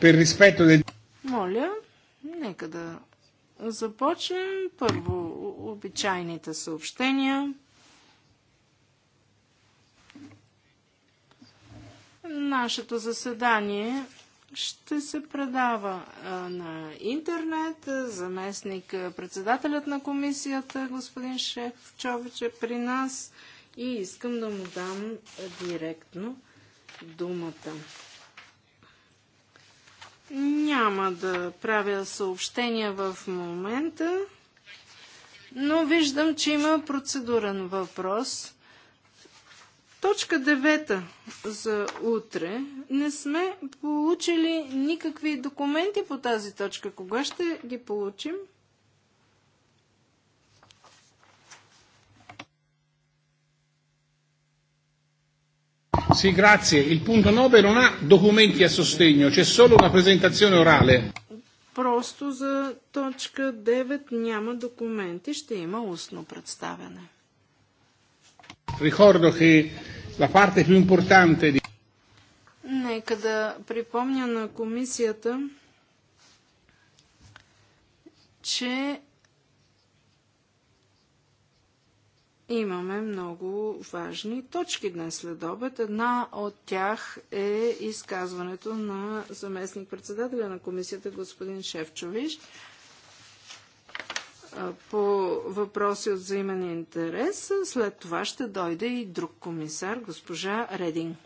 per rispetto del... Моля, нека да започнем. Първо, обичайните съобщения. Нашето заседание ще се предава на интернет. Заместник председателят на комисията, господин Шефчович, е при нас и искам да му дам директно думата. Няма да правя съобщения в момента, но виждам, че има процедурен въпрос. Точка 9 за утре. Не сме получили никакви документи по тази точка. Кога ще ги получим? Sì, grazie. Il punto 9 non ha documenti a sostegno, c'è solo una presentazione orale. Просто за точка 9 няма документи, ще има устно представяне. Ricordo che la parte più importante di... Нека да припомня на комисията, че имаме много важни точки днес след обед. Една от тях е изказването на заместник-председателя на комисията господин Шевчович по въпроси от взаимен интерес. След това ще дойде и друг комисар, госпожа Редин.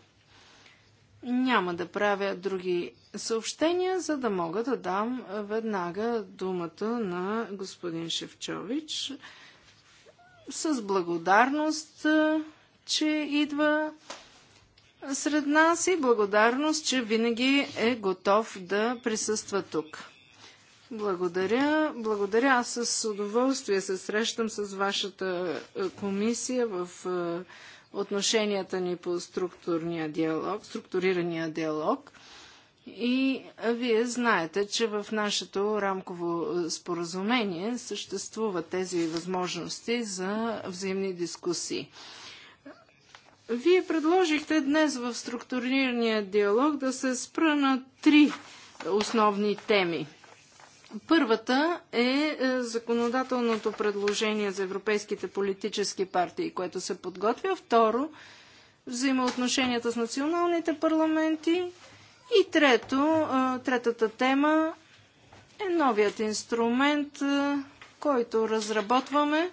Няма да правя други съобщения, за да мога да дам веднага думата на господин Шевчович с благодарност, че идва сред нас и благодарност, че винаги е готов да присъства тук. Благодаря. Благодаря. Аз с удоволствие се срещам с вашата комисия в отношенията ни по структурния диалог, структурирания диалог. И вие знаете, че в нашето рамково е, споразумение съществуват тези възможности за взаимни дискусии. Вие предложихте днес в структурирания диалог да се спра на три основни теми. Първата е, е законодателното предложение за европейските политически партии, което се подготвя. Второ, взаимоотношенията с националните парламенти и трето, третата тема е новият инструмент, който разработваме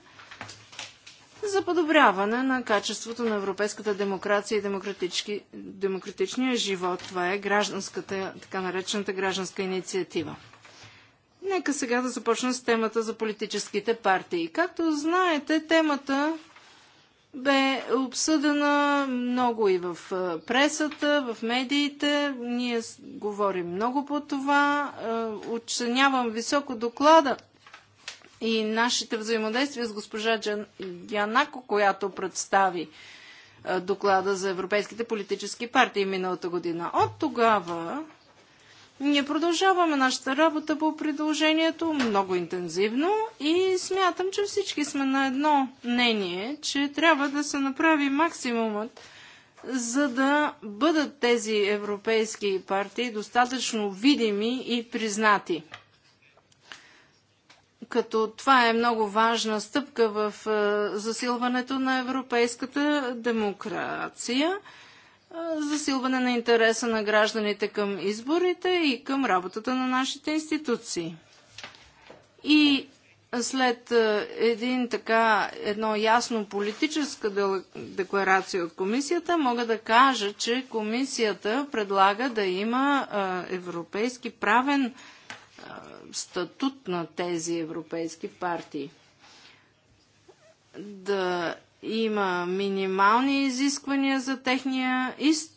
за подобряване на качеството на европейската демокрация и демократичния живот. Това е гражданската, така наречената гражданска инициатива. Нека сега да започна с темата за политическите партии. Както знаете, темата бе обсъдена много и в пресата, в медиите. Ние говорим много по това. Оценявам високо доклада и нашите взаимодействия с госпожа Янако, която представи доклада за европейските политически партии миналата година. От тогава ние продължаваме нашата работа по предложението много интензивно и смятам, че всички сме на едно мнение, че трябва да се направи максимумът, за да бъдат тези европейски партии достатъчно видими и признати. Като това е много важна стъпка в е, засилването на европейската демокрация – засилване на интереса на гражданите към изборите и към работата на нашите институции. И след един така, едно ясно политическа декларация от комисията, мога да кажа, че комисията предлага да има европейски правен статут на тези европейски партии. Да има минимални изисквания за техния из...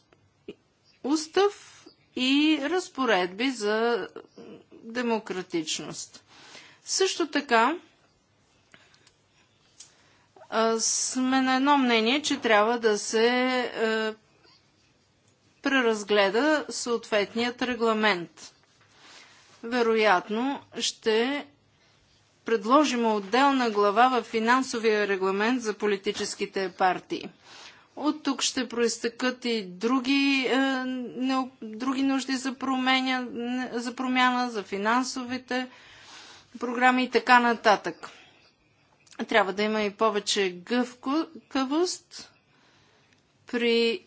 устав и разпоредби за демократичност. Също така, сме на едно мнение, че трябва да се е, преразгледа съответният регламент. Вероятно ще предложим отделна глава в финансовия регламент за политическите партии. От тук ще проистъкат и други, е, не, други нужди за, променя, за промяна, за финансовите програми и така нататък. Трябва да има и повече гъвкавост при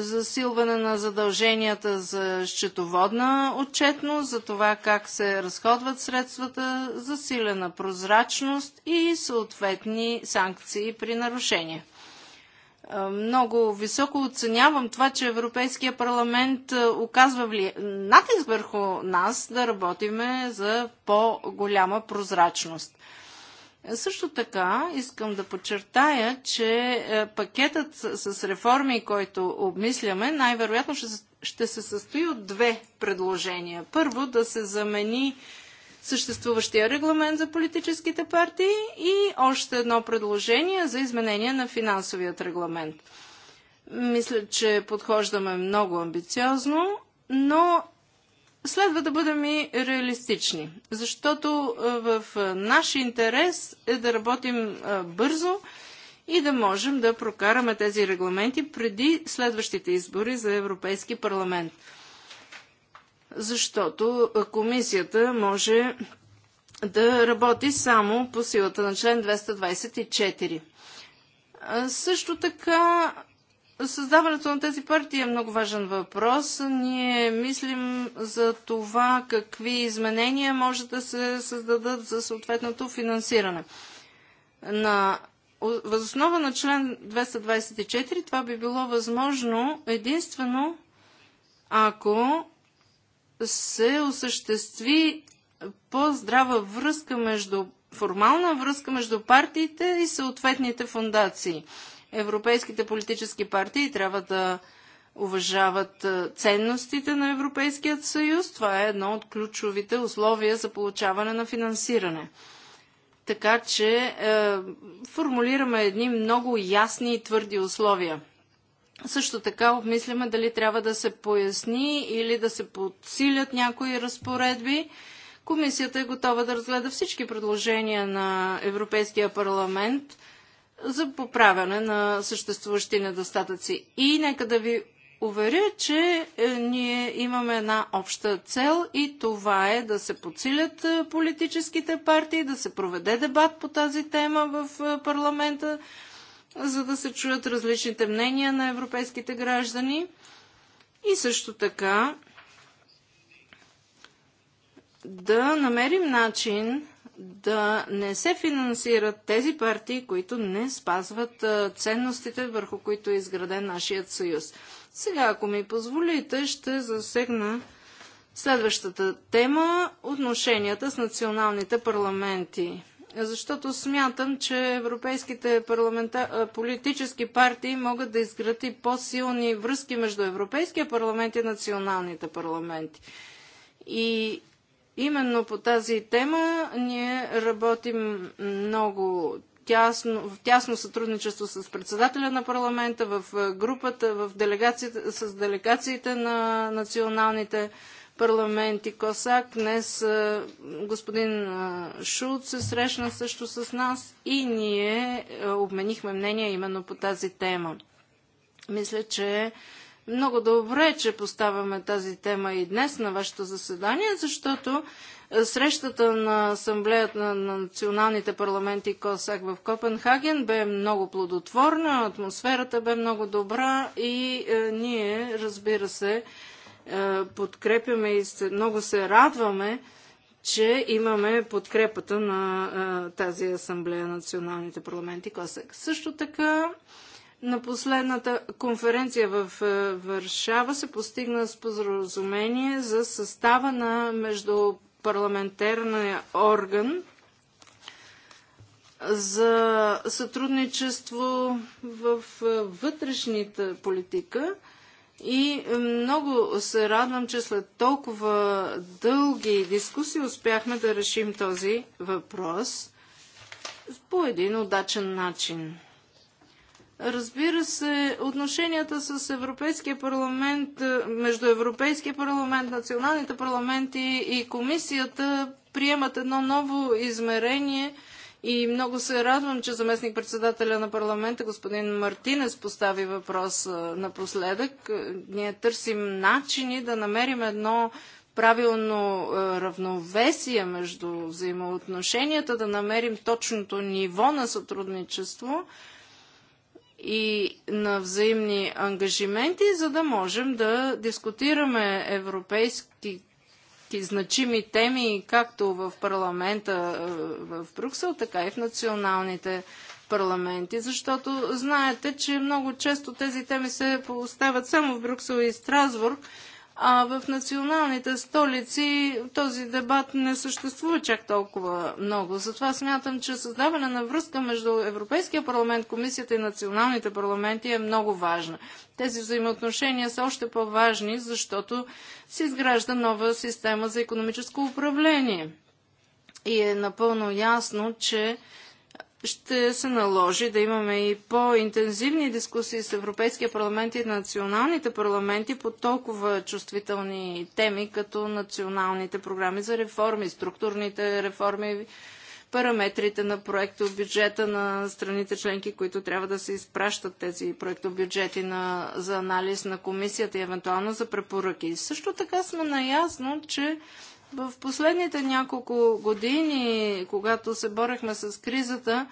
засилване на задълженията за счетоводна отчетност, за това как се разходват средствата, засилена прозрачност и съответни санкции при нарушения. Много високо оценявам това, че Европейския парламент оказва вли... натиск върху нас да работиме за по-голяма прозрачност. Също така искам да подчертая, че е, пакетът с реформи, който обмисляме, най-вероятно ще се състои от две предложения. Първо, да се замени съществуващия регламент за политическите партии и още едно предложение за изменение на финансовият регламент. Мисля, че подхождаме много амбициозно, но следва да бъдем и реалистични, защото в наш интерес е да работим бързо и да можем да прокараме тези регламенти преди следващите избори за Европейски парламент. Защото комисията може да работи само по силата на член 224. Също така Създаването на тези партии е много важен въпрос. Ние мислим за това какви изменения може да се създадат за съответното финансиране. На Възоснова на член 224 това би било възможно единствено ако се осъществи по-здрава връзка между формална връзка между партиите и съответните фундации. Европейските политически партии трябва да уважават е, ценностите на Европейският съюз. Това е едно от ключовите условия за получаване на финансиране. Така че е, формулираме едни много ясни и твърди условия. Също така обмисляме дали трябва да се поясни или да се подсилят някои разпоредби. Комисията е готова да разгледа всички предложения на Европейския парламент – за поправяне на съществуващи недостатъци. И нека да ви уверя, че е, ние имаме една обща цел и това е да се подсилят е, политическите партии, да се проведе дебат по тази тема в е, парламента, за да се чуят различните мнения на европейските граждани. И също така да намерим начин да не се финансират тези партии, които не спазват ценностите, върху които е изграден нашият съюз. Сега, ако ми позволите, ще засегна следващата тема отношенията с националните парламенти. Защото смятам, че европейските парламента... политически партии могат да изградят по-силни връзки между Европейския парламент и националните парламенти. И Именно по тази тема ние работим много тясно, в тясно сътрудничество с председателя на парламента, в групата, в делегацията, с делегациите на националните парламенти Косак. Днес господин Шулц се срещна също с нас и ние обменихме мнение именно по тази тема. Мисля, че много добре, че поставяме тази тема и днес на вашето заседание, защото е, срещата на Асамблеята на националните парламенти КОСАК в Копенхаген бе много плодотворна, атмосферата бе много добра и е, ние, разбира се, е, подкрепяме и се, много се радваме, че имаме подкрепата на е, тази Асамблея на националните парламенти КОСАК. Също така, на последната конференция в е, Варшава се постигна споразумение за състава на междупарламентарния орган за сътрудничество в е, вътрешната политика. И много се радвам, че след толкова дълги дискусии успяхме да решим този въпрос по един удачен начин. Разбира се, отношенията с Европейския парламент, е, между Европейския парламент, националните парламенти и комисията приемат едно ново измерение и много се радвам, че заместник председателя на парламента господин Мартинес постави въпрос е, напоследък. Е, ние търсим начини да намерим едно правилно равновесие между взаимоотношенията, да намерим точното ниво на сътрудничество – и на взаимни ангажименти, за да можем да дискутираме европейски значими теми както в парламента е, в Брюксел, така и в националните парламенти, защото знаете, че много често тези теми се поставят само в Брюксел и Страсбург а в националните столици този дебат не съществува чак толкова много. Затова смятам, че създаване на връзка между Европейския парламент, комисията и националните парламенти е много важна. Тези взаимоотношения са още по-важни, защото се изгражда нова система за економическо управление. И е напълно ясно, че ще се наложи да имаме и по-интензивни дискусии с Европейския парламент и националните парламенти по толкова чувствителни теми, като националните програми за реформи, структурните реформи, параметрите на проекто бюджета на страните членки, които трябва да се изпращат тези бюджети на, за анализ на комисията и евентуално за препоръки. Също така сме наясно, че в последните няколко години, когато се борехме с кризата,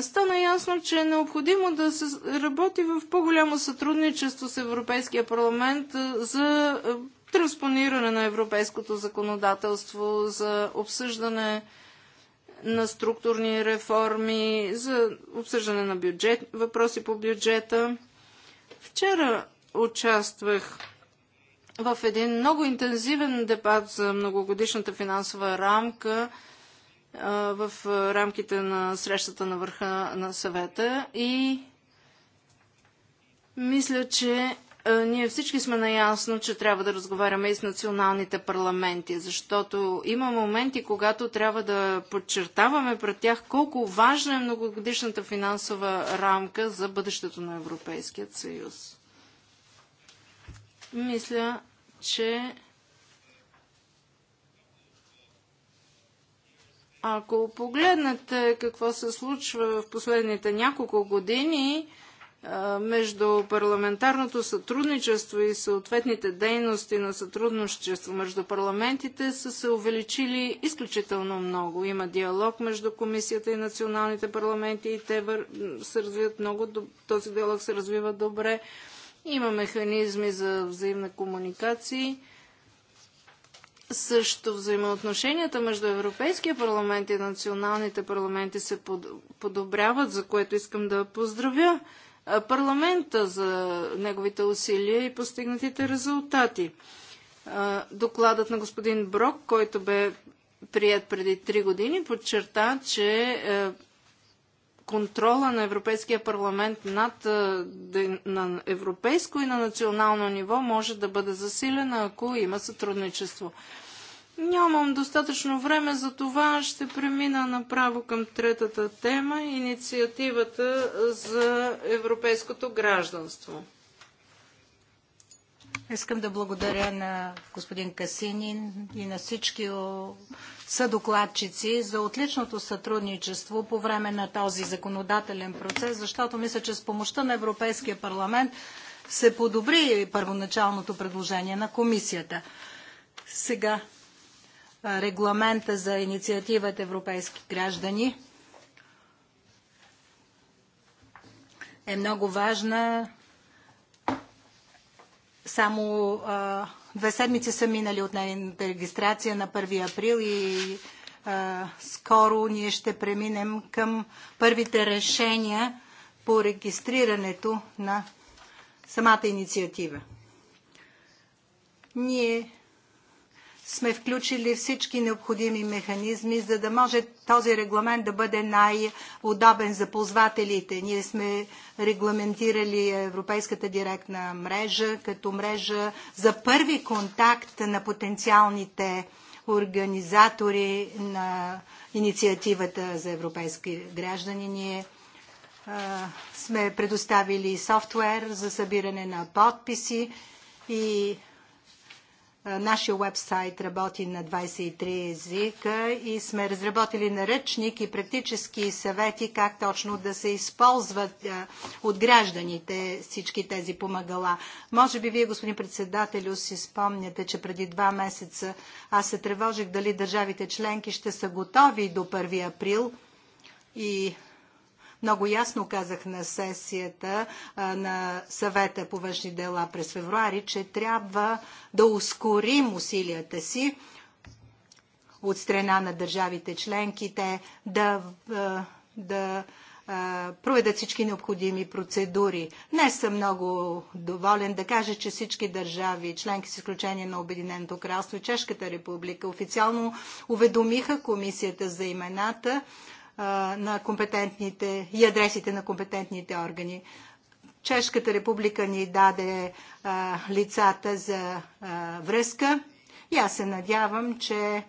стана ясно, че е необходимо да се работи в по-голямо сътрудничество с Европейския парламент за транспониране на европейското законодателство, за обсъждане на структурни реформи, за обсъждане на бюджет, въпроси по бюджета. Вчера участвах в един много интензивен дебат за многогодишната финансова рамка в рамките на срещата на върха на съвета и мисля, че ние всички сме наясно, че трябва да разговаряме и с националните парламенти, защото има моменти, когато трябва да подчертаваме пред тях колко важна е многогодишната финансова рамка за бъдещето на Европейският съюз. Мисля, че Ако погледнете какво се случва в последните няколко години между парламентарното сътрудничество и съответните дейности на сътрудничество между парламентите са се увеличили изключително много. Има диалог между комисията и националните парламенти и те се развиват много, този диалог се развива добре. Има механизми за взаимна комуникация. Също взаимоотношенията между Европейския парламент и националните парламенти се подобряват, за което искам да поздравя парламента за неговите усилия и постигнатите резултати. Докладът на господин Брок, който бе прият преди три години, подчерта, че е, контрола на Европейския парламент над на европейско и на национално ниво може да бъде засилена, ако има сътрудничество. Нямам достатъчно време, за това ще премина направо към третата тема инициативата за европейското гражданство. Искам да благодаря на господин Касинин и на всички съдокладчици за отличното сътрудничество по време на този законодателен процес, защото мисля, че с помощта на Европейския парламент се подобри първоначалното предложение на комисията. Сега регламента за инициативата Европейски граждани е много важна само а, две седмици са минали от нейната регистрация на 1 април и а, скоро ние ще преминем към първите решения по регистрирането на самата инициатива. Ние сме включили всички необходими механизми, за да може този регламент да бъде най-удобен за ползвателите. Ние сме регламентирали Европейската директна мрежа като мрежа за първи контакт на потенциалните организатори на инициативата за европейски граждани. Ние сме предоставили софтуер за събиране на подписи и Нашия вебсайт работи на 23 езика и сме разработили наръчник и практически съвети как точно да се използват от гражданите всички тези помагала. Може би вие, господин председателю, си спомняте, че преди два месеца аз се тревожих дали държавите членки ще са готови до 1 април и много ясно казах на сесията на съвета по външни дела през февруари, че трябва да ускорим усилията си от страна на държавите членките да, да проведат всички необходими процедури. Днес съм много доволен да кажа, че всички държави, членки с изключение на Обединеното кралство и Чешката република, официално уведомиха комисията за имената на компетентните и адресите на компетентните органи. Чешката република ни даде а, лицата за а, връзка и аз се надявам, че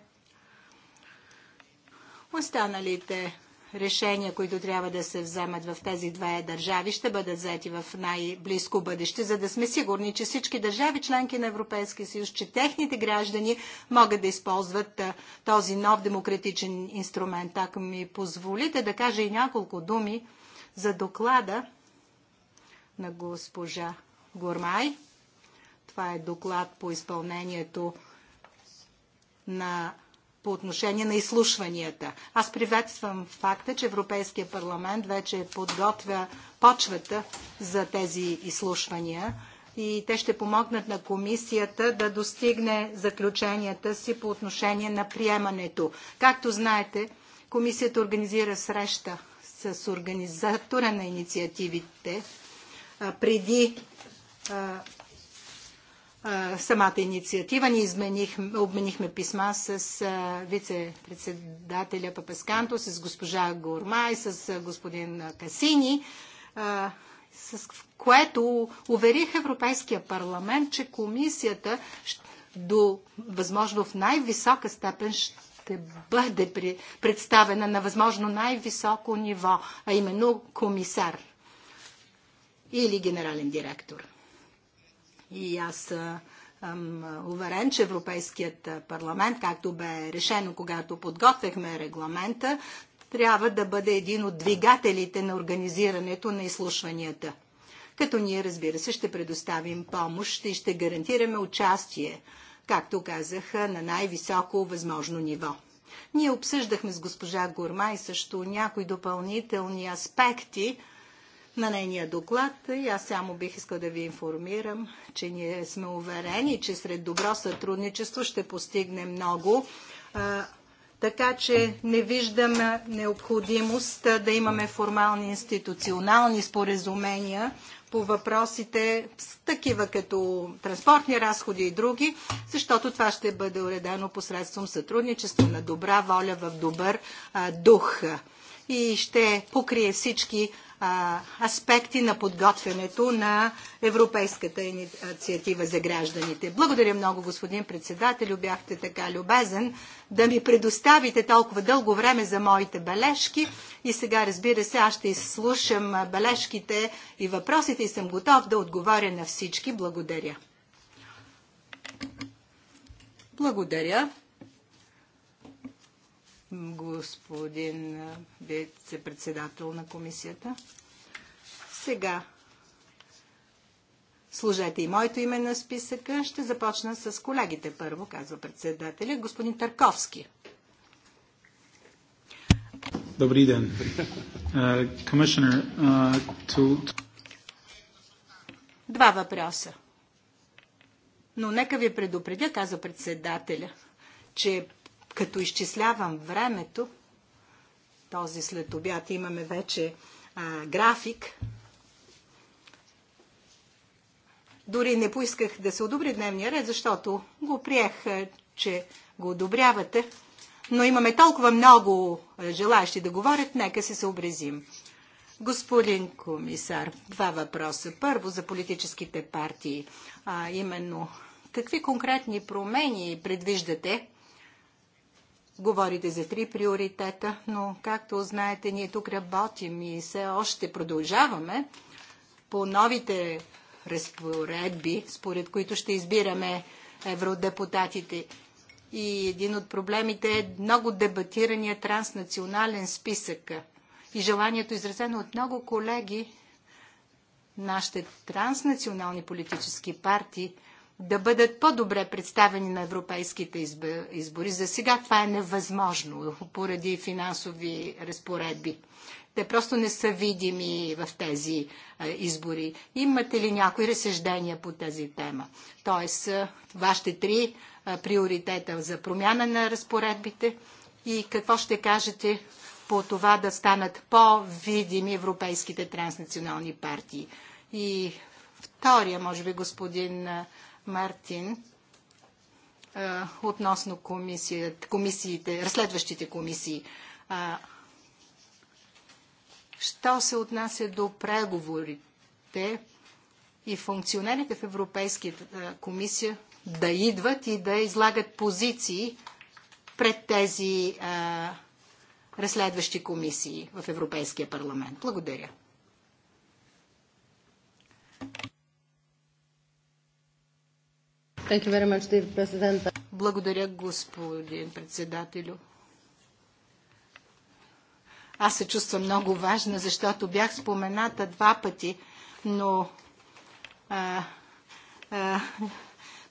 останалите решения, които трябва да се вземат в тези две държави, ще бъдат взети в най-близко бъдеще, за да сме сигурни, че всички държави, членки на Европейския съюз, че техните граждани могат да използват този нов демократичен инструмент. Ако ми позволите да кажа и няколко думи за доклада на госпожа Гормай. Това е доклад по изпълнението на по отношение на изслушванията. Аз приветствам факта, че Европейския парламент вече подготвя почвата за тези изслушвания и те ще помогнат на комисията да достигне заключенията си по отношение на приемането. Както знаете, комисията организира среща с организатора на инициативите преди самата инициатива. Ние измених, обменихме писма с вице-председателя Папасканто, с госпожа Гормай, с господин Касини, с което уверих Европейския парламент, че комисията до възможно в най-висока степен ще бъде представена на възможно най-високо ниво, а именно комисар или генерален директор. И аз съм уверен, че Европейският парламент, както бе решено, когато подготвяхме регламента, трябва да бъде един от двигателите на организирането на изслушванията. Като ние, разбира се, ще предоставим помощ и ще гарантираме участие, както казах, на най-високо възможно ниво. Ние обсъждахме с госпожа Гормай също някои допълнителни аспекти, на нейния доклад и аз само бих искал да ви информирам, че ние сме уверени, че сред добро сътрудничество ще постигне много. така че не виждам необходимост да имаме формални институционални споразумения по въпросите с такива като транспортни разходи и други, защото това ще бъде уредено посредством сътрудничество на добра воля в добър дух и ще покрие всички аспекти на подготвянето на Европейската инициатива за гражданите. Благодаря много, господин председател, Бяхте така любезен да ми предоставите толкова дълго време за моите бележки. И сега, разбира се, аз ще изслушам бележките и въпросите и съм готов да отговоря на всички. Благодаря. Благодаря господин вице-председател на комисията. Сега Служете и моето име на списъка. Ще започна с колегите първо, казва председателя, господин Тарковски. Добри ден. uh, uh, to... Два въпроса. Но нека ви предупредя, казва председателя, че като изчислявам времето, този след обяд имаме вече а, график, дори не поисках да се одобри дневния ред, защото го приех, че го одобрявате. Но имаме толкова много желаящи да говорят, нека се съобразим. Господин комисар, два въпроса. Първо за политическите партии. А, именно, какви конкретни промени предвиждате Говорите за три приоритета, но както знаете, ние тук работим и все още продължаваме по новите разпоредби, според които ще избираме евродепутатите. И един от проблемите е много дебатирания транснационален списък. И желанието, изразено от много колеги, нашите транснационални политически партии да бъдат по-добре представени на европейските избори. За сега това е невъзможно поради финансови разпоредби. Те просто не са видими в тези избори. Имате ли някои разсъждения по тази тема? Тоест, вашите три приоритета за промяна на разпоредбите и какво ще кажете по това да станат по-видими европейските транснационални партии? И втория, може би, господин Мартин относно комисиите, разследващите комисии. що се отнася до преговорите и функционерите в Европейската комисия да идват и да излагат позиции пред тези разследващи комисии в Европейския парламент. Благодаря. Благодаря, господин председателю. Аз се чувствам много важна, защото бях спомената два пъти, но а, а,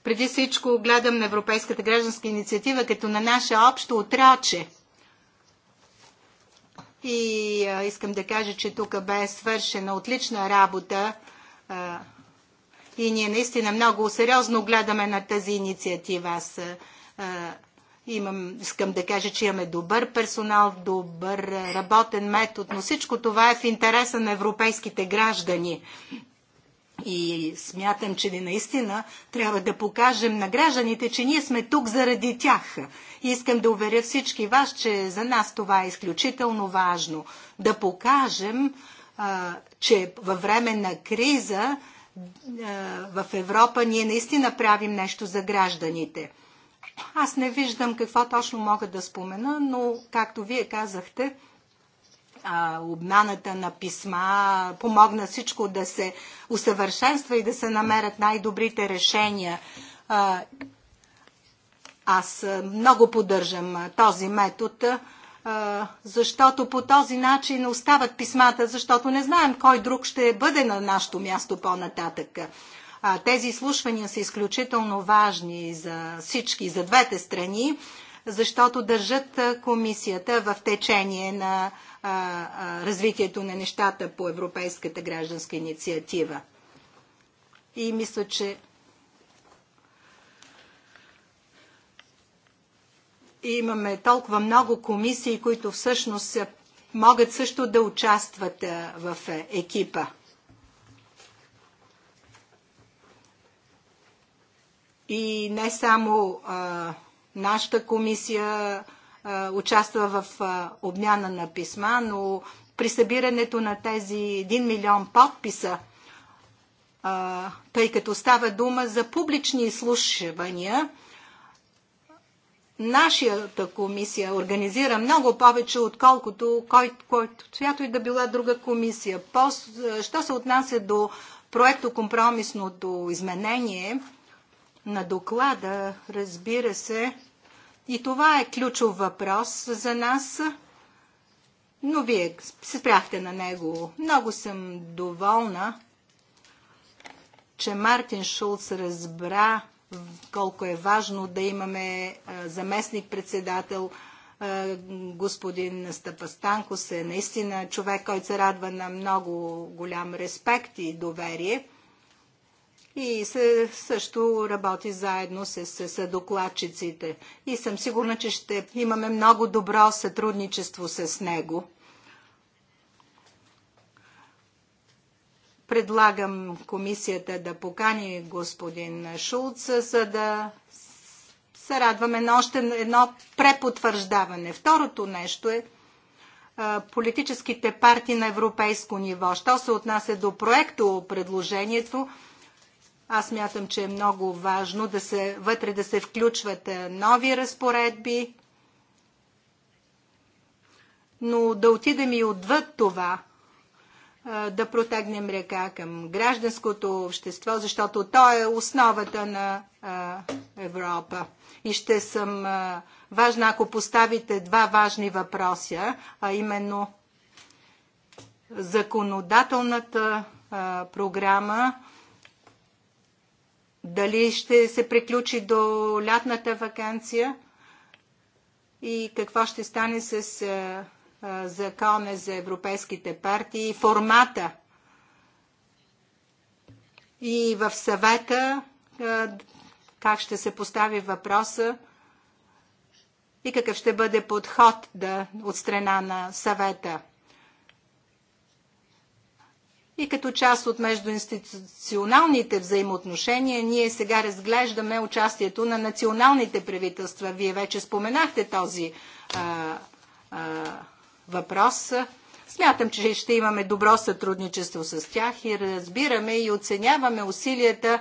преди всичко гледам на Европейската гражданска инициатива като на наше общо отраче. И а, искам да кажа, че тук бе свършена отлична работа. А, и ние наистина много сериозно гледаме на тази инициатива. Аз а, имам, искам да кажа, че имаме добър персонал, добър работен метод, но всичко това е в интереса на европейските граждани. И смятам, че ни наистина трябва да покажем на гражданите, че ние сме тук заради тях. И искам да уверя всички вас, че за нас това е изключително важно. Да покажем, а, че във време на криза в Европа ние наистина правим нещо за гражданите. Аз не виждам какво точно мога да спомена, но както вие казахте, обмяната на писма помогна всичко да се усъвършенства и да се намерят най-добрите решения. Аз много поддържам този метод защото по този начин остават писмата, защото не знаем кой друг ще бъде на нашето място по-нататък. Тези изслушвания са изключително важни за всички, за двете страни, защото държат комисията в течение на развитието на нещата по Европейската гражданска инициатива. И мисля, че имаме толкова много комисии, които всъщност могат също да участват в екипа. И не само а, нашата комисия а, участва в а, обмяна на писма, но при събирането на тези 1 милион подписа, а, тъй като става дума за публични изслушвания, нашата комисия организира много повече, отколкото който, която и да била друга комисия. По, що се отнася до проекто компромисното изменение на доклада, разбира се, и това е ключов въпрос за нас, но вие се спряхте на него. Много съм доволна, че Мартин Шулц разбра колко е важно да имаме заместник-председател. Господин Стъпастанкос е наистина човек, който се радва на много голям респект и доверие. И се, също работи заедно с, с, с докладчиците. И съм сигурна, че ще имаме много добро сътрудничество с него Предлагам комисията да покани господин Шулц, за да се радваме на още едно препотвърждаване. Второто нещо е политическите партии на европейско ниво. Що се отнася до проекто предложението, аз мятам, че е много важно да се, вътре да се включват нови разпоредби, но да отидем и отвъд това да протегнем ръка към гражданското общество, защото то е основата на Европа. И ще съм важна, ако поставите два важни въпроса, а именно законодателната програма, дали ще се приключи до лятната вакансия и какво ще стане с закона за европейските партии, и формата и в съвета как ще се постави въпроса и какъв ще бъде подход да, от страна на съвета. И като част от междуинституционалните взаимоотношения, ние сега разглеждаме участието на националните правителства. Вие вече споменахте този а, а, въпрос. Смятам, че ще имаме добро сътрудничество с тях и разбираме и оценяваме усилията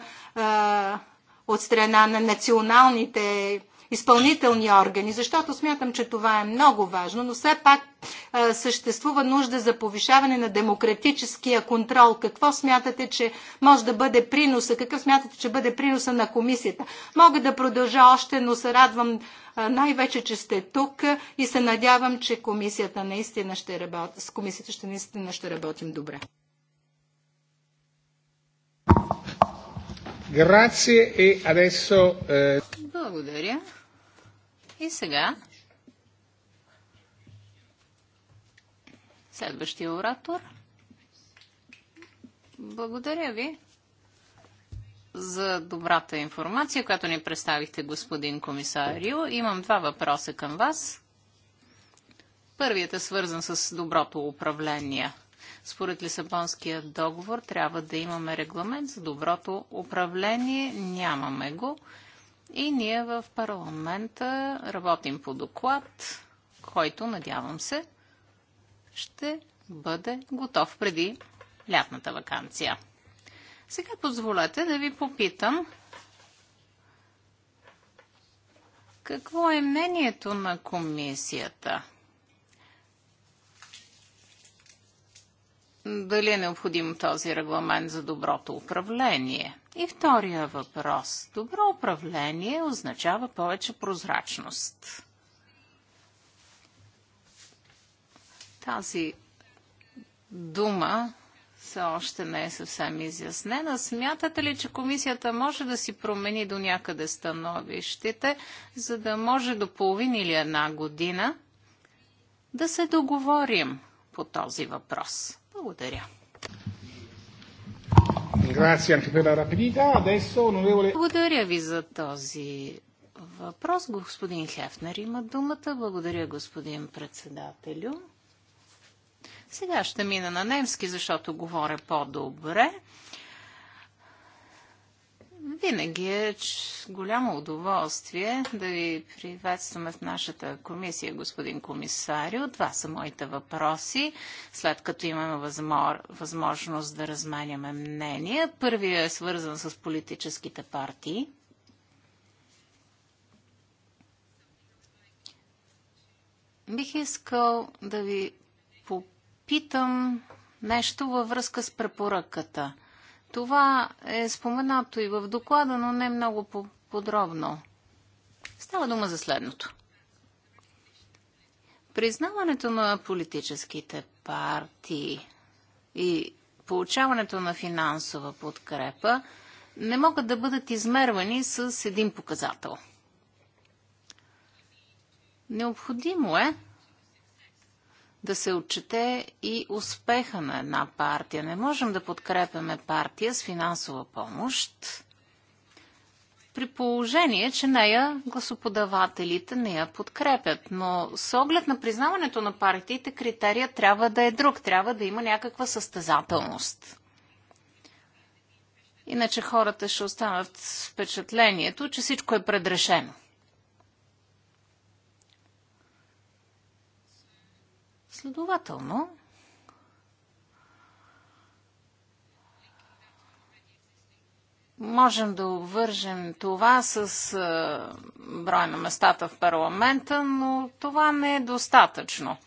от страна на националните изпълнителни органи, защото смятам, че това е много важно, но все пак а, съществува нужда за повишаване на демократическия контрол. Какво смятате, че може да бъде приноса? Какъв смятате, че бъде приноса на комисията? Мога да продължа още, но се радвам най-вече, че сте тук и се надявам, че комисията наистина ще работи, с комисията ще наистина ще работим добре. E eh, Благодаря. И сега следващия оратор. Благодаря ви за добрата информация, която ни представихте, господин комисарио. Имам два въпроса към вас. Първият е свързан с доброто управление. Според Лисабонския договор трябва да имаме регламент за доброто управление. Нямаме го. И ние в парламента работим по доклад, който, надявам се, ще бъде готов преди лятната вакансия. Сега позволете да ви попитам какво е мнението на комисията. Дали е необходим този регламент за доброто управление? И втория въпрос. Добро управление означава повече прозрачност. Тази дума все още не е съвсем изяснена. Смятате ли, че комисията може да си промени до някъде становищите, за да може до половин или една година да се договорим по този въпрос? Благодаря. Благодаря ви за този въпрос. Господин Хефнер има думата. Благодаря, господин председателю. Сега ще мина на немски, защото говоря по-добре. Винаги е голямо удоволствие да ви приветстваме в нашата комисия, господин комисарио. Това са моите въпроси, след като имаме възможност да разменяме мнения. Първият е свързан с политическите партии. Бих искал да ви попитам нещо във връзка с препоръката – това е споменато и в доклада, но не много по подробно. Става дума за следното. Признаването на политическите партии и получаването на финансова подкрепа не могат да бъдат измервани с един показател. Необходимо е да се отчете и успеха на една партия. Не можем да подкрепяме партия с финансова помощ, при положение, че нея гласоподавателите не я подкрепят. Но с оглед на признаването на партиите, критерия трябва да е друг. Трябва да има някаква състезателност. Иначе хората ще останат с впечатлението, че всичко е предрешено. Следователно, можем да обвържем това с броя брой на местата в парламента, но това не е достатъчно.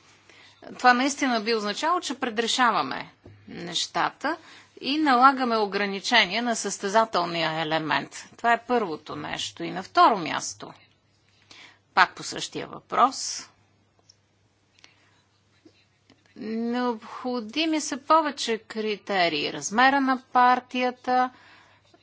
Това наистина би означало, че предрешаваме нещата и налагаме ограничения на състезателния елемент. Това е първото нещо. И на второ място, пак по същия въпрос – Необходими са повече критерии. Размера на партията,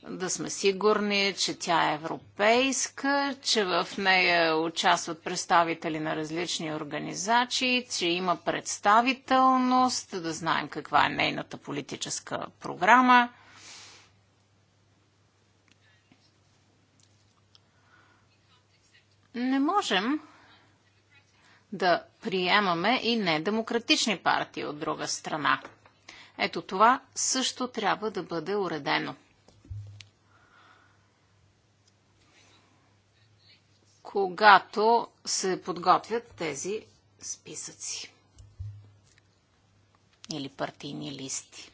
да сме сигурни, че тя е европейска, че в нея участват представители на различни организации, че има представителност, да знаем каква е нейната политическа програма. Не можем да приемаме и недемократични партии от друга страна. Ето това също трябва да бъде уредено. когато се подготвят тези списъци или партийни листи.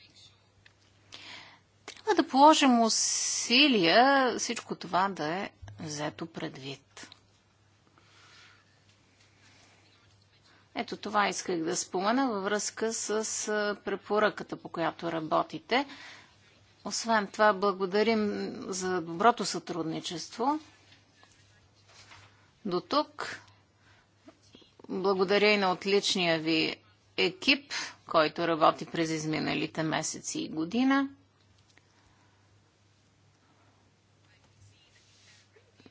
Трябва да положим усилия всичко това да е взето предвид. Ето това исках да спомена във връзка с препоръката, по която работите. Освен това, благодарим за доброто сътрудничество. До тук. Благодаря и на отличния ви екип, който работи през изминалите месеци и година.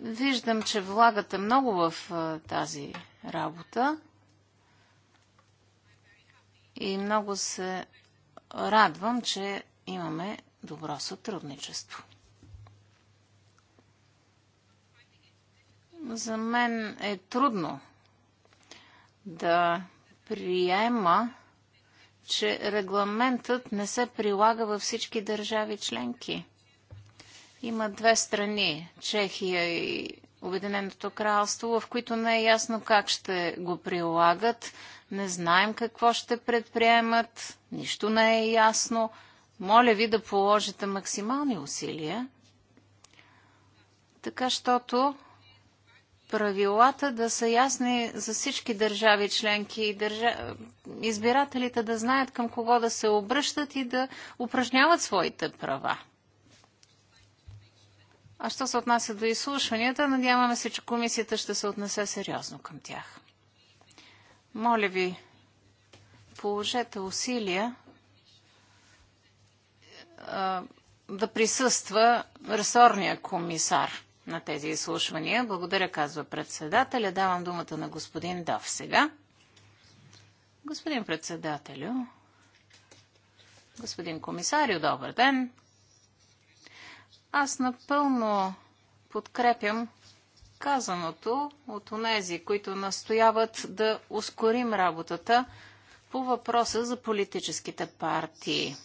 Виждам, че влагате много в тази работа и много се радвам, че имаме добро сътрудничество. За мен е трудно да приема, че регламентът не се прилага във всички държави членки. Има две страни Чехия и Обединеното кралство, в които не е ясно как ще го прилагат. Не знаем какво ще предприемат. Нищо не е ясно. Моля ви да положите максимални усилия, така щото правилата да са ясни за всички държави членки и държа... избирателите да знаят към кого да се обръщат и да упражняват своите права. А що се отнася до изслушванията, надяваме се, че комисията ще се отнесе сериозно към тях. Моля ви, положете усилия а, да присъства ресорния комисар на тези изслушвания. Благодаря, казва председателя. Давам думата на господин Дав сега. Господин председателю, господин комисарю, добър ден. Аз напълно подкрепям казаното от онези, които настояват да ускорим работата по въпроса за политическите партии.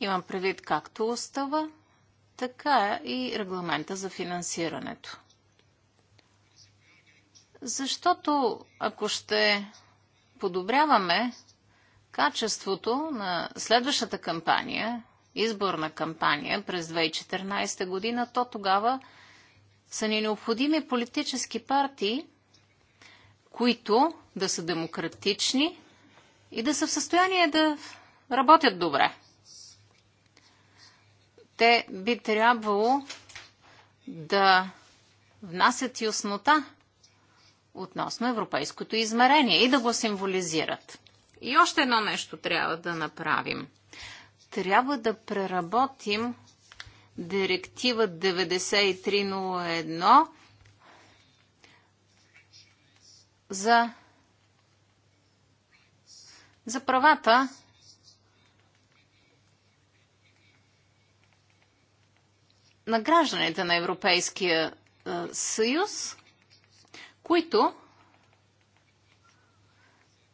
Имам предвид както устава, така и регламента за финансирането. Защото ако ще подобряваме качеството на следващата кампания, изборна кампания през 2014 година, то тогава са ни необходими политически партии, които да са демократични и да са в състояние да работят добре. Те би трябвало да внасят яснота относно европейското измерение и да го символизират. И още едно нещо трябва да направим. Трябва да преработим директива 9301 за, за правата на гражданите на Европейския е, съюз, които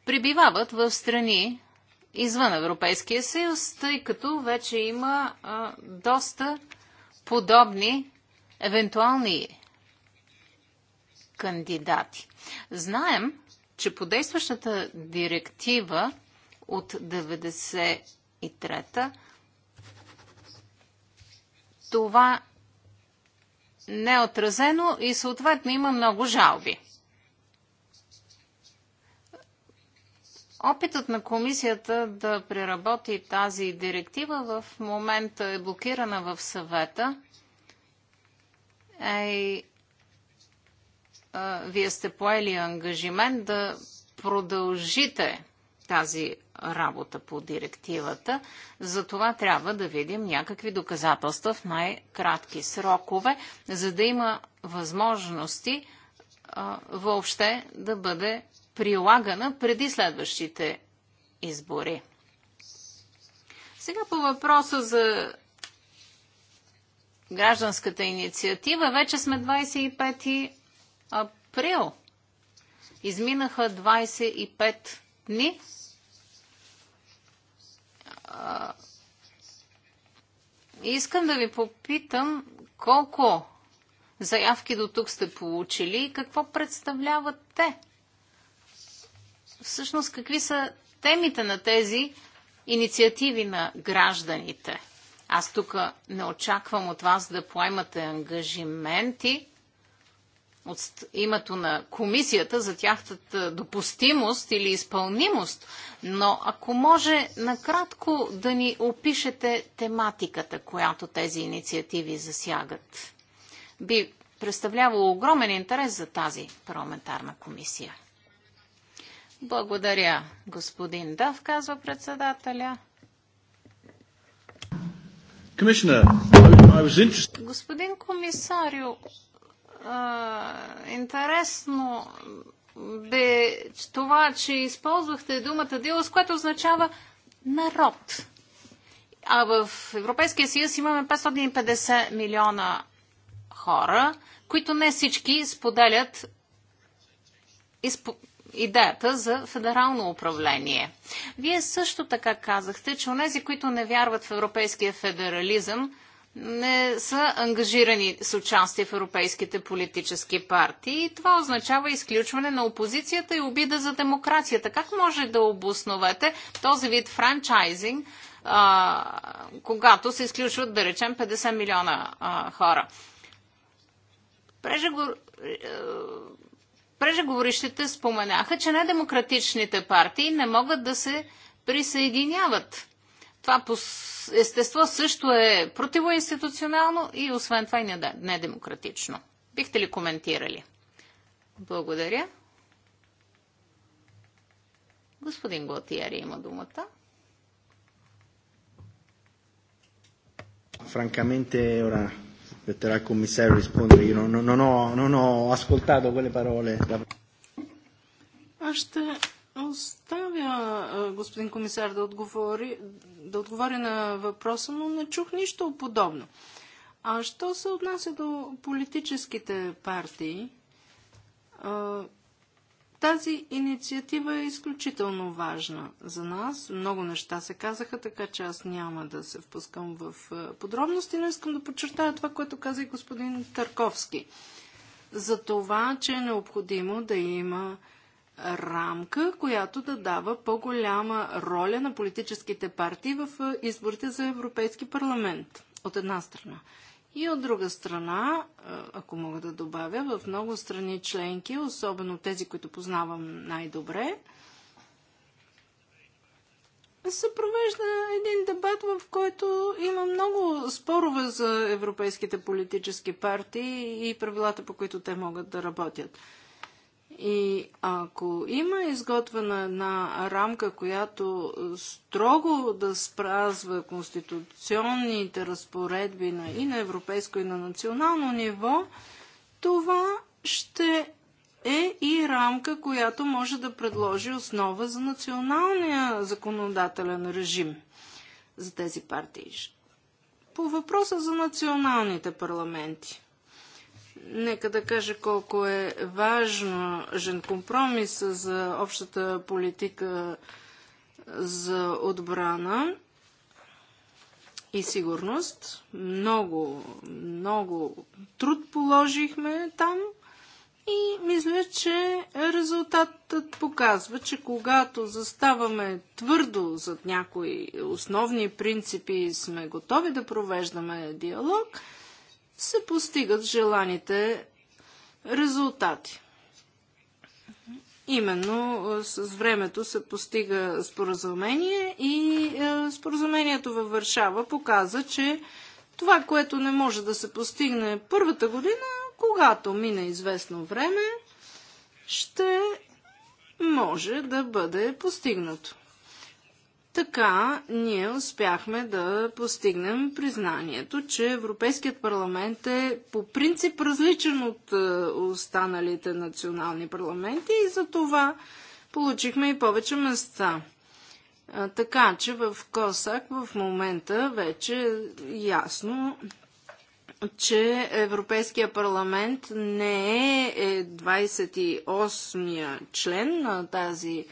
прибивават в страни извън Европейския съюз, тъй като вече има а, доста подобни евентуални кандидати. Знаем, че по действащата директива от 93-та това не е отразено и съответно има много жалби. Опитът на комисията да преработи тази директива в момента е блокирана в съвета. Ей, вие сте поели ангажимент да продължите тази работа по директивата. За това трябва да видим някакви доказателства в най-кратки срокове, за да има възможности а, въобще да бъде прилагана преди следващите избори. Сега по въпроса за гражданската инициатива. Вече сме 25 април. Изминаха 25 дни. Искам да ви попитам колко заявки до тук сте получили и какво представляват те всъщност какви са темите на тези инициативи на гражданите. Аз тук не очаквам от вас да поемате ангажименти от името на комисията за тяхната допустимост или изпълнимост, но ако може накратко да ни опишете тематиката, която тези инициативи засягат, би представлявало огромен интерес за тази парламентарна комисия. Благодаря, господин Дав, казва председателя. Господин комисарио, интересно бе това, че използвахте думата делос, което означава народ. А в Европейския съюз имаме 550 милиона хора, които не всички споделят изпо идеята за федерално управление. Вие също така казахте, че онези, които не вярват в европейския федерализъм, не са ангажирани с участие в европейските политически партии. И това означава изключване на опозицията и обида за демокрацията. Как може да обосновете този вид франчайзинг, а, когато се изключват, да речем, 50 милиона а, хора? Прежегор Прежеговорищите споменаха, че недемократичните партии не могат да се присъединяват. Това по естество също е противоинституционално и освен това и недемократично. Бихте ли коментирали? Благодаря. Господин Готиери има думата. Francamente, ora spetterà al commissario rispondere. Io non, non, ho, non ho ascoltato quelle parole. Da... ще оставя господин комисар да отговори, да отговори на въпроса, но не чух нищо подобно. А що се отнася до политическите партии, тази инициатива е изключително важна за нас. Много неща се казаха, така че аз няма да се впускам в е, подробности, но искам да подчертая това, което каза и господин Тарковски. За това, че е необходимо да има рамка, която да дава по-голяма роля на политическите партии в е, изборите за Европейски парламент, от една страна. И от друга страна, ако мога да добавя, в много страни членки, особено тези, които познавам най-добре, се провежда един дебат, в който има много спорове за европейските политически партии и правилата, по които те могат да работят. И ако има изготвена една рамка, която строго да спразва конституционните разпоредби на, и на европейско, и на национално ниво, това ще е и рамка, която може да предложи основа за националния законодателен режим за тези партии. По въпроса за националните парламенти. Нека да кажа колко е важен компромис за общата политика за отбрана и сигурност. Много, много труд положихме там и мисля, че резултатът показва, че когато заставаме твърдо зад някои основни принципи и сме готови да провеждаме диалог – се постигат желаните резултати. Именно с времето се постига споразумение и споразумението във Варшава показа, че това, което не може да се постигне първата година, когато мине известно време, ще може да бъде постигнато. Така ние успяхме да постигнем признанието, че Европейският парламент е по принцип различен от е, останалите национални парламенти и за това получихме и повече места. Така че в Косак в момента вече е ясно, че Европейския парламент не е 28-я е член на тази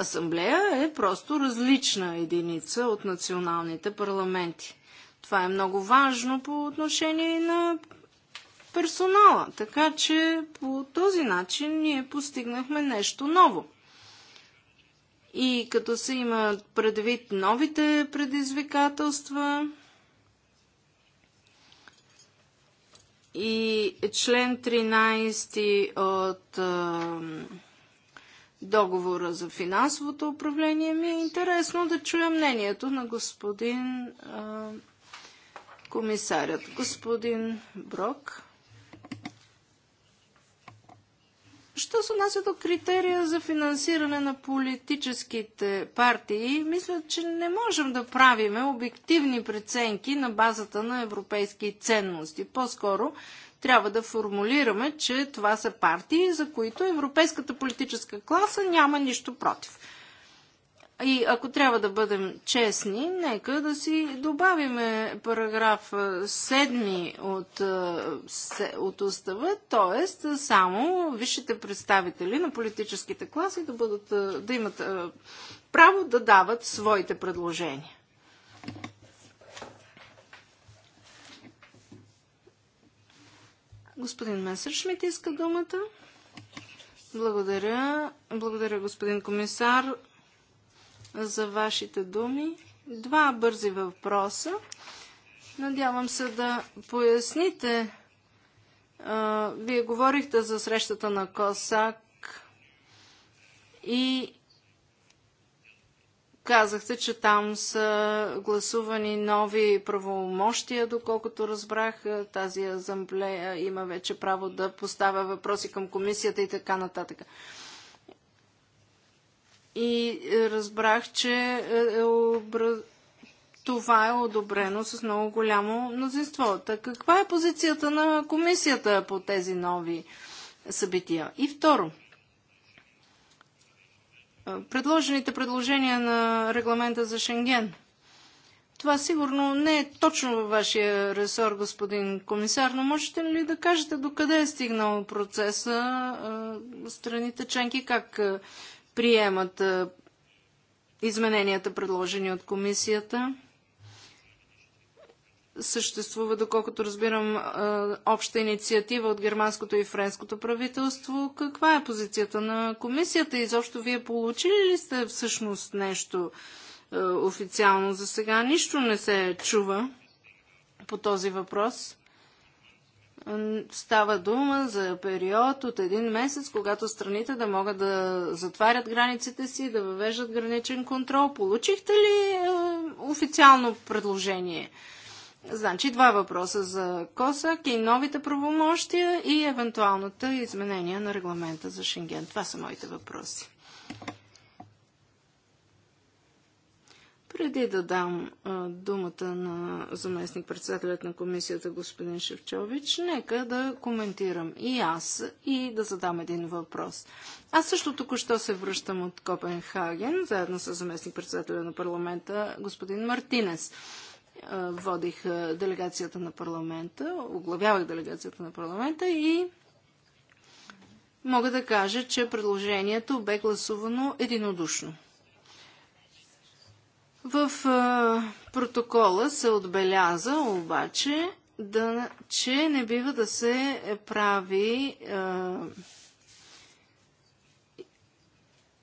асамблея е просто различна единица от националните парламенти. Това е много важно по отношение на персонала. Така че по този начин ние постигнахме нещо ново. И като се имат предвид новите предизвикателства и член 13 от договора за финансовото управление, ми е интересно да чуя мнението на господин а, комисарят. Господин Брок. Що се отнася до критерия за финансиране на политическите партии, мисля, че не можем да правиме обективни преценки на базата на европейски ценности. По-скоро трябва да формулираме, че това са партии, за които европейската политическа класа няма нищо против. И ако трябва да бъдем честни, нека да си добавиме параграф 7 от, от устава, т.е. само висшите представители на политическите класи да, бъдат, да имат право да дават своите предложения. Господин Месършмит иска думата. Благодаря. Благодаря, господин комисар, за вашите думи. Два бързи въпроса. Надявам се да поясните. вие говорихте за срещата на Косак и Казахте, че там са гласувани нови правомощия, доколкото разбрах. Е, тази азамблея има вече право да поставя въпроси към комисията и така нататък. И е, разбрах, че е, е обра... това е одобрено с много голямо мнозинство. Та каква е позицията на комисията по тези нови събития? И второ, предложените предложения на регламента за Шенген. Това сигурно не е точно във вашия ресор, господин комисар, но можете ли да кажете докъде е стигнал процеса? Страните членки как приемат измененията, предложени от комисията? съществува, доколкото разбирам, обща инициатива от германското и френското правителство. Каква е позицията на комисията? Изобщо вие получили ли сте всъщност нещо официално за сега? Нищо не се чува по този въпрос. Става дума за период от един месец, когато страните да могат да затварят границите си, да въвеждат граничен контрол. Получихте ли официално предложение? Значи два въпроса за Косак и новите правомощия и евентуалното изменение на регламента за Шенген. Това са моите въпроси. Преди да дам а, думата на заместник председателят на комисията господин Шевчович, нека да коментирам и аз и да задам един въпрос. Аз също току-що се връщам от Копенхаген, заедно с заместник председателя на парламента господин Мартинес водих делегацията на парламента, оглавявах делегацията на парламента и мога да кажа, че предложението бе гласувано единодушно. В протокола се отбеляза обаче, да, че не бива да се прави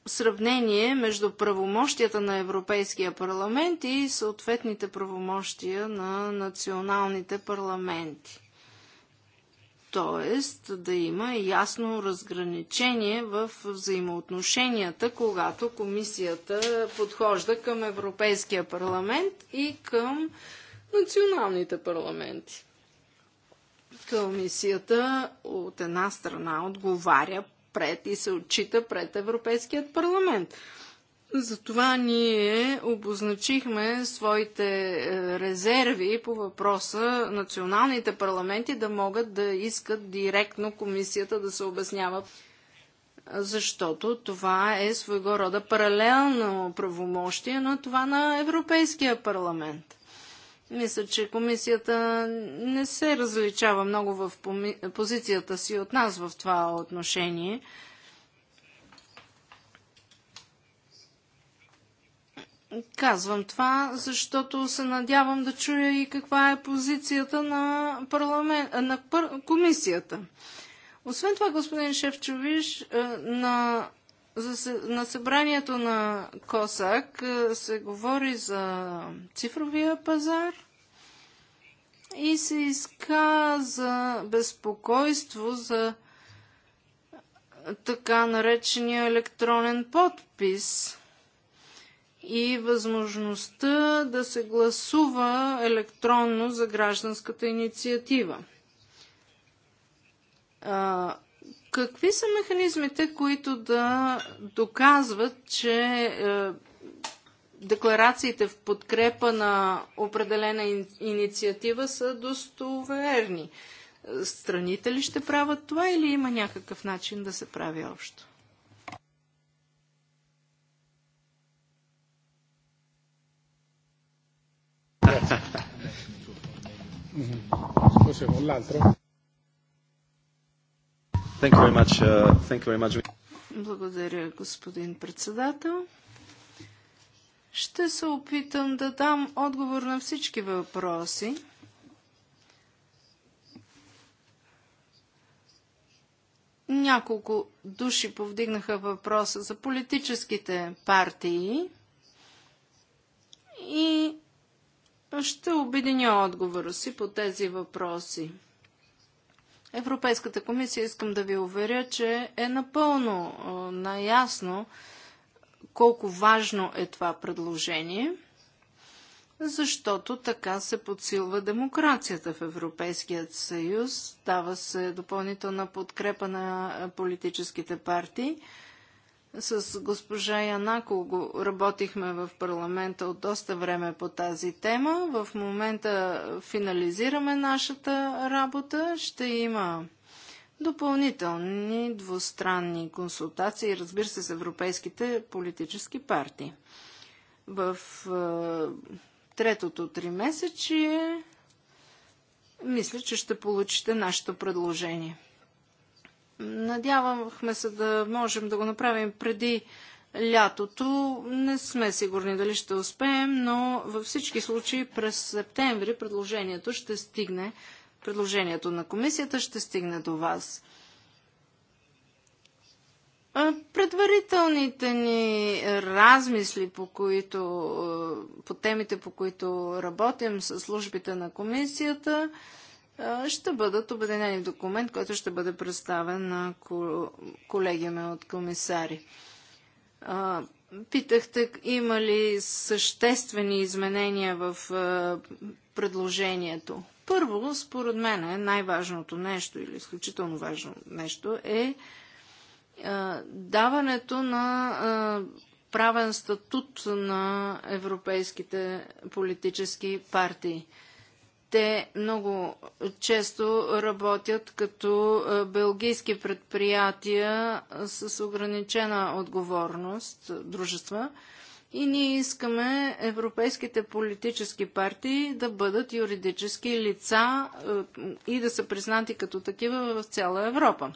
сравнение между правомощията на Европейския парламент и съответните правомощия на националните парламенти. Тоест да има ясно разграничение в взаимоотношенията, когато комисията подхожда към Европейския парламент и към националните парламенти. Комисията от една страна отговаря пред и се отчита пред Европейският парламент. Затова ние обозначихме своите е, резерви по въпроса националните парламенти да могат да искат директно комисията да се обяснява защото това е своего рода паралелно правомощие на това на Европейския парламент. Мисля, че комисията не се различава много в позицията си от нас в това отношение. Казвам това, защото се надявам да чуя и каква е позицията на, парламент, на комисията. Освен това, господин Шевчовиш, е, на на събранието на Косак е, се говори за цифровия пазар и се иска за безпокойство за така наречения електронен подпис и възможността да се гласува електронно за гражданската инициатива. Какви са механизмите, които да доказват, че е, декларациите в подкрепа на определена ин, инициатива са достоверни? Страните ли ще правят това или има някакъв начин да се прави общо? Forse con l'altro. Thank you very much. Uh, thank you very much. Благодаря, господин председател. Ще се опитам да дам отговор на всички въпроси. Няколко души повдигнаха въпроса за политическите партии и ще обединя отговора си по тези въпроси. Европейската комисия, искам да ви уверя, че е напълно наясно колко важно е това предложение, защото така се подсилва демокрацията в Европейският съюз, дава се допълнителна подкрепа на политическите партии. С госпожа Янако го работихме в парламента от доста време по тази тема. В момента финализираме нашата работа. Ще има допълнителни двустранни консултации, разбира се, с европейските политически партии. В е, третото три месече мисля, че ще получите нашето предложение. Надявахме се да можем да го направим преди лятото. Не сме сигурни дали ще успеем, но във всички случаи през септември предложението ще стигне. Предложението на комисията ще стигне до вас. Предварителните ни размисли, по, които, по темите, по които работим с службите на комисията, ще бъдат обединени в документ, който ще бъде представен на колегиуме от комисари. Питахте, има ли съществени изменения в предложението. Първо, според мен, е най-важното нещо или изключително важно нещо е даването на правен статут на европейските политически партии те много често работят като е, белгийски предприятия с ограничена отговорност, е, дружества. И ние искаме европейските политически партии да бъдат юридически лица е, и да са признати като такива в цяла Европа.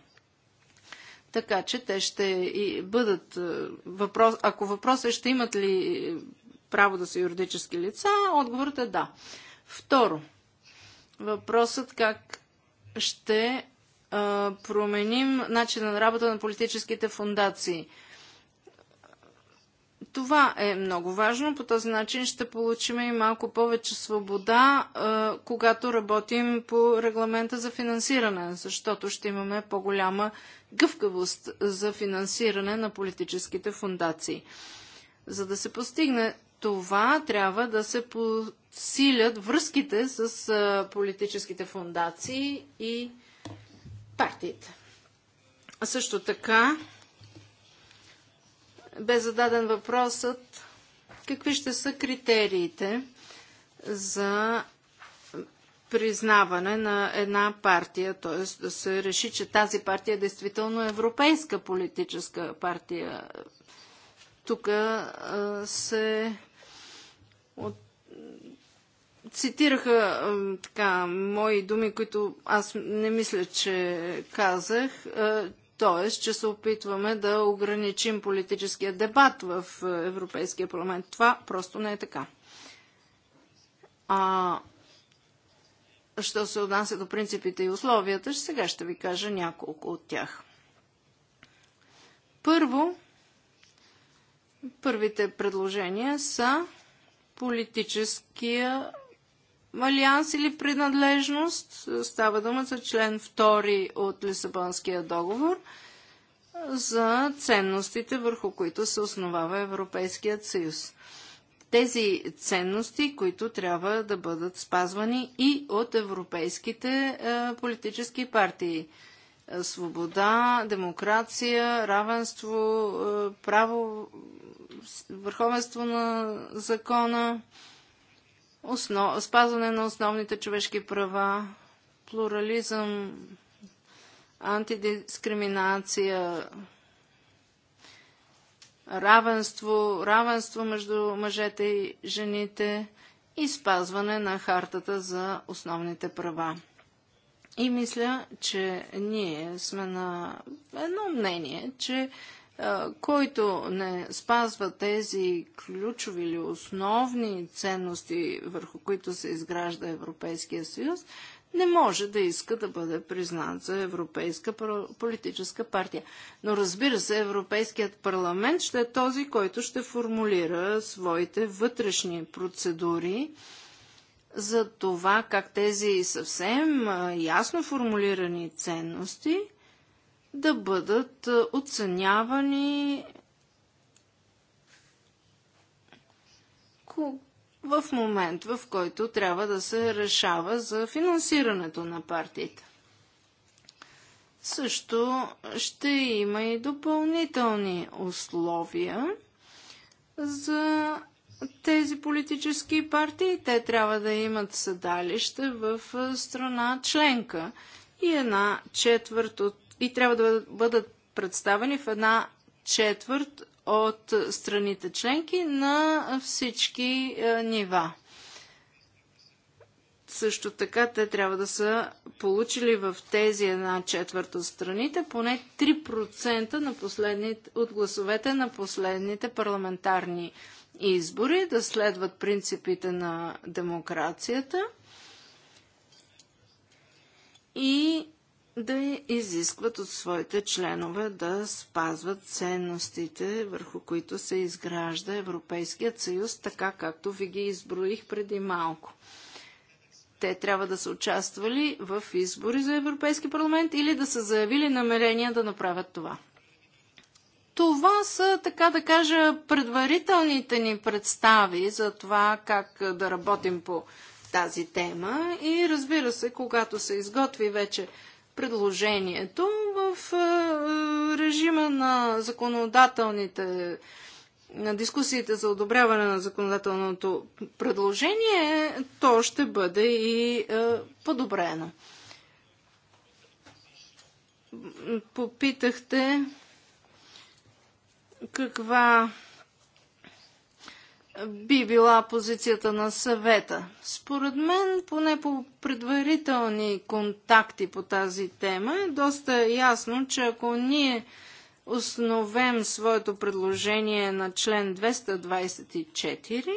Така че те ще и бъдат. Въпрос, ако въпросът е ще имат ли право да са юридически лица, отговорът е да. Второ, Въпросът как ще а, променим начина на работа на политическите фундации. Това е много важно. По този начин ще получим и малко повече свобода, а, когато работим по регламента за финансиране, защото ще имаме по-голяма гъвкавост за финансиране на политическите фундации. За да се постигне това трябва да се посилят връзките с политическите фундации и партиите. А също така бе зададен въпросът какви ще са критериите за признаване на една партия, т.е. да се реши, че тази партия е действително европейска политическа партия. Тук се от... цитираха така мои думи, които аз не мисля, че казах, т.е. че се опитваме да ограничим политическия дебат в Европейския парламент. Това просто не е така. А, що се отнася до принципите и условията, сега ще ви кажа няколко от тях. Първо, първите предложения са политическия алианс или принадлежност. Става дума за член 2 от Лисабонския договор за ценностите, върху които се основава Европейският съюз. Тези ценности, които трябва да бъдат спазвани и от европейските е, политически партии. Свобода, демокрация, равенство, е, право, върховенство на закона, основ, спазване на основните човешки права, плурализъм, антидискриминация, равенство, равенство между мъжете и жените и спазване на хартата за основните права. И мисля, че ние сме на едно мнение, че който не спазва тези ключови или основни ценности, върху които се изгражда Европейския съюз, не може да иска да бъде признат за европейска политическа партия. Но разбира се, Европейският парламент ще е този, който ще формулира своите вътрешни процедури за това как тези съвсем ясно формулирани ценности – да бъдат оценявани в момент, в който трябва да се решава за финансирането на партиите. Също ще има и допълнителни условия за тези политически партии. Те трябва да имат седалище в страна членка и една четвърт от и трябва да бъдат представени в една четвърт от страните членки на всички е, нива. Също така те трябва да са получили в тези една четвърта от страните поне 3% на от гласовете на последните парламентарни избори, да следват принципите на демокрацията и да изискват от своите членове да спазват ценностите, върху които се изгражда Европейският съюз, така както ви ги изброих преди малко. Те трябва да са участвали в избори за Европейски парламент или да са заявили намерения да направят това. Това са, така да кажа, предварителните ни представи за това как да работим по тази тема и разбира се, когато се изготви вече предложението в е, е, режима на законодателните на дискусиите за одобряване на законодателното предложение, то ще бъде и е, подобрено. Попитахте каква би била позицията на съвета. Според мен, поне по предварителни контакти по тази тема, е доста ясно, че ако ние основем своето предложение на член 224,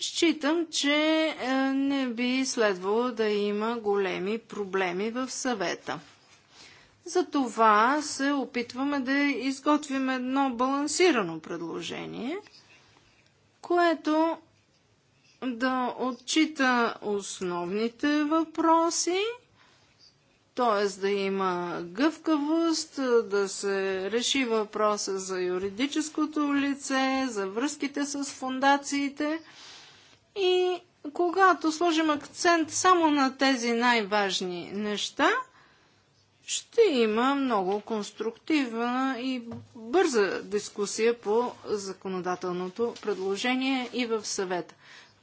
считам, че е, не би следвало да има големи проблеми в съвета. Затова се опитваме да изготвим едно балансирано предложение – което да отчита основните въпроси, т.е. да има гъвкавост, да се реши въпроса за юридическото лице, за връзките с фундациите и когато сложим акцент само на тези най-важни неща, ще има много конструктивна и бърза дискусия по законодателното предложение и в съвета.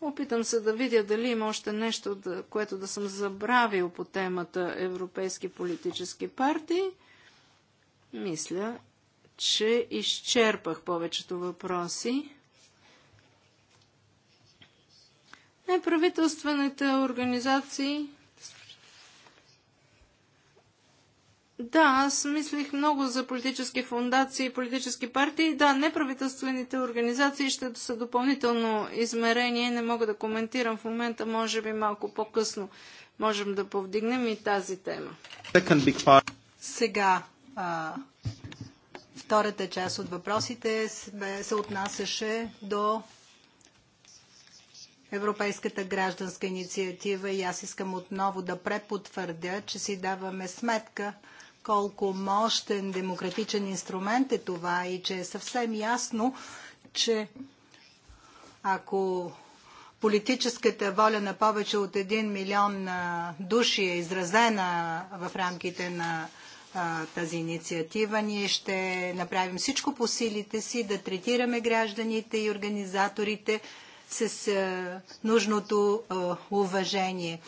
Опитам се да видя дали има още нещо, което да съм забравил по темата Европейски политически партии. Мисля, че изчерпах повечето въпроси. Неправителствените организации Да, аз мислих много за политически фундации и политически партии. Да, неправителствените организации ще са допълнително измерение. Не мога да коментирам в момента, може би малко по-късно можем да повдигнем и тази тема. Сега, а, втората част от въпросите се отнасяше до Европейската гражданска инициатива и аз искам отново да препотвърдя, че си даваме сметка колко мощен демократичен инструмент е това и че е съвсем ясно, че ако политическата воля на повече от 1 милион души е изразена в рамките на тази инициатива. Ние ще направим всичко по силите си да третираме гражданите и организаторите с нужното уважение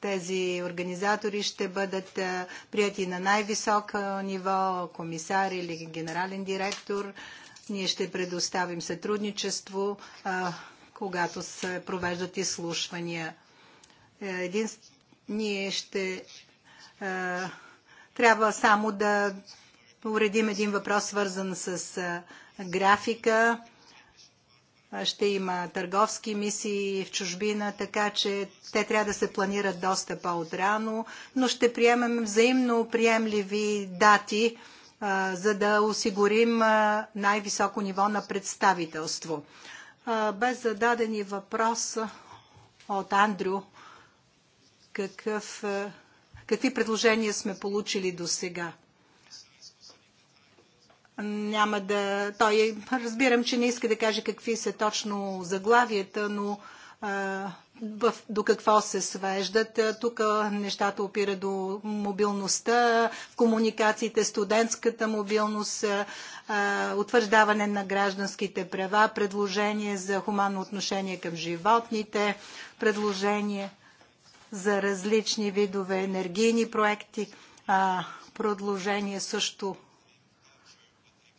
тези организатори ще бъдат прияти на най-високо ниво, комисар или генерален директор. Ние ще предоставим сътрудничество, когато се провеждат изслушвания. Е, един... Ние ще трябва само да уредим един въпрос, свързан с графика ще има търговски мисии в чужбина, така че те трябва да се планират доста по-отрано, но ще приемем взаимно приемливи дати, за да осигурим най-високо ниво на представителство. без зададени въпрос от Андрю, какъв, какви предложения сме получили до сега? няма да... Той, разбирам, че не иска да каже какви са точно заглавията, но а, в, до какво се свеждат. Тук нещата опира до мобилността, комуникациите, студентската мобилност, а, утвърждаване на гражданските права, предложение за хуманно отношение към животните, предложение за различни видове енергийни проекти, а, предложение също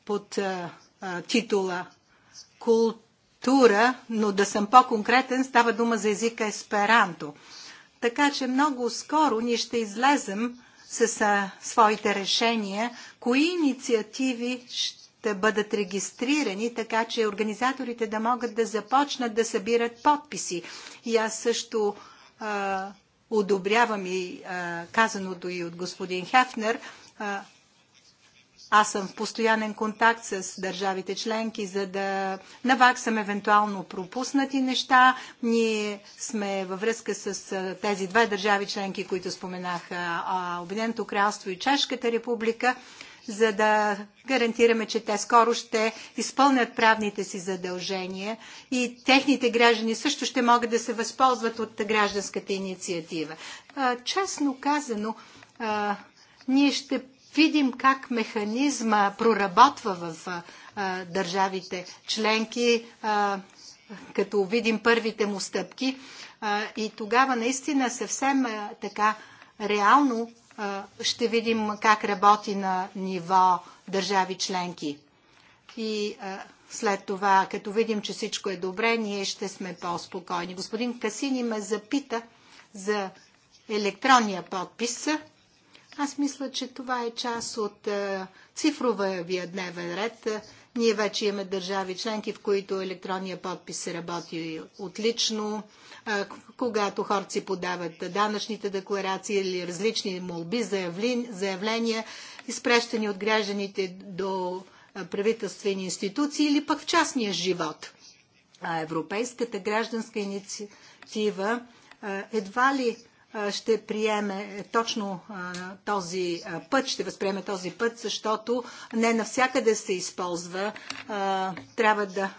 под а, а, титула култура, но да съм по-конкретен, става дума за езика есперанто. Така че много скоро ние ще излезем с а, своите решения, кои инициативи ще бъдат регистрирани, така че организаторите да могат да започнат да събират подписи. И аз също а, одобрявам и а, казаното и от господин Хефнер, аз съм в постоянен контакт с държавите членки, за да наваксам евентуално пропуснати неща. Ние сме във връзка с тези две държави членки, които споменах, Обединеното кралство и Чешката република, за да гарантираме, че те скоро ще изпълнят правните си задължения и техните граждани също ще могат да се възползват от гражданската инициатива. Честно казано, ние ще видим как механизма проработва в а, държавите членки, а, като видим първите му стъпки. А, и тогава наистина съвсем а, така реално а, ще видим как работи на ниво държави членки. И а, след това, като видим, че всичко е добре, ние ще сме по-спокойни. Господин Касини ме запита за електронния подпис. Аз мисля, че това е част от е, цифровия дневен ред. Ние вече имаме държави членки, в които електронния подпис се работи отлично. Е, когато хорци подават данъчните декларации или различни молби, заявления, изпрещани от гражданите до е, правителствени институции или пък в частния живот. А Европейската гражданска инициатива едва ли ще приеме точно този път, ще възприеме този път, защото не навсякъде се използва. Трябва да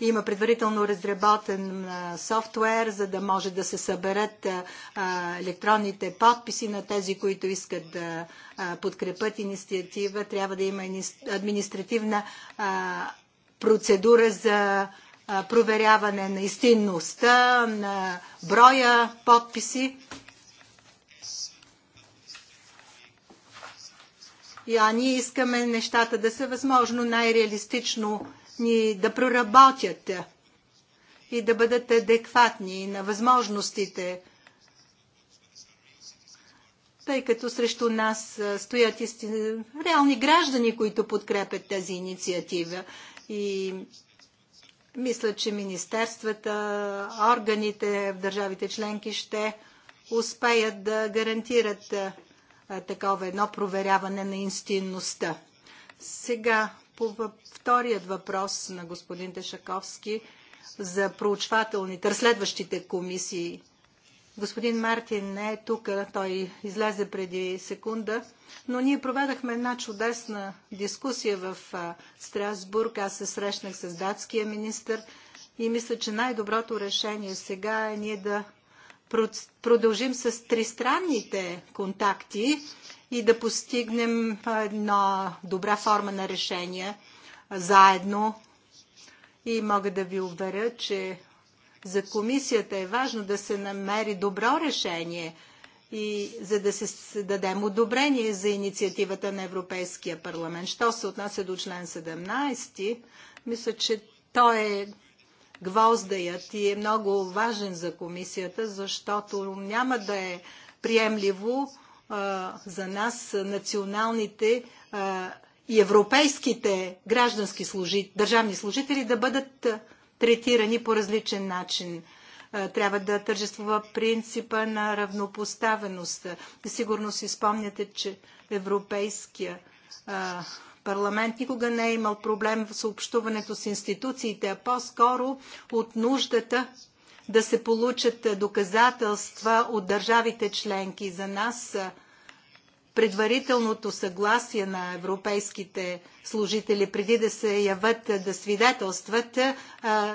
има предварително разработен софтуер, за да може да се съберат електронните подписи на тези, които искат да подкрепят инициатива. Трябва да има административна процедура за проверяване на истинността, на броя подписи. а ние искаме нещата да са възможно най-реалистично ни да проработят и да бъдат адекватни на възможностите, тъй като срещу нас стоят исти... реални граждани, които подкрепят тази инициатива. И мисля, че министерствата, органите в държавите членки ще успеят да гарантират такова едно проверяване на инстинността. Сега по вторият въпрос на господин Тешаковски за проучвателните, разследващите комисии. Господин Мартин не е тук, той излезе преди секунда, но ние проведахме една чудесна дискусия в Страсбург. Аз се срещнах с датския министр и мисля, че най-доброто решение сега е ние да продължим с тристранните контакти и да постигнем една добра форма на решение заедно. И мога да ви уверя, че за комисията е важно да се намери добро решение и за да се дадем одобрение за инициативата на Европейския парламент. Що се отнася до член 17, мисля, че той е гвоздаят и е много важен за комисията, защото няма да е приемливо а, за нас националните а, и европейските граждански служи, държавни служители да бъдат третирани по различен начин. Трябва да тържествува принципа на равнопоставеност. Сигурно си спомняте, че Европейския а, парламент никога не е имал проблем в съобщуването с институциите, а по-скоро от нуждата да се получат доказателства от държавите членки. За нас предварителното съгласие на европейските служители преди да се яват да свидетелстват,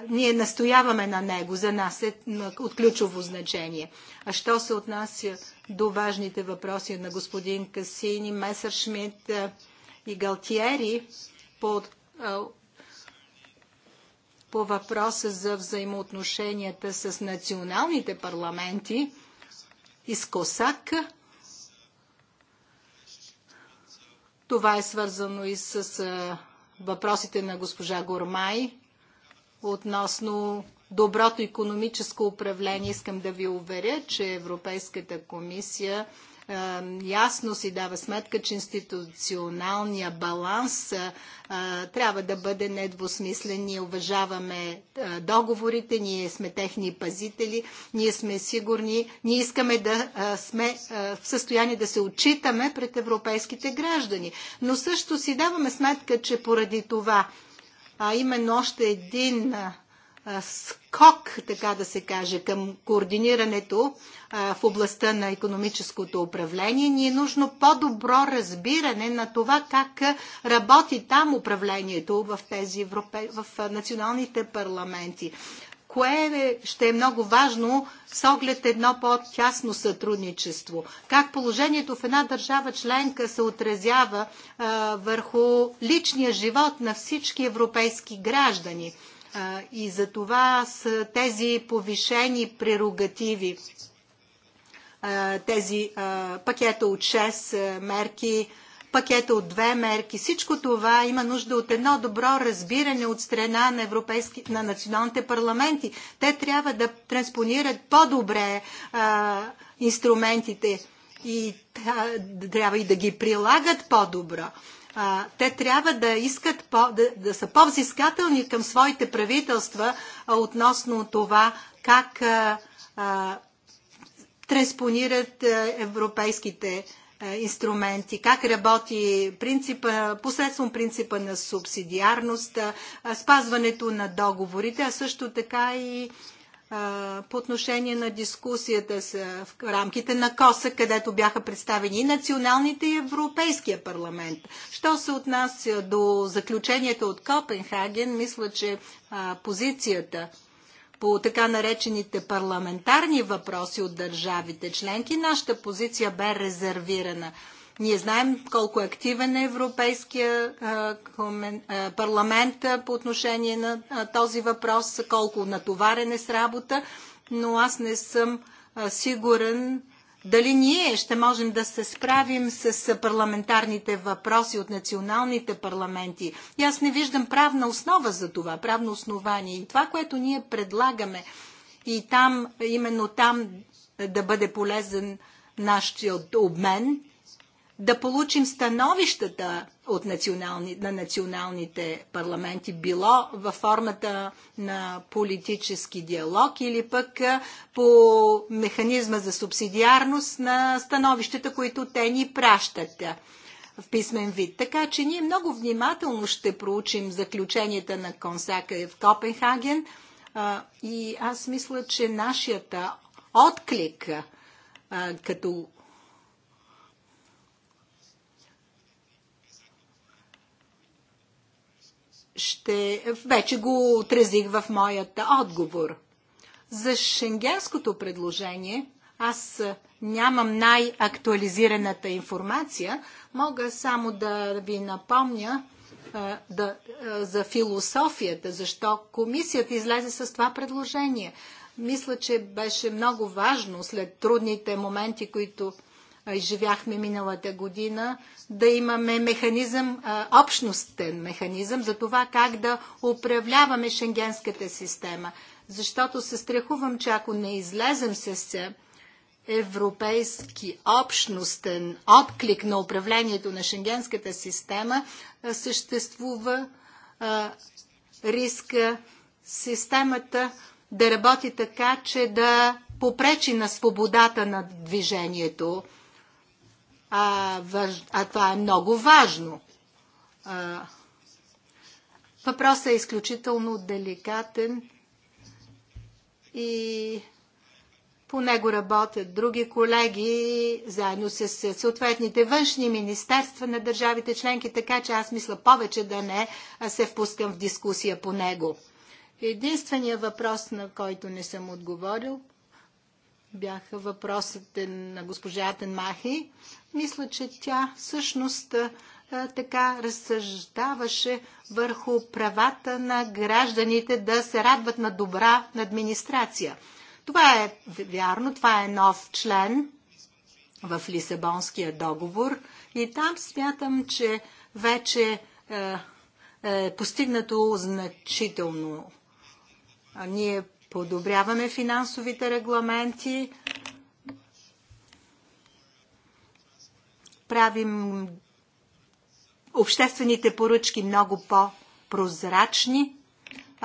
ние настояваме на него. За нас е от ключово значение. А що се отнася до важните въпроси на господин Касини, Месършмит, Шмидт, и Галтиери по, по въпроса за взаимоотношенията с националните парламенти и с КОСАК. Това е свързано и с въпросите на госпожа Гормай относно доброто економическо управление. Искам да ви уверя, че Европейската комисия е, ясно си дава сметка, че институционалния баланс е, е, трябва да бъде недвусмислен. Ние уважаваме договорите, ние сме техни пазители, ние сме сигурни, ние искаме да сме в състояние да се отчитаме пред европейските граждани. Но също си даваме сметка, че поради това, а именно още един скок, така да се каже, към координирането в областта на економическото управление, ни е нужно по-добро разбиране на това как работи там управлението в, тези европе... в националните парламенти кое е, ще е много важно с оглед едно по-тясно сътрудничество. Как положението в една държава членка се отразява а, върху личния живот на всички европейски граждани. И за това с тези повишени прерогативи, тези пакета от 6 мерки, пакета от две мерки. Всичко това има нужда от едно добро разбиране от страна на, европейски, на националните парламенти. Те трябва да транспонират по-добре инструментите и трябва и да ги прилагат по-добро а, те трябва да искат по, да, да са по-взискателни към своите правителства а, относно това как а, а, транспонират а, европейските а, инструменти, как работи принципа, посредством принципа на субсидиарност, а, спазването на договорите, а също така и по отношение на дискусията в рамките на КОСА, където бяха представени и националните и Европейския парламент. Що се отнася до заключението от Копенхаген, мисля, че позицията по така наречените парламентарни въпроси от държавите членки, нашата позиция бе резервирана. Ние знаем колко е активен е Европейския парламент по отношение на този въпрос, колко натоварен е с работа, но аз не съм сигурен дали ние ще можем да се справим с парламентарните въпроси от националните парламенти. И аз не виждам правна основа за това, правно основание. И това, което ние предлагаме и там, именно там да бъде полезен нашият обмен, да получим становищата от национални, на националните парламенти, било във формата на политически диалог или пък по механизма за субсидиарност на становищата, които те ни пращат в писмен вид. Така че ние много внимателно ще проучим заключенията на Консака в Копенхаген и аз мисля, че нашата отклик като ще, вече го отразих в моят отговор. За шенгенското предложение аз нямам най-актуализираната информация. Мога само да ви напомня да, за философията, защо комисията излезе с това предложение. Мисля, че беше много важно след трудните моменти, които изживяхме миналата година, да имаме механизъм, общностен механизъм за това как да управляваме шенгенската система. Защото се страхувам, че ако не излезем с европейски общностен отклик на управлението на шенгенската система, съществува риска системата да работи така, че да попречи на свободата на движението а, въж... а това е много важно. А, въпросът е изключително деликатен и по него работят други колеги, заедно с съответните външни министерства на държавите членки, така че аз мисля повече да не се впускам в дискусия по него. Единственият въпрос, на който не съм отговорил, бяха въпросите на госпожа Атен Махи. Мисля, че тя всъщност така разсъждаваше върху правата на гражданите да се радват на добра администрация. Това е вярно, това е нов член в Лисабонския договор и там смятам, че вече е, е постигнато значително. Ние подобряваме финансовите регламенти, правим обществените поръчки много по-прозрачни.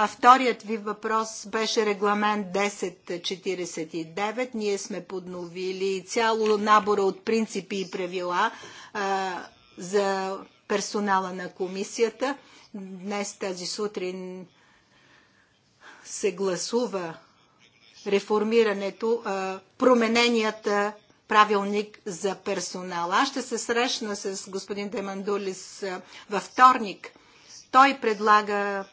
А вторият ви въпрос беше регламент 1049. Ние сме подновили цяло набора от принципи и правила а, за персонала на комисията. Днес тази сутрин се гласува реформирането, промененията правилник за персонала. Аз ще се срещна с господин Демандулис във вторник. Той предлага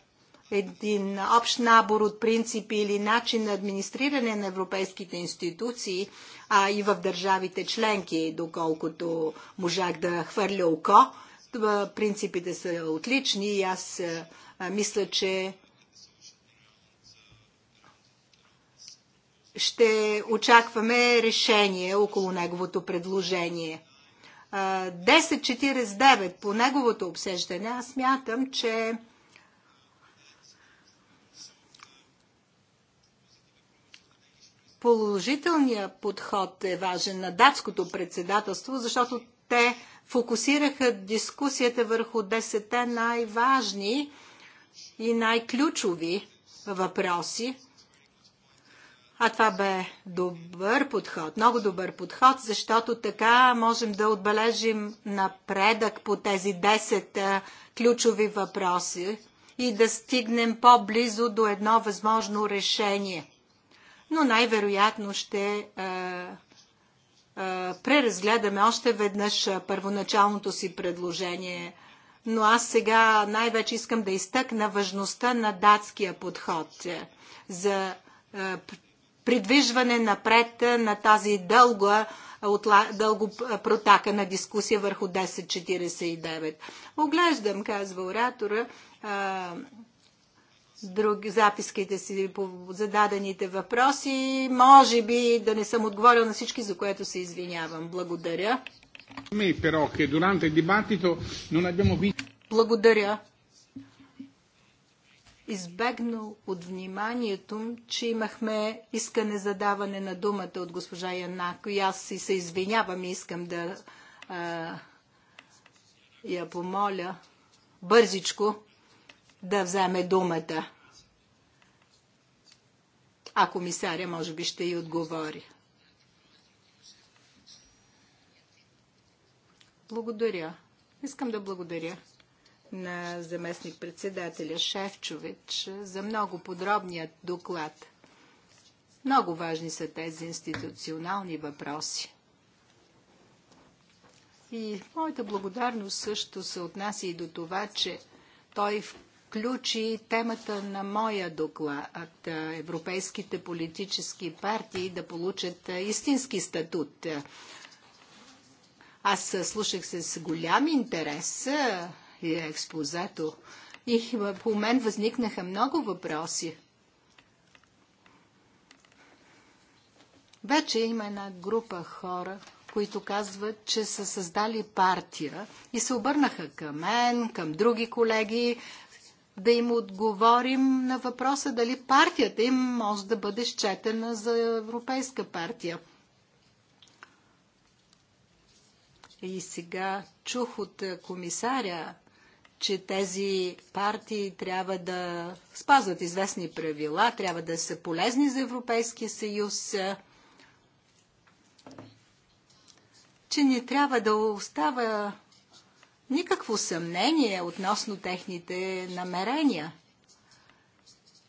един общ набор от принципи или начин на администриране на европейските институции, а и в държавите членки, доколкото можах да хвърля око. Принципите са отлични и аз мисля, че ще очакваме решение около неговото предложение. 10.49 по неговото обсеждане, аз мятам, че положителният подход е важен на датското председателство, защото те фокусираха дискусията върху 10 най-важни и най-ключови въпроси, а това бе добър подход, много добър подход, защото така можем да отбележим напредък по тези 10 ключови въпроси и да стигнем по-близо до едно възможно решение. Но най-вероятно ще е, е, преразгледаме още веднъж първоначалното си предложение. Но аз сега най-вече искам да изтъкна важността на датския подход за придвижване напред на тази дълга дълго протакана дискусия върху 1049. Оглеждам, казва оратора, друг, записките си по зададените въпроси. Може би да не съм отговорил на всички, за което се извинявам. Благодаря. Ами, Благодаря избегнал от вниманието, че имахме искане за даване на думата от госпожа Янако и аз си се извинявам и искам да а, я помоля бързичко да вземе думата. А комисаря може би ще и отговори. Благодаря. Искам да благодаря на заместник-председателя Шефчович за много подробният доклад. Много важни са тези институционални въпроси. И моята благодарност също се отнася и до това, че той включи темата на моя доклад европейските политически партии да получат истински статут. Аз слушах се с голям интерес експозето. И по мен възникнаха много въпроси. Вече има една група хора, които казват, че са създали партия и се обърнаха към мен, към други колеги, да им отговорим на въпроса дали партията им може да бъде счетена за европейска партия. И сега чух от комисаря че тези партии трябва да спазват известни правила, трябва да са полезни за Европейския съюз, че не трябва да остава никакво съмнение относно техните намерения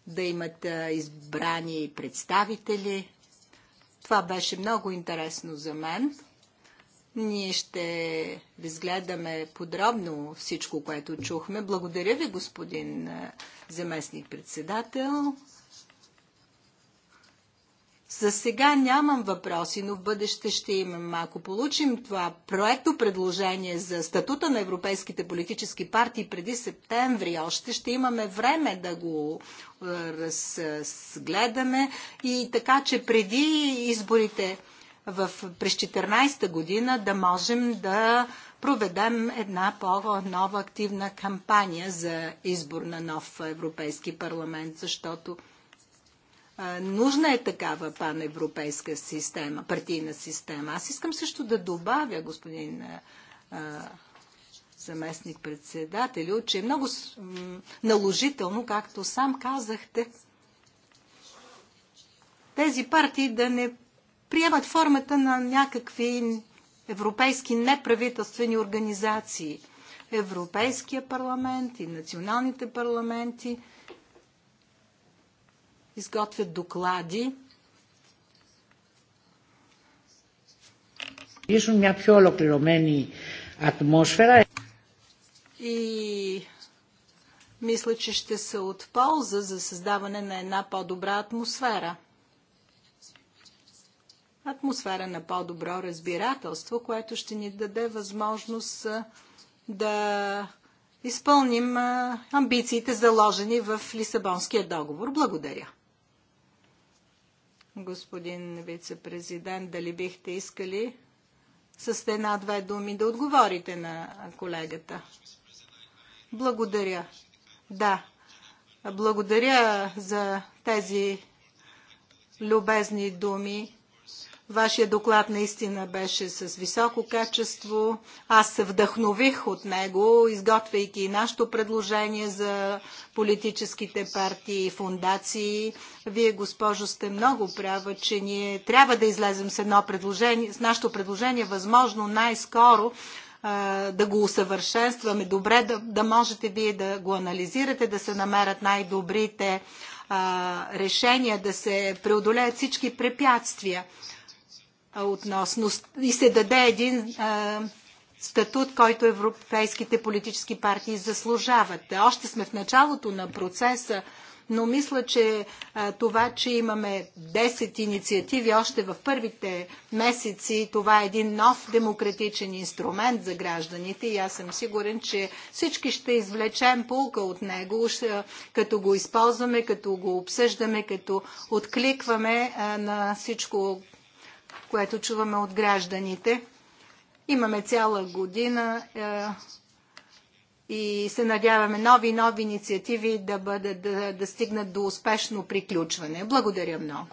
да имат избрани представители. Това беше много интересно за мен. Ние ще разгледаме подробно всичко, което чухме. Благодаря ви, господин е, заместник-председател. За сега нямам въпроси, но в бъдеще ще имам. Ако получим това проекто предложение за статута на европейските политически партии преди септември още, ще имаме време да го е, разгледаме и така, че преди изборите в, през 14-та година да можем да проведем една по-нова активна кампания за избор на нов Европейски парламент, защото а, нужна е такава паневропейска система, партийна система. Аз искам също да добавя, господин а, заместник председател, че е много наложително, както сам казахте, тези партии да не приемат формата на някакви европейски неправителствени организации. Европейския парламент и националните парламенти изготвят доклади. Е. И мисля, че ще се полза за създаване на една по-добра атмосфера атмосфера на по-добро разбирателство, което ще ни даде възможност да изпълним амбициите заложени в Лисабонския договор. Благодаря. Господин вице-президент, дали бихте искали с една-две думи да отговорите на колегата? Благодаря. Да. Благодаря за тези любезни думи. Вашия доклад наистина беше с високо качество. Аз се вдъхнових от него, изготвяйки нашето предложение за политическите партии и фундации. Вие, госпожо, сте много права, че ние трябва да излезем с едно предложение, с нашето предложение, възможно най-скоро, да го усъвършенстваме добре, да, да можете вие да го анализирате, да се намерят най-добрите решения, да се преодолеят всички препятствия относно и се даде един а, статут, който европейските политически партии заслужават. Още сме в началото на процеса, но мисля, че а, това, че имаме 10 инициативи още в първите месеци, това е един нов демократичен инструмент за гражданите и аз съм сигурен, че всички ще извлечем полка от него, ще, като го използваме, като го обсъждаме, като откликваме а, на всичко, което чуваме от гражданите. Имаме цяла година е, и се надяваме нови и нови инициативи да, бъде, да, да стигнат до успешно приключване. Благодаря много.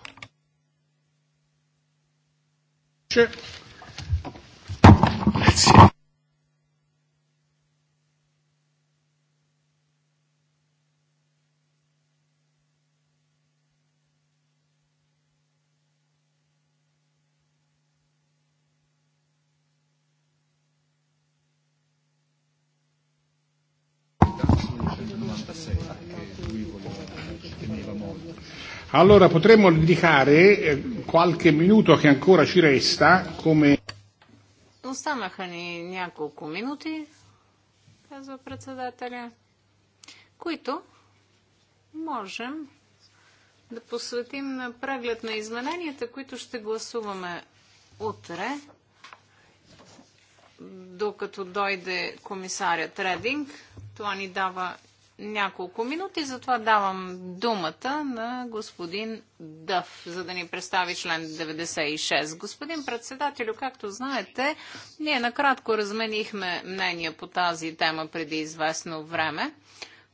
Allora potremmo dedicare eh, qualche minuto che ancora ci resta come... Останаха ни няколко минути, казва председателя, които можем да посветим на преглед на измененията, които ще гласуваме утре, докато дойде комисарят Рединг. Това ни дава няколко минути, затова давам думата на господин Дъв, за да ни представи член 96. Господин председателю, както знаете, ние накратко разменихме мнение по тази тема преди известно време.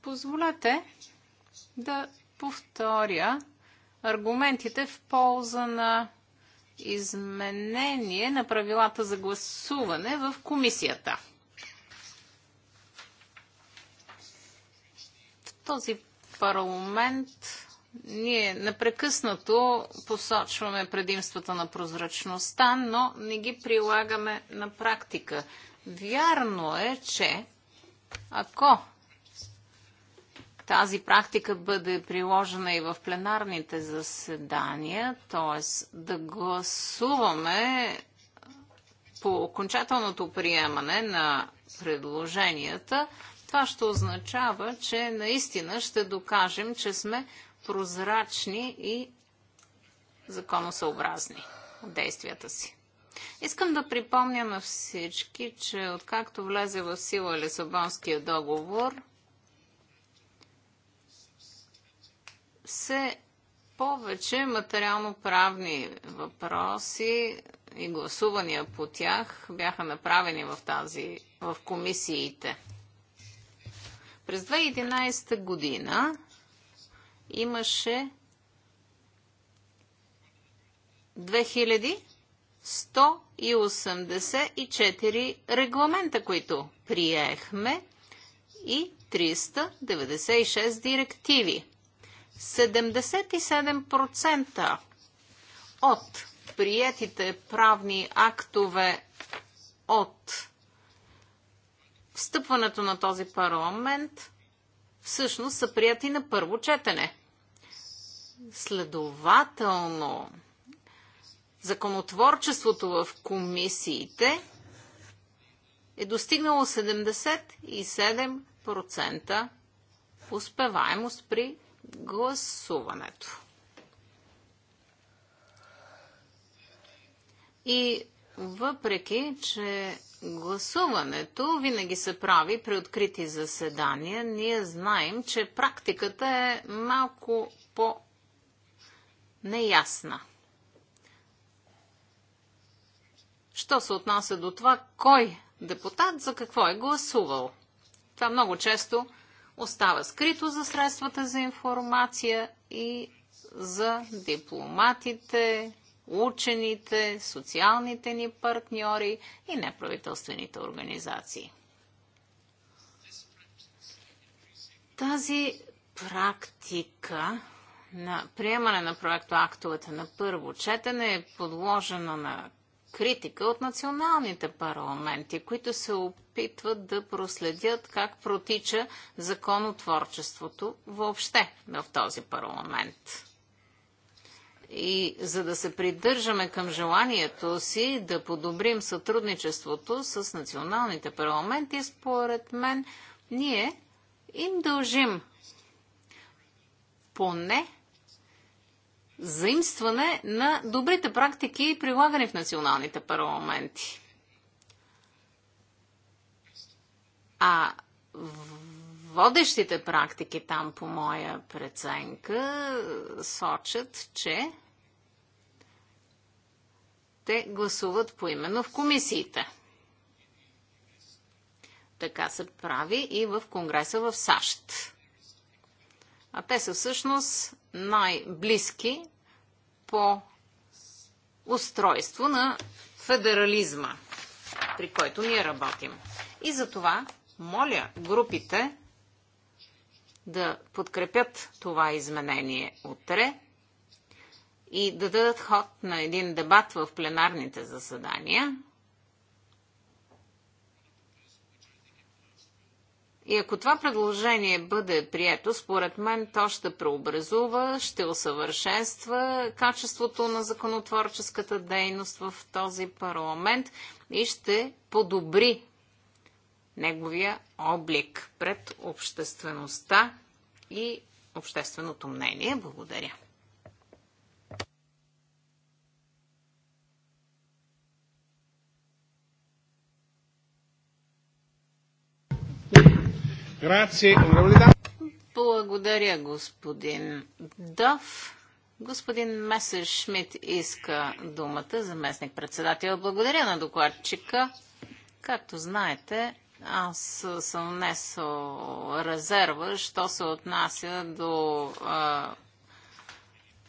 Позволете да повторя аргументите в полза на изменение на правилата за гласуване в комисията – този парламент ние непрекъснато посочваме предимствата на прозрачността, но не ги прилагаме на практика. Вярно е, че ако тази практика бъде приложена и в пленарните заседания, т.е. да гласуваме по окончателното приемане на предложенията, това ще означава, че наистина ще докажем, че сме прозрачни и законосъобразни от действията си. Искам да припомня на всички, че откакто влезе в сила Лисабонския договор, се повече материално-правни въпроси и гласувания по тях бяха направени в, тази, в комисиите – през 2011 година имаше 2184 регламента, които приехме и 396 директиви. 77% от приетите правни актове от встъпването на този парламент всъщност са прияти на първо четене. Следователно, законотворчеството в комисиите е достигнало 77% успеваемост при гласуването. И въпреки, че Гласуването винаги се прави при открити заседания. Ние знаем, че практиката е малко по-неясна. Що се отнася до това, кой депутат за какво е гласувал? Това много често остава скрито за средствата за информация и за дипломатите, учените, социалните ни партньори и неправителствените организации. Тази практика на приемане на проектоактовете на първо четене е подложена на критика от националните парламенти, които се опитват да проследят как протича законотворчеството въобще в този парламент. И за да се придържаме към желанието си да подобрим сътрудничеството с националните парламенти, според мен, ние им дължим поне заимстване на добрите практики, прилагани в националните парламенти. А водещите практики там, по моя преценка, сочат, че те гласуват поименно в комисиите. Така се прави и в Конгреса в САЩ. А те са всъщност най-близки по устройство на федерализма, при който ние работим. И затова моля групите да подкрепят това изменение утре и да дадат ход на един дебат в пленарните заседания. И ако това предложение бъде прието, според мен то ще преобразува, ще усъвършенства качеството на законотворческата дейност в този парламент и ще подобри неговия облик пред обществеността и общественото мнение. Благодаря. Благодаря, господин Дов. Господин Месер Шмидт иска думата, заместник председател. Благодаря на докладчика. Както знаете, аз съм внесъл резерва, що се отнася до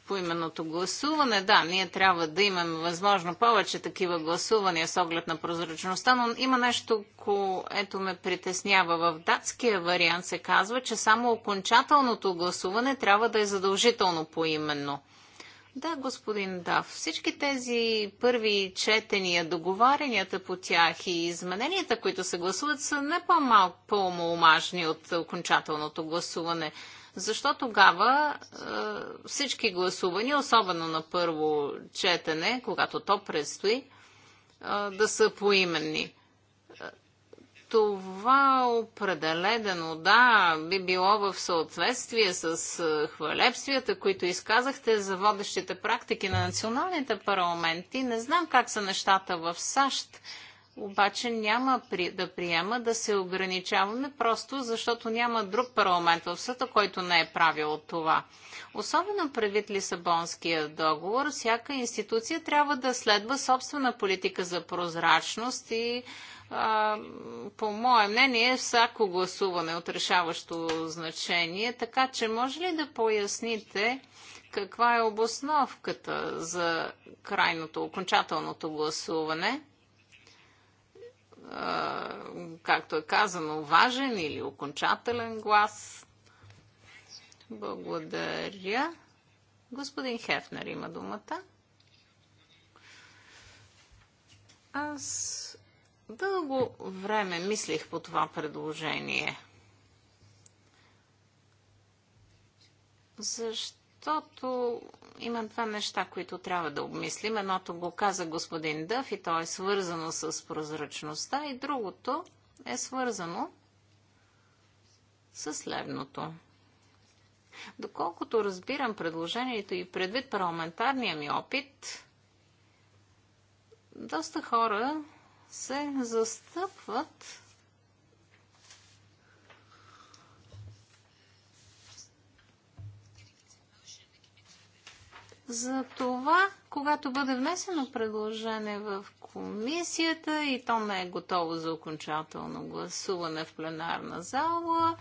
поименното гласуване. Да, ние трябва да имаме възможно повече такива гласувания с оглед на прозрачността, но има нещо, което ме притеснява. В датския вариант се казва, че само окончателното гласуване трябва да е задължително поименно. Да, господин Дав, всички тези първи четения, договаренията по тях и измененията, които се гласуват, са не по-малко по-маломажни от окончателното гласуване. Защо тогава е, всички гласувания, особено на първо четене, когато то предстои, е, да са поименни? това определено, да, би било в съответствие с е, хвалепствията, които изказахте за водещите практики на националните парламенти. Не знам как са нещата в САЩ, обаче няма при, да приема да се ограничаваме просто защото няма друг парламент в света, който не е правил това. Особено предвид Лисабонския договор, всяка институция трябва да следва собствена политика за прозрачност и по мое мнение, всяко гласуване е от решаващо значение, така че може ли да поясните каква е обосновката за крайното, окончателното гласуване? както е казано, важен или окончателен глас? Благодаря. Господин Хефнер има думата. Аз Дълго време мислих по това предложение. Защото има два неща, които трябва да обмислим. Едното го каза господин Дъв и то е свързано с прозрачността и другото е свързано с следното. Доколкото разбирам предложението и предвид парламентарния ми опит, доста хора се застъпват за това, когато бъде внесено предложение в комисията и то не е готово за окончателно гласуване в пленарна зала,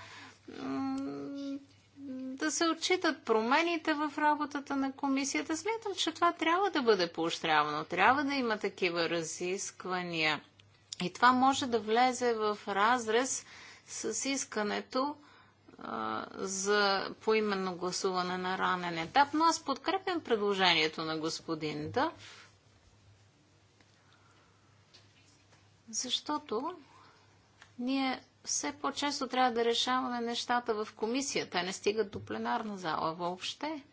да се отчитат промените в работата на комисията. Смятам, че това трябва да бъде поощрявано. Трябва да има такива разисквания. И това може да влезе в разрез с искането а, за поименно гласуване на ранен етап, но аз подкрепям предложението на господин Дъв, защото ние все по-често трябва да решаваме нещата в комисията. Те не стигат до пленарна зала въобще.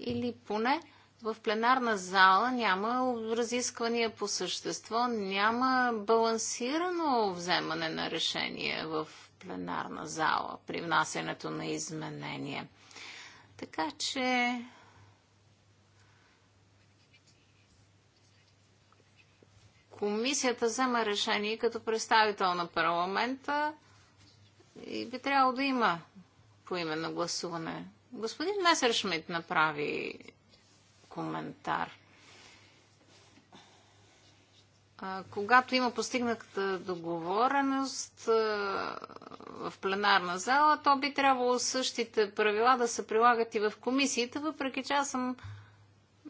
Или поне в пленарна зала няма разисквания по същество, няма балансирано вземане на решение в пленарна зала при внасянето на изменения. Така че комисията взема решение като представител на парламента и би трябвало да има поименно гласуване. Господин Месершмит направи коментар. когато има постигната договореност в пленарна зала, то би трябвало същите правила да се прилагат и в комисиите, въпреки че аз съм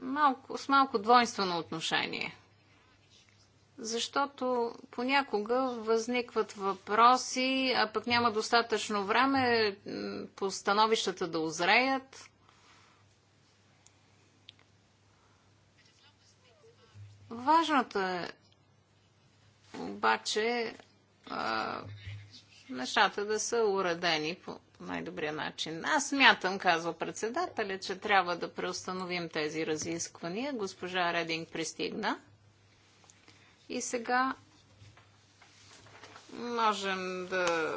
малко, с малко двойствено отношение защото понякога възникват въпроси, а пък няма достатъчно време по становищата да озреят. Важното е обаче а, нещата да са уредени по най-добрия начин. Аз мятам, казва председателя, че трябва да преустановим тези разисквания. Госпожа Рединг пристигна. И сега можем да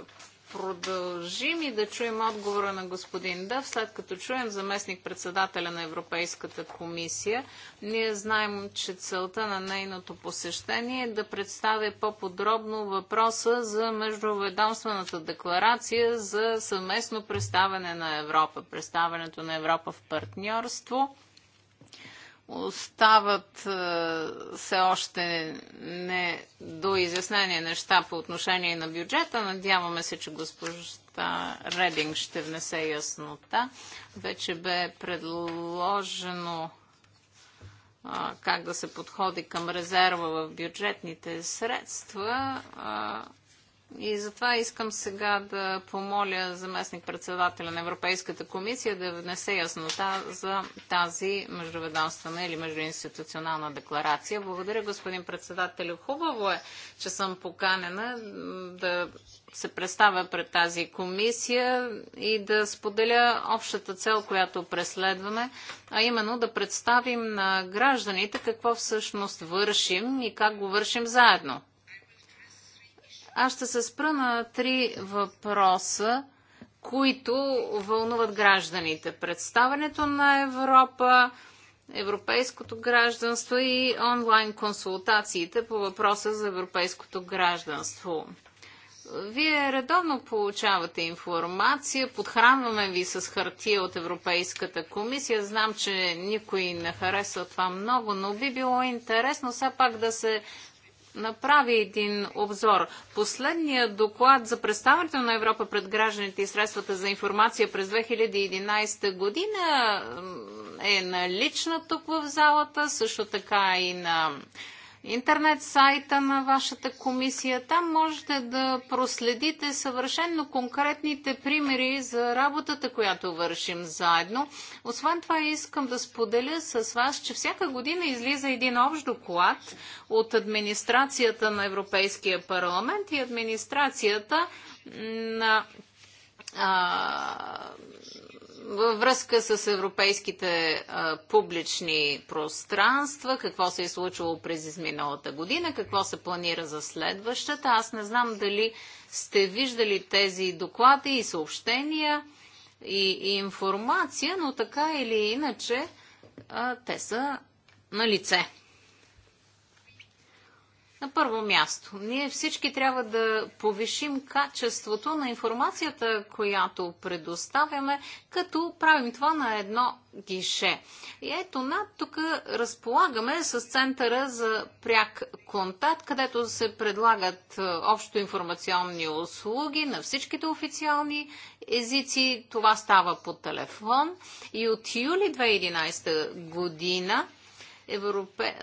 продължим и да чуем отговора на господин Дъв, след като чуем заместник председателя на Европейската комисия. Ние знаем, че целта на нейното посещение е да представя по-подробно въпроса за междуведомствената декларация за съвместно представяне на Европа, представянето на Европа в партньорство – Остават е, все още не до изяснение неща по отношение на бюджета. Надяваме се, че госпожа Рединг ще внесе яснота. Вече бе предложено е, как да се подходи към резерва в бюджетните средства. Е, и затова искам сега да помоля заместник председателя на Европейската комисия да внесе яснота за тази междуведомствена или междуинституционална декларация. Благодаря, господин председател. Хубаво е, че съм поканена да се представя пред тази комисия и да споделя общата цел, която преследваме, а именно да представим на гражданите какво всъщност вършим и как го вършим заедно. Аз ще се спра на три въпроса, които вълнуват гражданите. Представенето на Европа, европейското гражданство и онлайн консултациите по въпроса за европейското гражданство. Вие редовно получавате информация, подхранваме ви с хартия от Европейската комисия. Знам, че никой не харесва това много, но би било интересно все пак да се направи един обзор. Последният доклад за представянето на Европа пред гражданите и средствата за информация през 2011 година е налична тук в залата, също така и на интернет сайта на вашата комисия. Там можете да проследите съвършенно конкретните примери за работата, която вършим заедно. Освен това искам да споделя с вас, че всяка година излиза един общ доклад от администрацията на Европейския парламент и администрацията на във връзка с европейските а, публични пространства, какво се е случило през изминалата година, какво се планира за следващата. Аз не знам дали сте виждали тези доклади и съобщения и, и информация, но така или иначе а, те са на лице. На първо място, ние всички трябва да повишим качеството на информацията, която предоставяме, като правим това на едно гише. И ето над тук разполагаме с Центъра за пряк контакт, където се предлагат е, общо информационни услуги на всичките официални езици. Това става по телефон. И от юли 2011 година Европе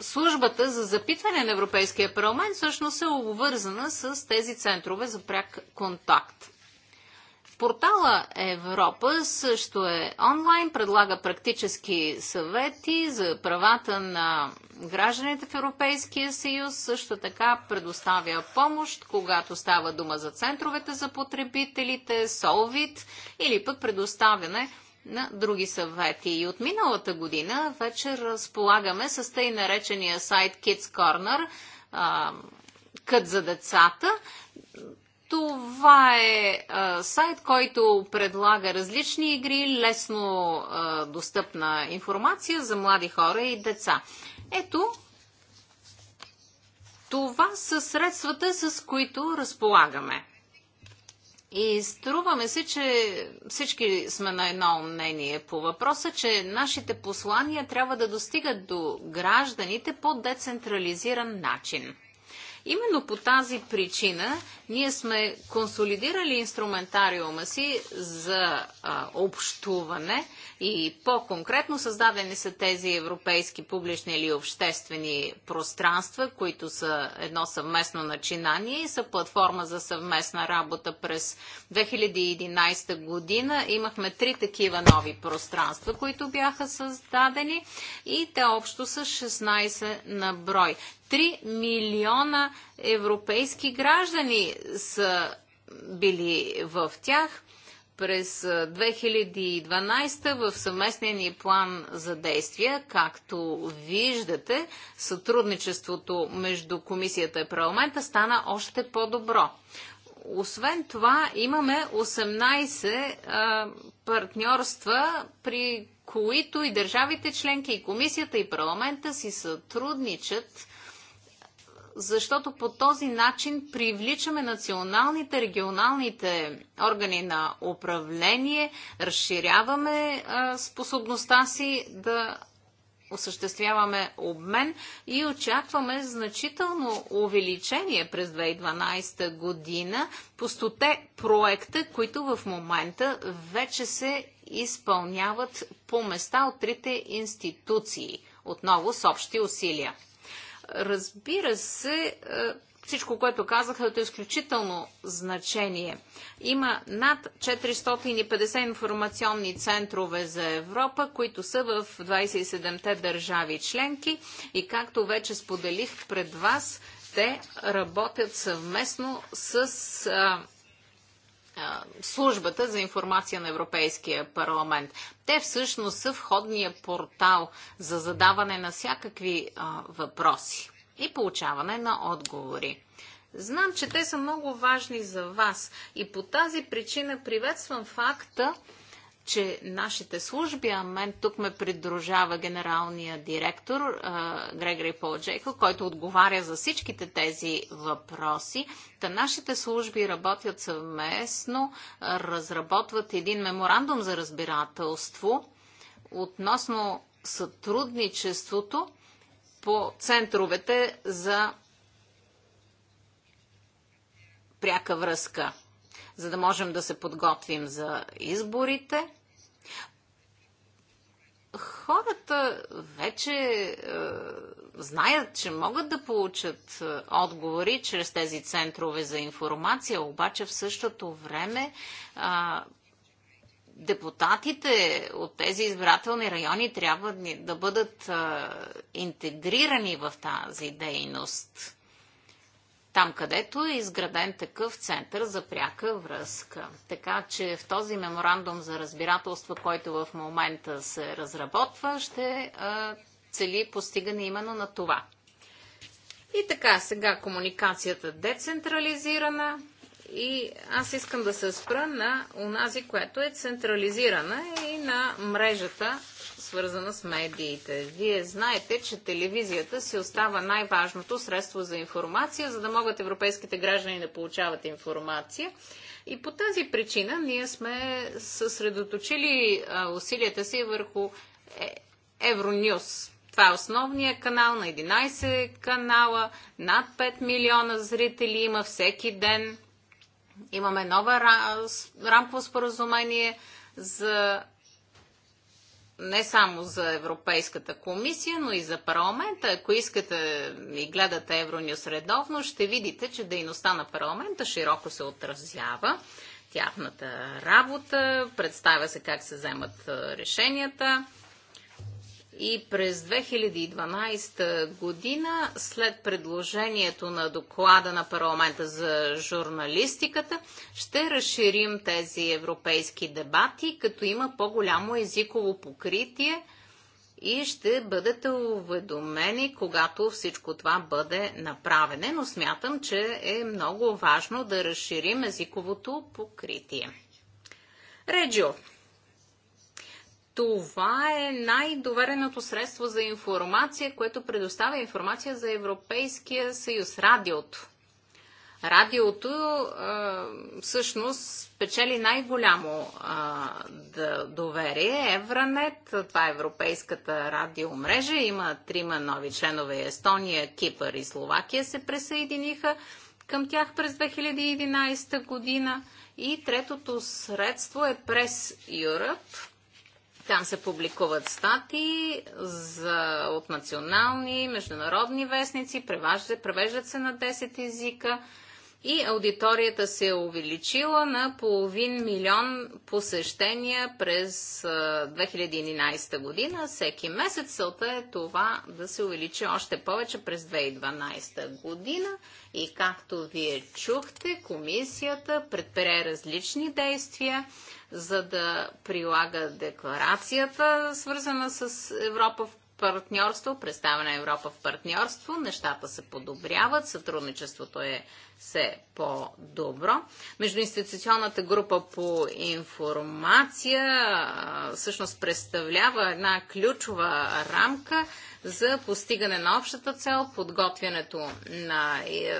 службата за запитване на Европейския парламент всъщност е обвързана с тези центрове за пряк контакт. Портала Европа също е онлайн, предлага практически съвети за правата на гражданите в Европейския съюз, също така предоставя помощ, когато става дума за центровете за потребителите, Солвит или пък предоставяне на други съвети. И от миналата година вече разполагаме с тъй наречения сайт Kids Corner, а, кът за децата. Това е а, сайт, който предлага различни игри, лесно а, достъпна информация за млади хора и деца. Ето, това са средствата, с които разполагаме. И струваме се, че всички сме на едно мнение по въпроса, че нашите послания трябва да достигат до гражданите по децентрализиран начин. Именно по тази причина ние сме консолидирали инструментариума си за а, общуване и по-конкретно създадени са тези европейски публични или обществени пространства, които са едно съвместно начинание и са платформа за съвместна работа през 2011 година. Имахме три такива нови пространства, които бяха създадени и те общо са 16 на брой. 3 милиона европейски граждани са били в тях през 2012 в съвместния ни план за действия. Както виждате, сътрудничеството между комисията и парламента стана още по-добро. Освен това, имаме 18 а, партньорства, при които и държавите членки, и комисията, и парламента си сътрудничат защото по този начин привличаме националните, регионалните органи на управление, разширяваме е, способността си да осъществяваме обмен и очакваме значително увеличение през 2012 година по стоте проекта, които в момента вече се изпълняват по места от трите институции, отново с общи усилия. Разбира се, е, всичко, което казаха, е изключително значение. Има над 450 информационни центрове за Европа, които са в 27-те държави членки и както вече споделих пред вас, те работят съвместно с е, службата за информация на Европейския парламент. Те всъщност са входния портал за задаване на всякакви а, въпроси и получаване на отговори. Знам, че те са много важни за вас и по тази причина приветствам факта, че нашите служби, а мен тук ме придружава генералния директор Грегори Пол Джейко, който отговаря за всичките тези въпроси. Та нашите служби работят съвместно, разработват един меморандум за разбирателство относно сътрудничеството по центровете за пряка връзка за да можем да се подготвим за изборите. Хората вече е, знаят, че могат да получат е, отговори чрез тези центрове за информация, обаче в същото време е, депутатите от тези избирателни райони трябва да бъдат е, интегрирани в тази дейност там където е изграден такъв център за пряка връзка. Така че в този меморандум за разбирателство, който в момента се разработва, ще цели постигане именно на това. И така, сега комуникацията е децентрализирана и аз искам да се спра на унази, която е централизирана и на мрежата свързана с медиите. Вие знаете, че телевизията си остава най-важното средство за информация, за да могат европейските граждани да получават информация. И по тази причина ние сме съсредоточили усилията си върху е, Евронюс. Това е основният канал на 11 канала, над 5 милиона зрители има всеки ден. Имаме нова рамково споразумение за не само за Европейската комисия, но и за парламента. Ако искате и гледате Евронюс редовно, ще видите, че дейността на парламента широко се отразява. Тяхната работа, представя се как се вземат решенията и през 2012 година, след предложението на доклада на парламента за журналистиката, ще разширим тези европейски дебати, като има по-голямо езиково покритие и ще бъдете уведомени, когато всичко това бъде направене, но смятам, че е много важно да разширим езиковото покритие. Реджио, това е най-довереното средство за информация, което предоставя информация за Европейския съюз радиото. Радиото всъщност печели най-голямо да доверие. Евранет, това е европейската радиомрежа, има трима нови членове Естония, Кипър и Словакия се присъединиха към тях през 2011 година. И третото средство е Прес Europe, там се публикуват стати за, от национални, международни вестници, превеждат, превеждат се на 10 езика и аудиторията се е увеличила на половин милион посещения през 2011 година. Всеки месец целта е това да се увеличи още повече през 2012 година. И както вие чухте, комисията предприе различни действия, за да прилага декларацията, свързана с Европа в партньорство, представена е Европа в партньорство, нещата се подобряват, сътрудничеството е все по-добро. Междуинституционната група по информация всъщност представлява една ключова рамка за постигане на общата цел, подготвянето на е,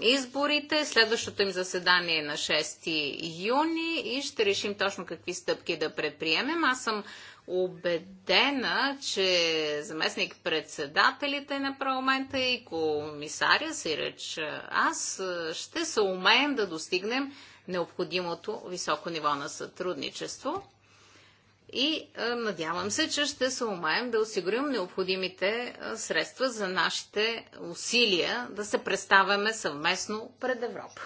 изборите. Следващото им заседание е на 6 юни и ще решим точно какви стъпки да предприемем. Аз съм убедена, че заместник председателите на парламента и комисаря си реч аз ще се умеем да достигнем необходимото високо ниво на сътрудничество и надявам се, че ще се умеем да осигурим необходимите средства за нашите усилия да се представяме съвместно пред Европа.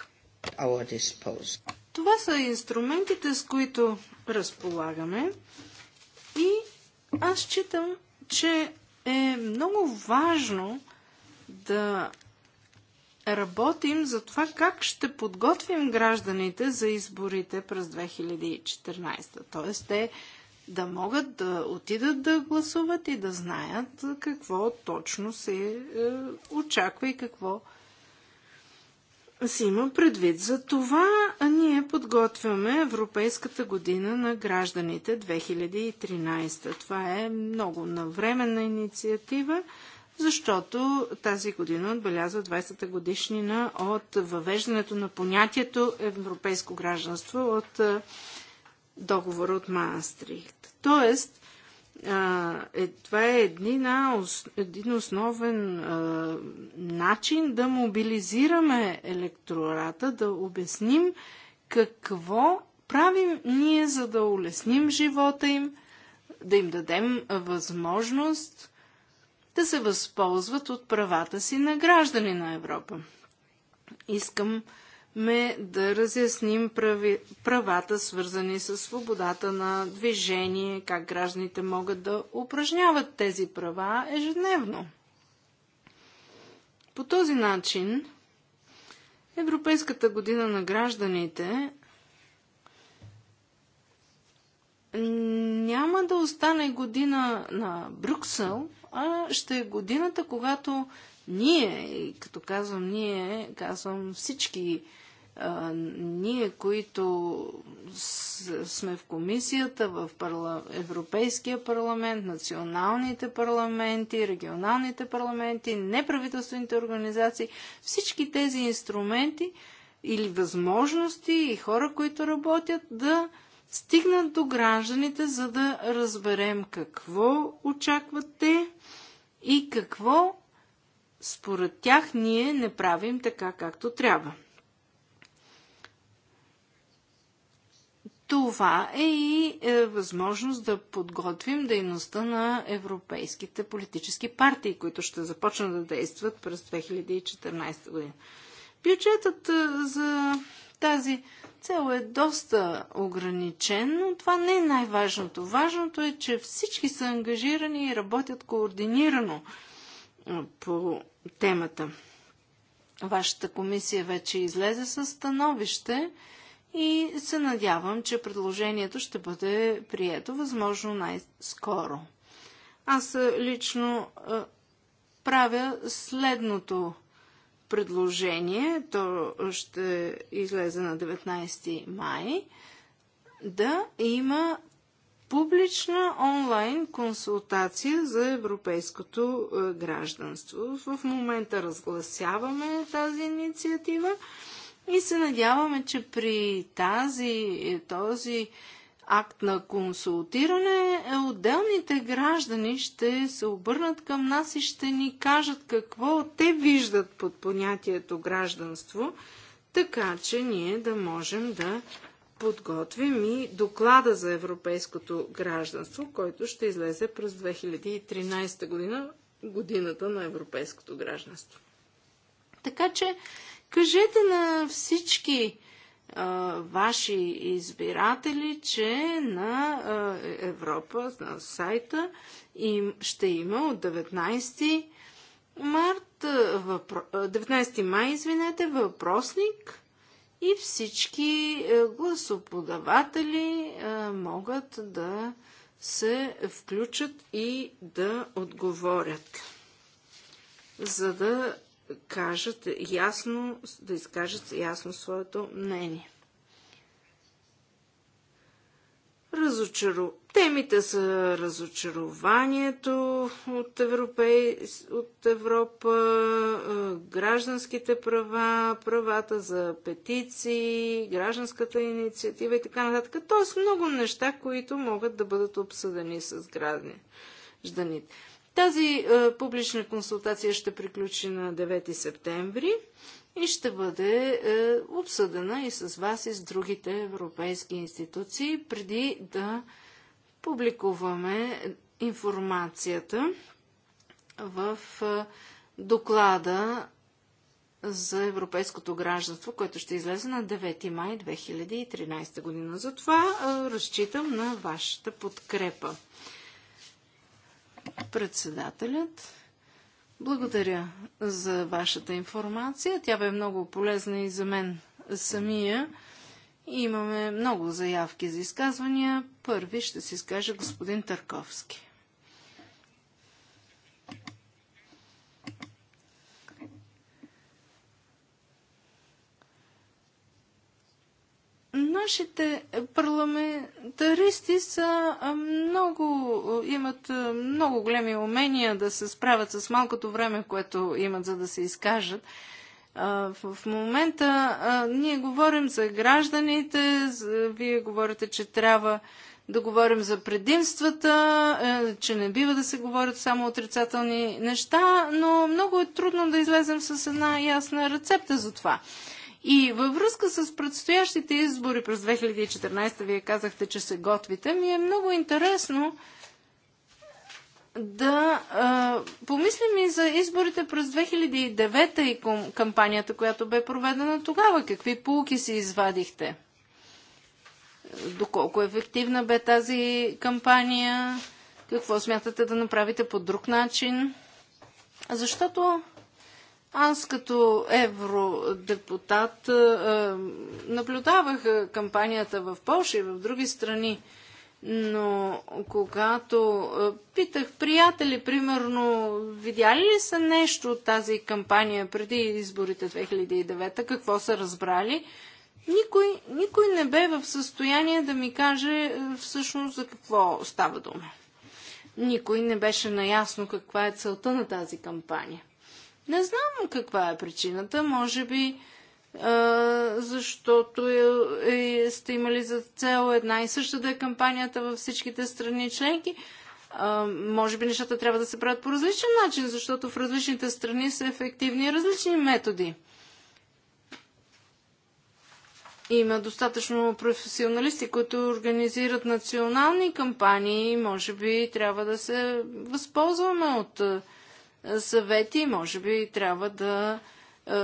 Това са инструментите, с които разполагаме. И аз считам, че е много важно да работим за това как ще подготвим гражданите за изборите през 2014. Тоест те да могат да отидат да гласуват и да знаят какво точно се е, очаква и какво си има предвид. За това ние подготвяме Европейската година на гражданите 2013. Това е много навременна инициатива, защото тази година отбелязва 20-та годишнина от въвеждането на понятието европейско гражданство от договора от Маастрихт. Тоест, а, е, това е еднина, един основен а, начин да мобилизираме електората, да обясним какво правим ние, за да улесним живота им, да им дадем възможност да се възползват от правата си на граждани на Европа. Искам ме да разясним прави, правата, свързани с свободата на движение, как гражданите могат да упражняват тези права ежедневно. По този начин Европейската година на гражданите няма да остане година на Брюксел, а ще е годината, когато ние, и като казвам ние, казвам всички а, ние, които сме в комисията, в парла... Европейския парламент, националните парламенти, регионалните парламенти, неправителствените организации, всички тези инструменти или възможности и хора, които работят да стигнат до гражданите, за да разберем какво очакват те и какво според тях ние не правим така, както трябва. Това е и е, възможност да подготвим дейността на европейските политически партии, които ще започнат да действат през 2014 година. Бюджетът е, за тази цел е доста ограничен, но това не е най-важното. Важното е, че всички са ангажирани и работят координирано е, по темата. Вашата комисия вече излезе с становище и се надявам, че предложението ще бъде прието възможно най-скоро. Аз лично правя следното предложение, то ще излезе на 19 май, да има публична онлайн консултация за европейското гражданство. В момента разгласяваме тази инициатива и се надяваме, че при тази, е, този акт на консултиране, е, отделните граждани ще се обърнат към нас и ще ни кажат какво те виждат под понятието гражданство, така че ние да можем да подготвим и доклада за европейското гражданство, който ще излезе през 2013 година, годината на европейското гражданство. Така че Кажете на всички а, ваши избиратели, че на а, Европа, на сайта им, ще има от 19 март, въпро... 19 май, извинете, въпросник и всички гласоподаватели а, могат да се включат и да отговорят, за да кажат ясно, да изкажат ясно своето мнение. Разочару... Темите са разочарованието от, Европей... от Европа, гражданските права, правата за петиции, гражданската инициатива и така нататък. Тоест много неща, които могат да бъдат обсъдени с гражданите. Тази е, публична консултация ще приключи на 9 септември и ще бъде е, обсъдена и с вас и с другите европейски институции, преди да публикуваме информацията в е, доклада за европейското гражданство, което ще излезе на 9 май 2013 година. Затова е, разчитам на вашата подкрепа. Председателят, благодаря за вашата информация. Тя бе много полезна и за мен самия. Имаме много заявки за изказвания. Първи ще се изкаже господин Търковски. Нашите парламентаристи са много, имат много големи умения да се справят с малкото време, което имат за да се изкажат. В момента ние говорим за гражданите, вие говорите, че трябва да говорим за предимствата, че не бива да се говорят само отрицателни неща, но много е трудно да излезем с една ясна рецепта за това. И във връзка с предстоящите избори през 2014, вие казахте, че се готвите, ми е много интересно да а, помислим и за изборите през 2009 и кампанията, която бе проведена тогава. Какви полки си извадихте? Доколко ефективна бе тази кампания? Какво смятате да направите по друг начин? Защото аз като евродепутат е, наблюдавах кампанията в Польша и в други страни. Но когато е, питах приятели, примерно, видяли ли са нещо от тази кампания преди изборите 2009, какво са разбрали, никой, никой не бе в състояние да ми каже е, всъщност за какво става дума. Никой не беше наясно каква е целта на тази кампания. Не знам каква е причината. Може би защото е, е, сте имали за цел една и съща да е кампанията във всичките страни членки. А, може би нещата трябва да се правят по различен начин, защото в различните страни са ефективни различни методи. Има достатъчно професионалисти, които организират национални кампании. Може би трябва да се възползваме от съвети. Може би трябва да е,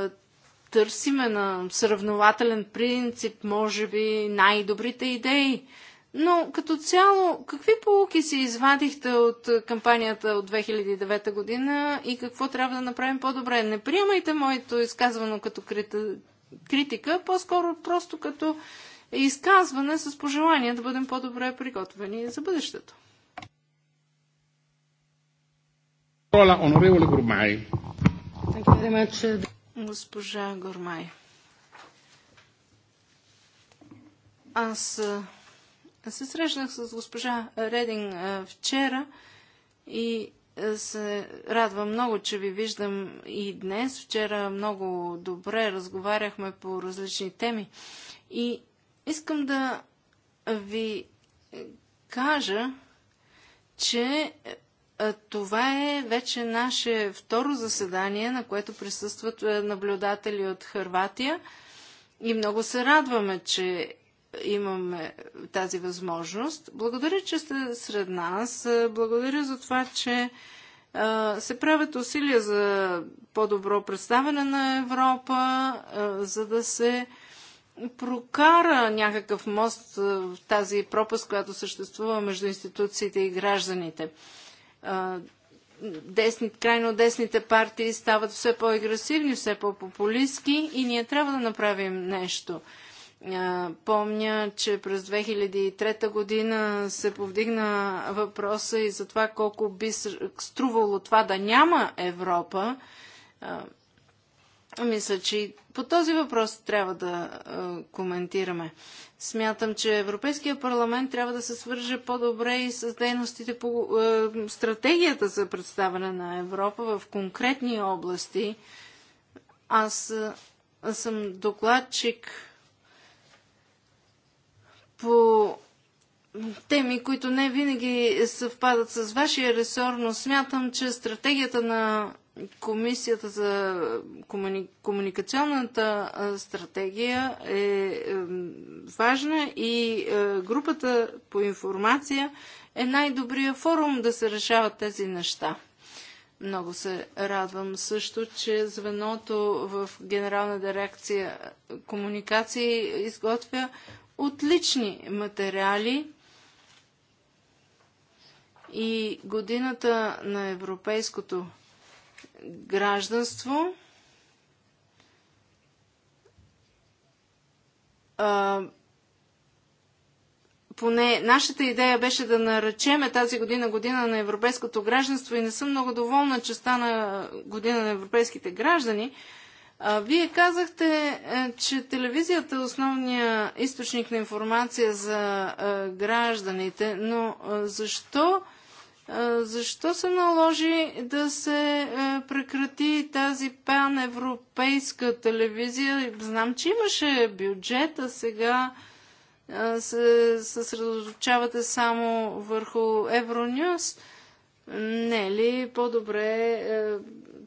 търсиме на сравнователен принцип, може би, най-добрите идеи. Но като цяло, какви полуки си извадихте от кампанията от 2009 година и какво трябва да направим по-добре? Не приемайте моето изказване като критика, по-скоро просто като изказване с пожелание да бъдем по-добре приготвени за бъдещето. Роля, онореволе Гурмай. Госпожа Гурмай. Аз се срещнах с госпожа Редин вчера и се радвам много, че ви виждам и днес. Вчера много добре разговаряхме по различни теми. И искам да ви кажа, че това е вече наше второ заседание, на което присъстват е, наблюдатели от Харватия и много се радваме, че имаме тази възможност. Благодаря, че сте сред нас. Е, благодаря за това, че е, се правят усилия за по-добро представяне на Европа, за да се прокара някакъв мост в тази пропаст, която съществува между институциите и гражданите десни, крайно десните партии стават все по-агресивни, все по-популистски и ние трябва да направим нещо. Помня, че през 2003 година се повдигна въпроса и за това колко би струвало това да няма Европа. Мисля, че и по този въпрос трябва да а, коментираме. Смятам, че Европейския парламент трябва да се свърже по-добре и с дейностите по а, стратегията за представяне на Европа в конкретни области. Аз, аз съм докладчик по теми, които не винаги съвпадат с вашия ресор, но смятам, че стратегията на Комисията за комуни... комуникационната стратегия е, е важна и е, групата по информация е най-добрия форум да се решават тези неща. Много се радвам също, че звеното в Генерална дирекция комуникации изготвя отлични материали и годината на европейското гражданство. А, поне нашата идея беше да наречеме тази година година на европейското гражданство и не съм много доволна, че стана година на европейските граждани. А, вие казахте, е, че телевизията е основният източник на информация за а, е, гражданите, но а, е, защо защо се наложи да се е, прекрати тази паневропейска телевизия? Знам, че имаше бюджет, а сега се съсредоточавате само върху Евронюс. Не е ли по-добре е,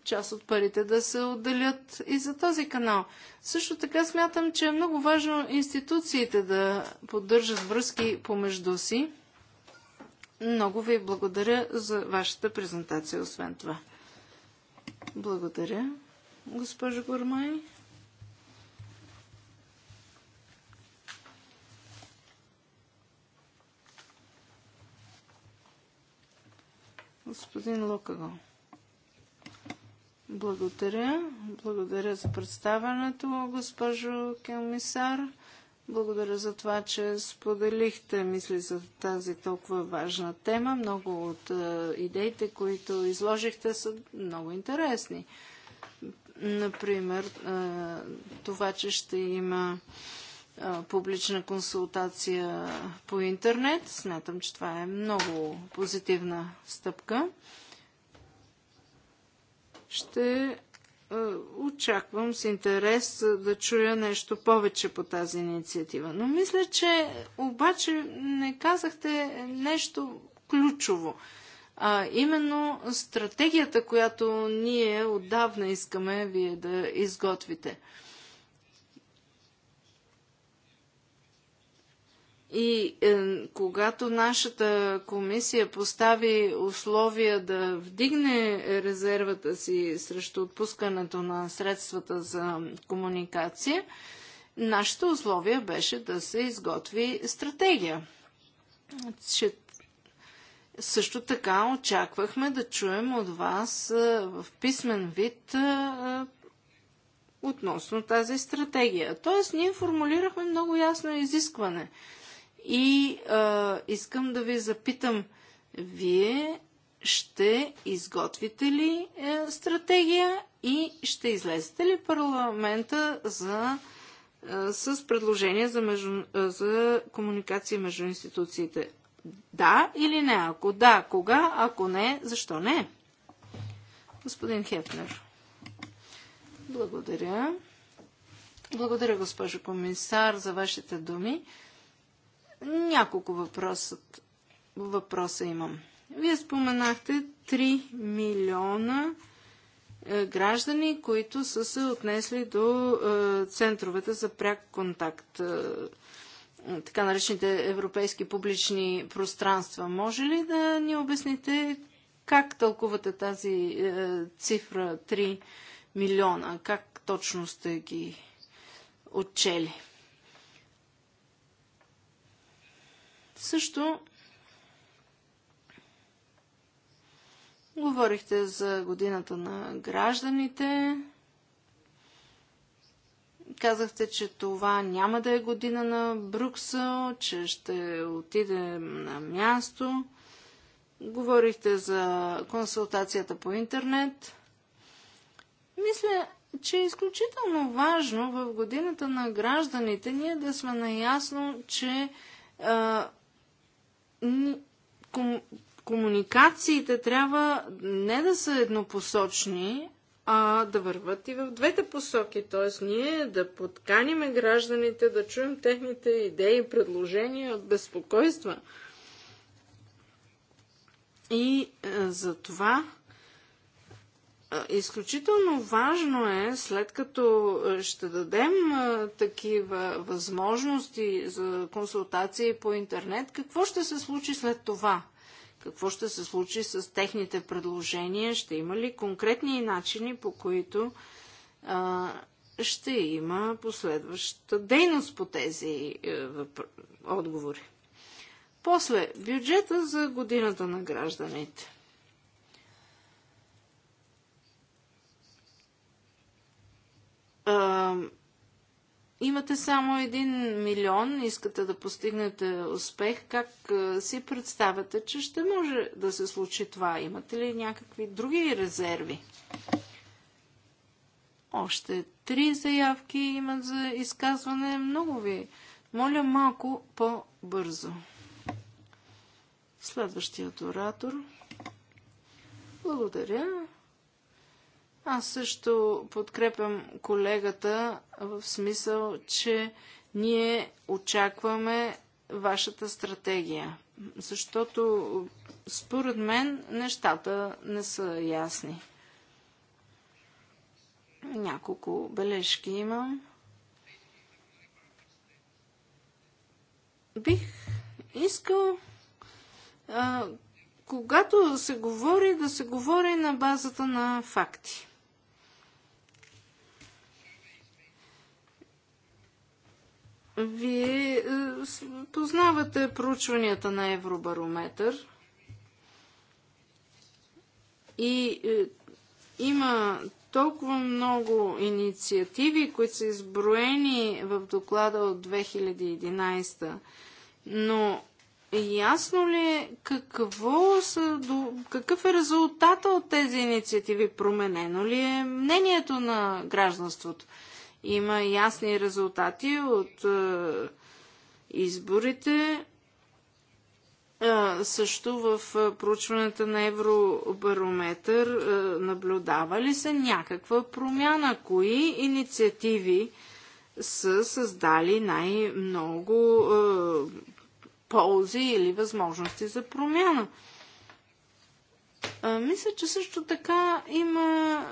част от парите да се отделят и за този канал. Също така смятам, че е много важно институциите да поддържат връзки помежду си. Много ви благодаря за вашата презентация, освен това. Благодаря, госпожо Гормай. Господин Лукаго. Благодаря. Благодаря за представянето, госпожо Келмисар. Благодаря за това, че споделихте мисли за тази толкова важна тема. Много от е, идеите, които изложихте, са много интересни. Например, е, това, че ще има е, публична консултация по интернет. Смятам, че това е много позитивна стъпка. Ще е, очаквам с интерес е, да чуя нещо повече по тази инициатива. Но мисля, че обаче не казахте нещо ключово. А, именно стратегията, която ние отдавна искаме вие да изготвите. И е, когато нашата комисия постави условия да вдигне резервата си срещу отпускането на средствата за комуникация, нашето условие беше да се изготви стратегия. Ще... Също така очаквахме да чуем от вас е, в писмен вид е, относно тази стратегия. Тоест, ние формулирахме много ясно изискване – и а, искам да ви запитам, вие ще изготвите ли е, стратегия и ще излезете ли парламента за, е, с предложение за, между, е, за комуникация между институциите? Да или не? Ако да, кога? Ако не, защо не? Господин Хепнер. Благодаря. Благодаря, госпожо комисар, за вашите думи. Няколко въпросът, въпроса имам. Вие споменахте 3 милиона е, граждани, които са се отнесли до е, центровете за пряк контакт, е, така наречените европейски публични пространства. Може ли да ни обясните как тълкувате тази цифра 3 милиона? Как точно сте ги отчели? Също говорихте за годината на гражданите. Казахте, че това няма да е година на Бруксел, че ще отиде на място. Говорихте за консултацията по интернет. Мисля, че е изключително важно в годината на гражданите ние да сме наясно, че ком, комуникациите трябва не да са еднопосочни, а да върват и в двете посоки. Т.е. ние да подканиме гражданите, да чуем техните идеи, предложения, от безпокойства. И е, за това Изключително важно е, след като ще дадем такива възможности за консултации по интернет, какво ще се случи след това? Какво ще се случи с техните предложения? Ще има ли конкретни начини, по които ще има последваща дейност по тези е, отговори? После, бюджета за годината на гражданите. а, имате само един милион, искате да постигнете успех, как а, си представяте, че ще може да се случи това? Имате ли някакви други резерви? Още три заявки имат за изказване. Много ви моля малко по-бързо. Следващият оратор. Благодаря. Аз също подкрепям колегата в смисъл, че ние очакваме вашата стратегия, защото според мен нещата не са ясни. Няколко бележки имам. Бих искал а, когато се говори, да се говори на базата на факти. Вие е, познавате проучванията на Евробарометър и е, има толкова много инициативи, които са изброени в доклада от 2011, но ясно ли е какво са, какъв е резултата от тези инициативи? Променено ли е мнението на гражданството? Има ясни резултати от е, изборите. Е, също в е, проучването на Евробарометър наблюдава ли се някаква промяна? Кои инициативи са създали най-много ползи или възможности за промяна? Мисля, че също така има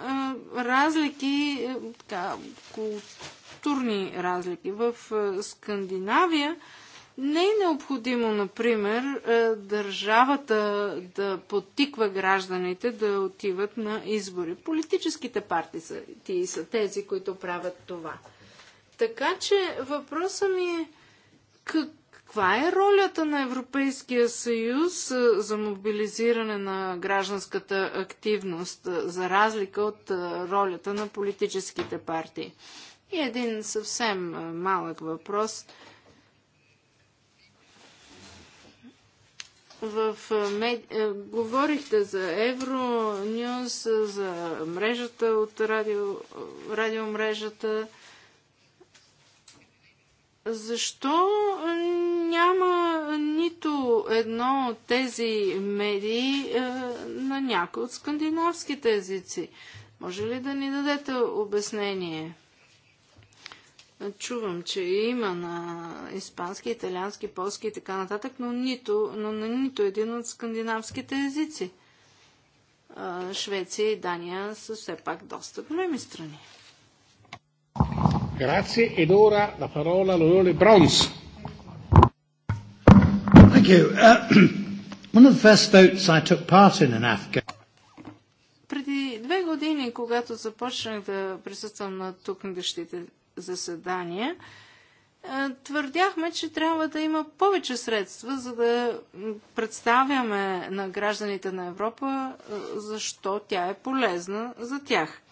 разлики, е, така, културни разлики. В е, Скандинавия не е необходимо, например, е, държавата да подтиква гражданите да отиват на избори. Политическите партии са, ти са тези, които правят това. Така че въпросът ми е как каква е ролята на Европейския съюз за мобилизиране на гражданската активност, за разлика от ролята на политическите партии? И един съвсем малък въпрос. В мед... Говорихте за Евронюс, за мрежата от радио... радиомрежата. Защо е, няма нито едно от тези медии е, на някои от скандинавските езици? Може ли да ни дадете обяснение? Чувам, че има на испански, италиански, полски и така нататък, но, нито, но на нито един от скандинавските езици. Е, Швеция и Дания са все пак доста големи страни. Grazie ed ora la parola all'onorevole Thank you. Uh, one of the first I took part in in Преди две години, когато започнах да присъствам на тукнещите заседания, е, твърдяхме, че трябва да има повече средства, за да представяме на гражданите на Европа е, защо тя е полезна за тях.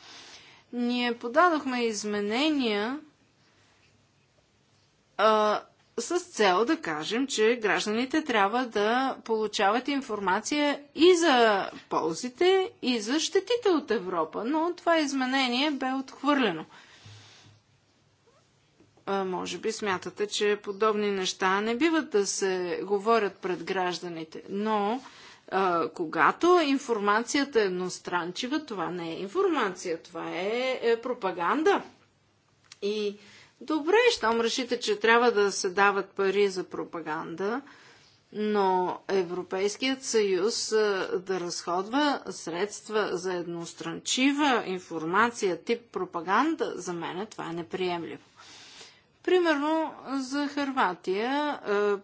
Ние подадохме изменения с цел да кажем, че гражданите трябва да получават информация и за ползите, и за щетите от Европа, но това изменение бе отхвърлено. А, може би смятате, че подобни неща не биват да се говорят пред гражданите, но а, когато информацията е едностранчива, това не е информация, това е, е пропаганда. И добре, щом решите, че трябва да се дават пари за пропаганда, но Европейският съюз да разходва средства за едностранчива информация тип пропаганда, за мен това е неприемливо. Примерно за Харватия,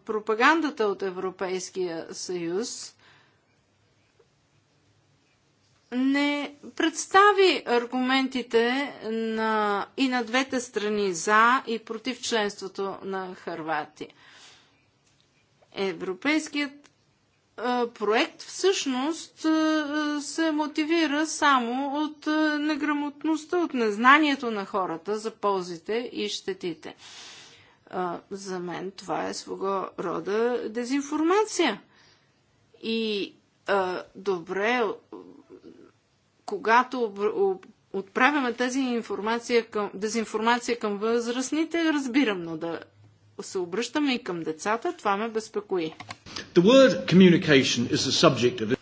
пропагандата от Европейския съюз не представи аргументите на, и на двете страни за и против членството на Харватия. Европейският проект всъщност се мотивира само от неграмотността, от незнанието на хората за ползите и щетите. За мен това е своего рода дезинформация. И добре, когато отправяме тази информация към, дезинформация към възрастните, разбирам, но да се обръщаме и към децата, това ме безпекои. Of...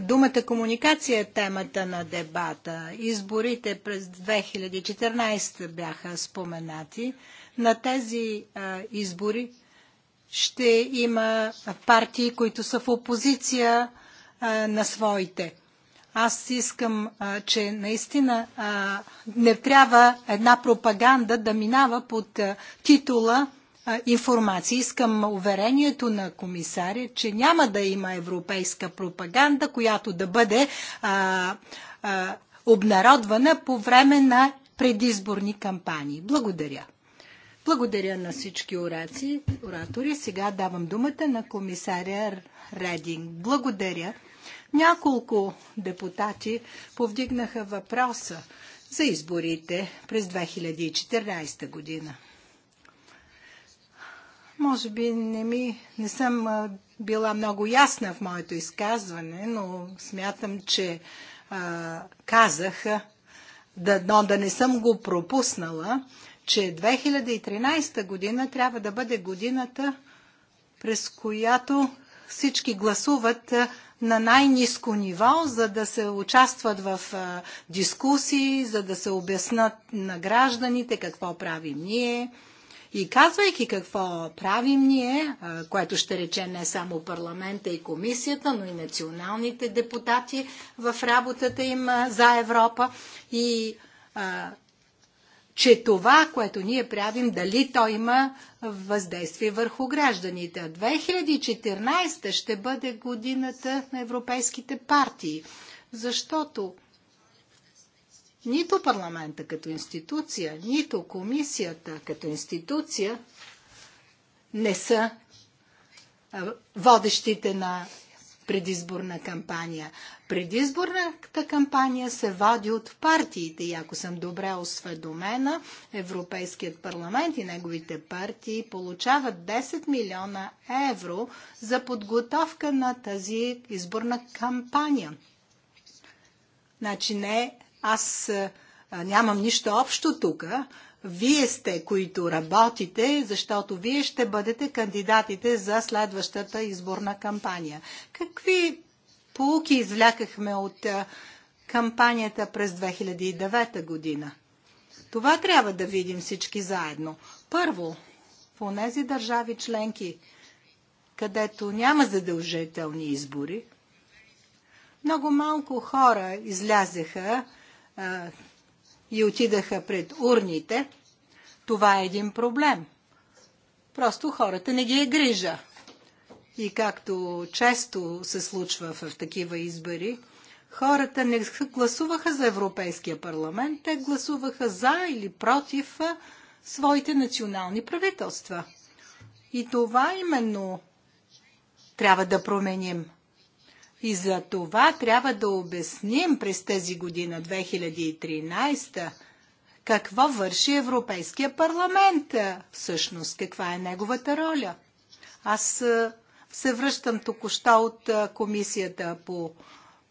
Думата комуникация е темата на дебата. Изборите през 2014 бяха споменати. На тези а, избори ще има партии, които са в опозиция а, на своите аз искам, че наистина не трябва една пропаганда да минава под титула информация. Искам уверението на комисаря, че няма да има европейска пропаганда, която да бъде обнародвана по време на предизборни кампании. Благодаря. Благодаря на всички ораци, оратори. Сега давам думата на комисаря Рединг. Благодаря. Няколко депутати повдигнаха въпроса за изборите през 2014 година. Може би не, ми, не съм била много ясна в моето изказване, но смятам, че а, казах, да, но да не съм го пропуснала, че 2013 година трябва да бъде годината, през която всички гласуват на най-низко ниво, за да се участват в дискусии, за да се обяснат на гражданите какво правим ние. И казвайки какво правим ние, което ще рече не само парламента и комисията, но и националните депутати в работата им за Европа и че това, което ние правим, дали то има въздействие върху гражданите. 2014 ще бъде годината на европейските партии, защото нито парламента като институция, нито комисията като институция не са водещите на предизборна кампания. Предизборната кампания се води от партиите и ако съм добре осведомена, Европейският парламент и неговите партии получават 10 милиона евро за подготовка на тази изборна кампания. Значи не, аз нямам нищо общо тук, вие сте, които работите, защото вие ще бъдете кандидатите за следващата изборна кампания. Какви полуки извлякахме от кампанията през 2009 година? Това трябва да видим всички заедно. Първо, в тези държави членки, където няма задължителни избори, много малко хора излязеха и отидаха пред урните, това е един проблем. Просто хората не ги е грижа. И както често се случва в такива избори, хората не гласуваха за Европейския парламент, те гласуваха за или против своите национални правителства. И това именно трябва да променим. И за това трябва да обясним през тази година, 2013, какво върши Европейския парламент всъщност, каква е неговата роля. Аз се връщам току-що от Комисията по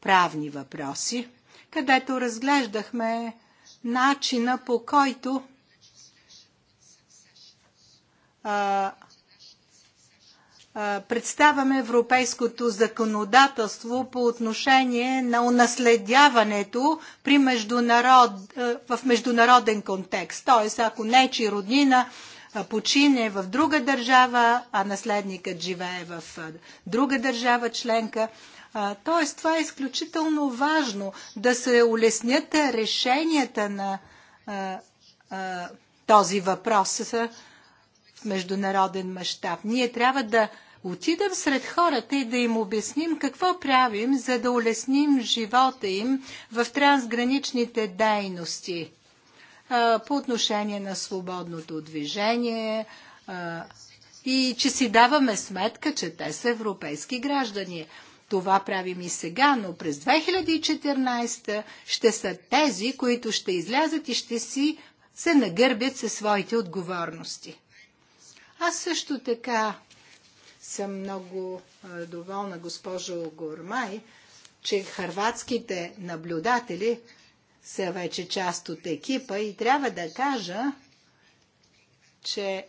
правни въпроси, където разглеждахме начина по който а, представяме европейското законодателство по отношение на унаследяването при международ, в международен контекст. Т.е. ако нечи роднина почине в друга държава, а наследникът живее в друга държава членка, т.е. това е изключително важно да се улеснят решенията на този въпрос международен мащаб. Ние трябва да отидем сред хората и да им обясним какво правим, за да улесним живота им в трансграничните дейности по отношение на свободното движение и че си даваме сметка, че те са европейски граждани. Това правим и сега, но през 2014 ще са тези, които ще излязат и ще си се нагърбят със своите отговорности. Аз също така съм много доволна, госпожо Гормай, че харватските наблюдатели са вече част от екипа и трябва да кажа, че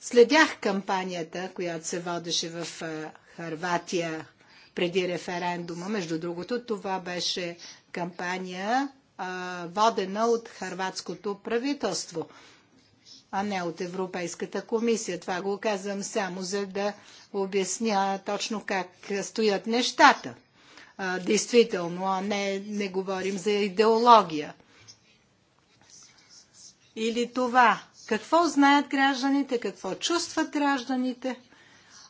следях кампанията, която се водеше в Харватия преди референдума. Между другото, това беше кампания, водена от харватското правителство, а не от Европейската комисия. Това го казвам само за да обясня точно как стоят нещата. А, действително, а не, не говорим за идеология. Или това, какво знаят гражданите, какво чувстват гражданите,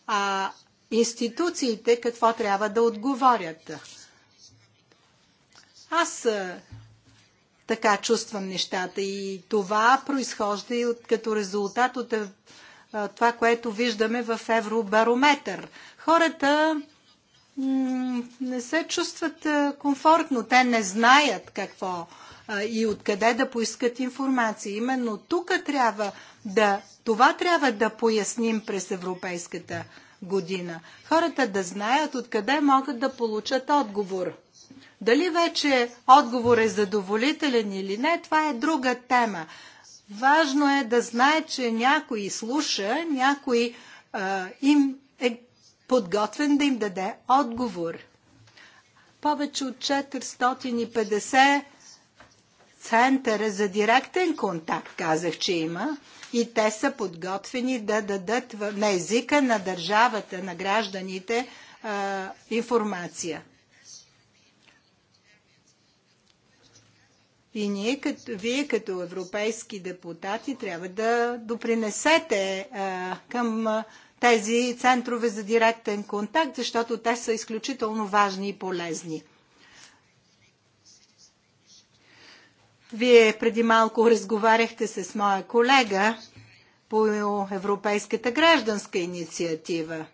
а институциите какво трябва да отговорят. Аз така чувствам нещата. И това произхожда и от, като резултат от е, а, това, което виждаме в Евробарометър. Хората не се чувстват комфортно. Те не знаят какво и откъде да поискат информация. Именно тук трябва да, това трябва да поясним през Европейската година. Хората да знаят откъде могат да получат отговор. Дали вече отговор е задоволителен или не, това е друга тема. Важно е да знае, че някой слуша, някой а, им е подготвен да им даде отговор. Повече от 450 центъра за директен контакт, казах, че има, и те са подготвени да дадат на езика на държавата, на гражданите а, информация. И ние, като, вие като европейски депутати трябва да допринесете а, е, към а, е, тези центрове за директен контакт, защото те са изключително важни и полезни. Вие преди малко разговаряхте с моя колега по Европейската гражданска инициатива.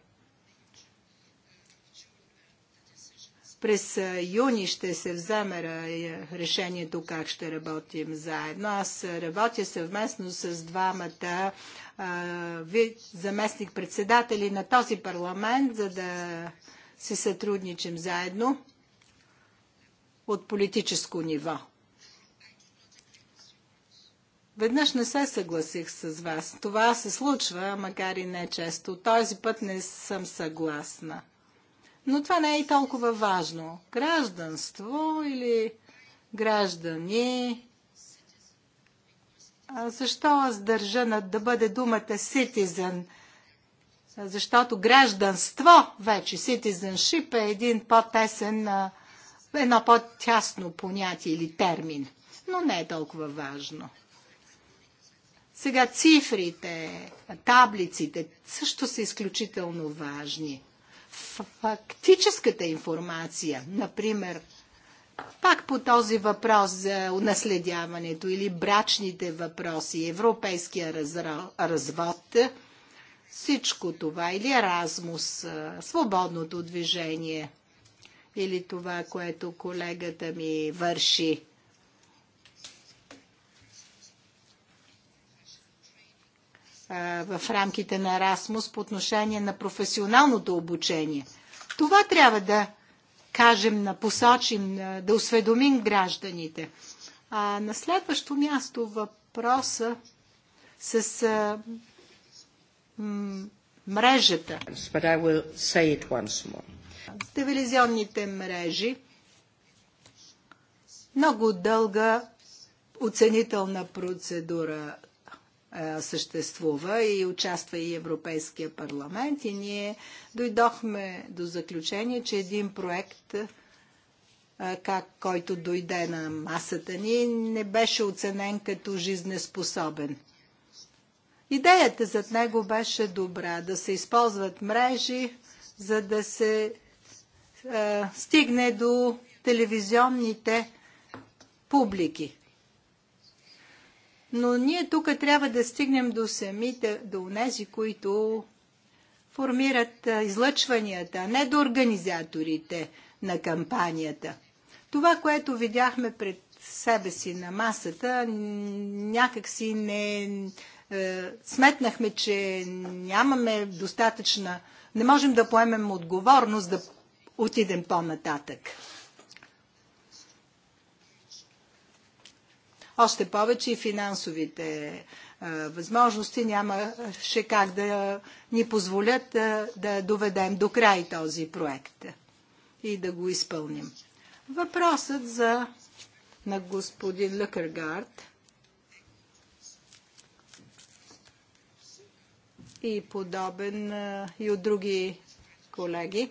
През юни ще се вземе решението как ще работим заедно. Аз работя съвместно с двамата заместник-председатели на този парламент, за да се сътрудничим заедно от политическо ниво. Веднъж не се съгласих с вас. Това се случва, макар и не често. Този път не съм съгласна. Но това не е и толкова важно. Гражданство или граждани. А защо аз държа на да бъде думата citizen? Защото гражданство вече, citizenship е един по-тесен, едно по-тясно понятие или термин. Но не е толкова важно. Сега цифрите, таблиците също са изключително важни фактическата информация, например, пак по този въпрос за унаследяването или брачните въпроси, европейския развод, всичко това, или Еразмус, свободното движение, или това, което колегата ми върши в рамките на Расмус по отношение на професионалното обучение. Това трябва да кажем, да посочим, да осведомим гражданите. А на следващо място въпроса с а, мрежата. Телевизионните мрежи. Много дълга оценителна процедура съществува и участва и Европейския парламент и ние дойдохме до заключение, че един проект, как, който дойде на масата ни, не беше оценен като жизнеспособен. Идеята зад него беше добра, да се използват мрежи, за да се е, стигне до телевизионните публики. Но ние тук трябва да стигнем до самите, до тези, които формират излъчванията, а не до организаторите на кампанията. Това, което видяхме пред себе си на масата, някак си не е, сметнахме, че нямаме достатъчна, не можем да поемем отговорност да отидем по-нататък. Още повече и финансовите е, възможности нямаше как да е, ни позволят да, е, да доведем до край този проект и да го изпълним. Въпросът за на господин Лъкъргард и подобен и от други колеги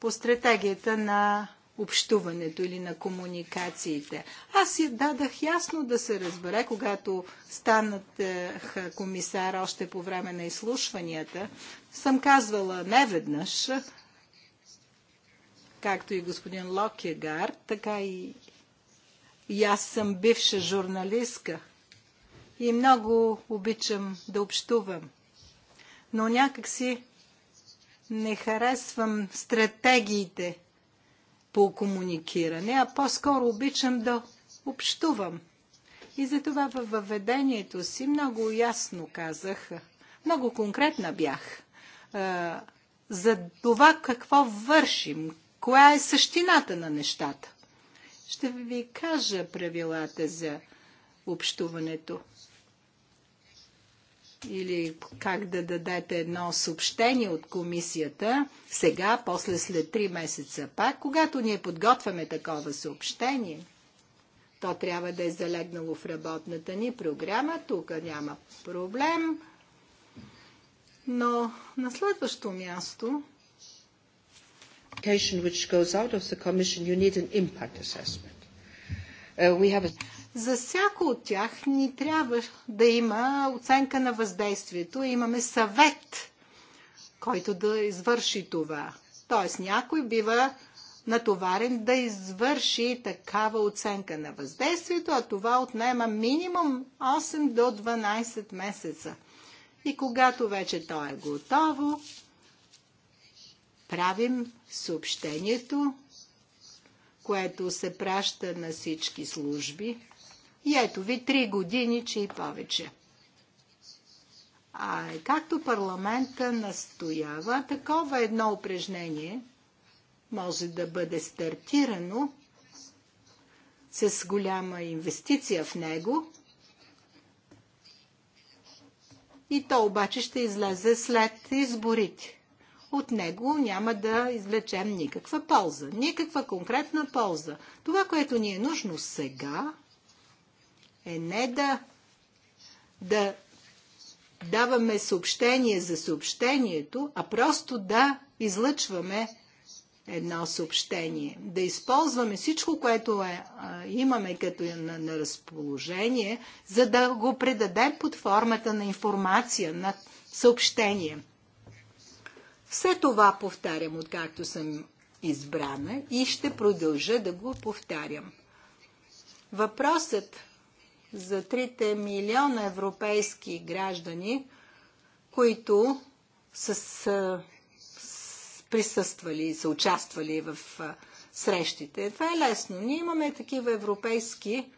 по стратегията на общуването или на комуникациите. Аз си дадах ясно да се разбере, когато станат комисар още по време на изслушванията. Съм казвала неведнъж, както и господин Локегар, така и, и аз съм бивша журналистка и много обичам да общувам. Но някакси не харесвам стратегиите, по комуникиране, а по-скоро обичам да общувам. И затова във въведението си много ясно казах, много конкретна бях за това какво вършим, коя е същината на нещата. Ще ви кажа правилата за общуването или как да дадете едно съобщение от комисията сега, после след 3 месеца пак, когато ние подготвяме такова съобщение, то трябва да е залегнало в работната ни програма. Тук няма проблем. Но на следващо място which goes out of the Commission, you need an impact assessment. Uh, we have a за всяко от тях ни трябва да има оценка на въздействието. Имаме съвет, който да извърши това. Тоест някой бива натоварен да извърши такава оценка на въздействието, а това отнема минимум 8 до 12 месеца. И когато вече то е готово, правим съобщението, което се праща на всички служби, и ето ви три години, че и повече. А както парламента настоява, такова едно упражнение може да бъде стартирано с голяма инвестиция в него. И то обаче ще излезе след изборите. От него няма да извлечем никаква полза, никаква конкретна полза. Това, което ни е нужно сега, е не да, да даваме съобщение за съобщението, а просто да излъчваме едно съобщение. Да използваме всичко, което е, имаме като е на, на разположение, за да го предадем под формата на информация, на съобщение. Все това повтарям, откакто съм избрана и ще продължа да го повтарям. Въпросът за 3 милиона европейски граждани, които са, са присъствали и са участвали в срещите. Това е лесно. Ние имаме такива европейски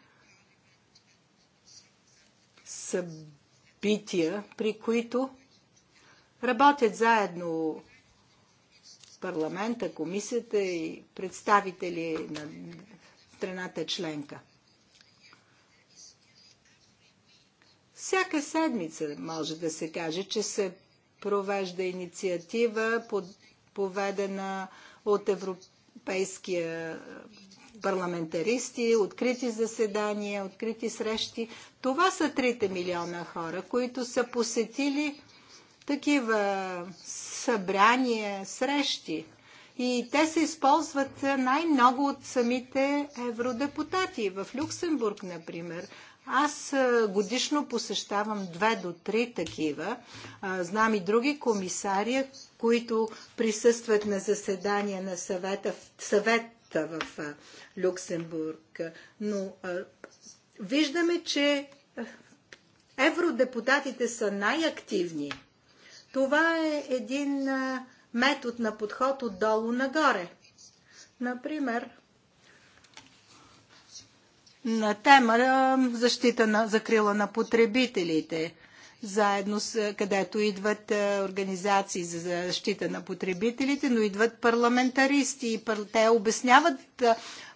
събития, при които работят заедно парламента, комисията и представители на страната членка. Всяка седмица може да се каже, че се провежда инициатива, поведена от Европейския парламентаристи, открити заседания, открити срещи. Това са трите милиона хора, които са посетили такива събрания, срещи. И те се използват най-много от самите евродепутати. В Люксембург, например, аз годишно посещавам две до три такива. Знам и други комисари, които присъстват на заседания на съвета, съвета в Люксембург. Но виждаме, че евродепутатите са най-активни. Това е един метод на подход отдолу нагоре. Например, на тема защита на закрила на потребителите, заедно с където идват организации за защита на потребителите, но идват парламентаристи и те обясняват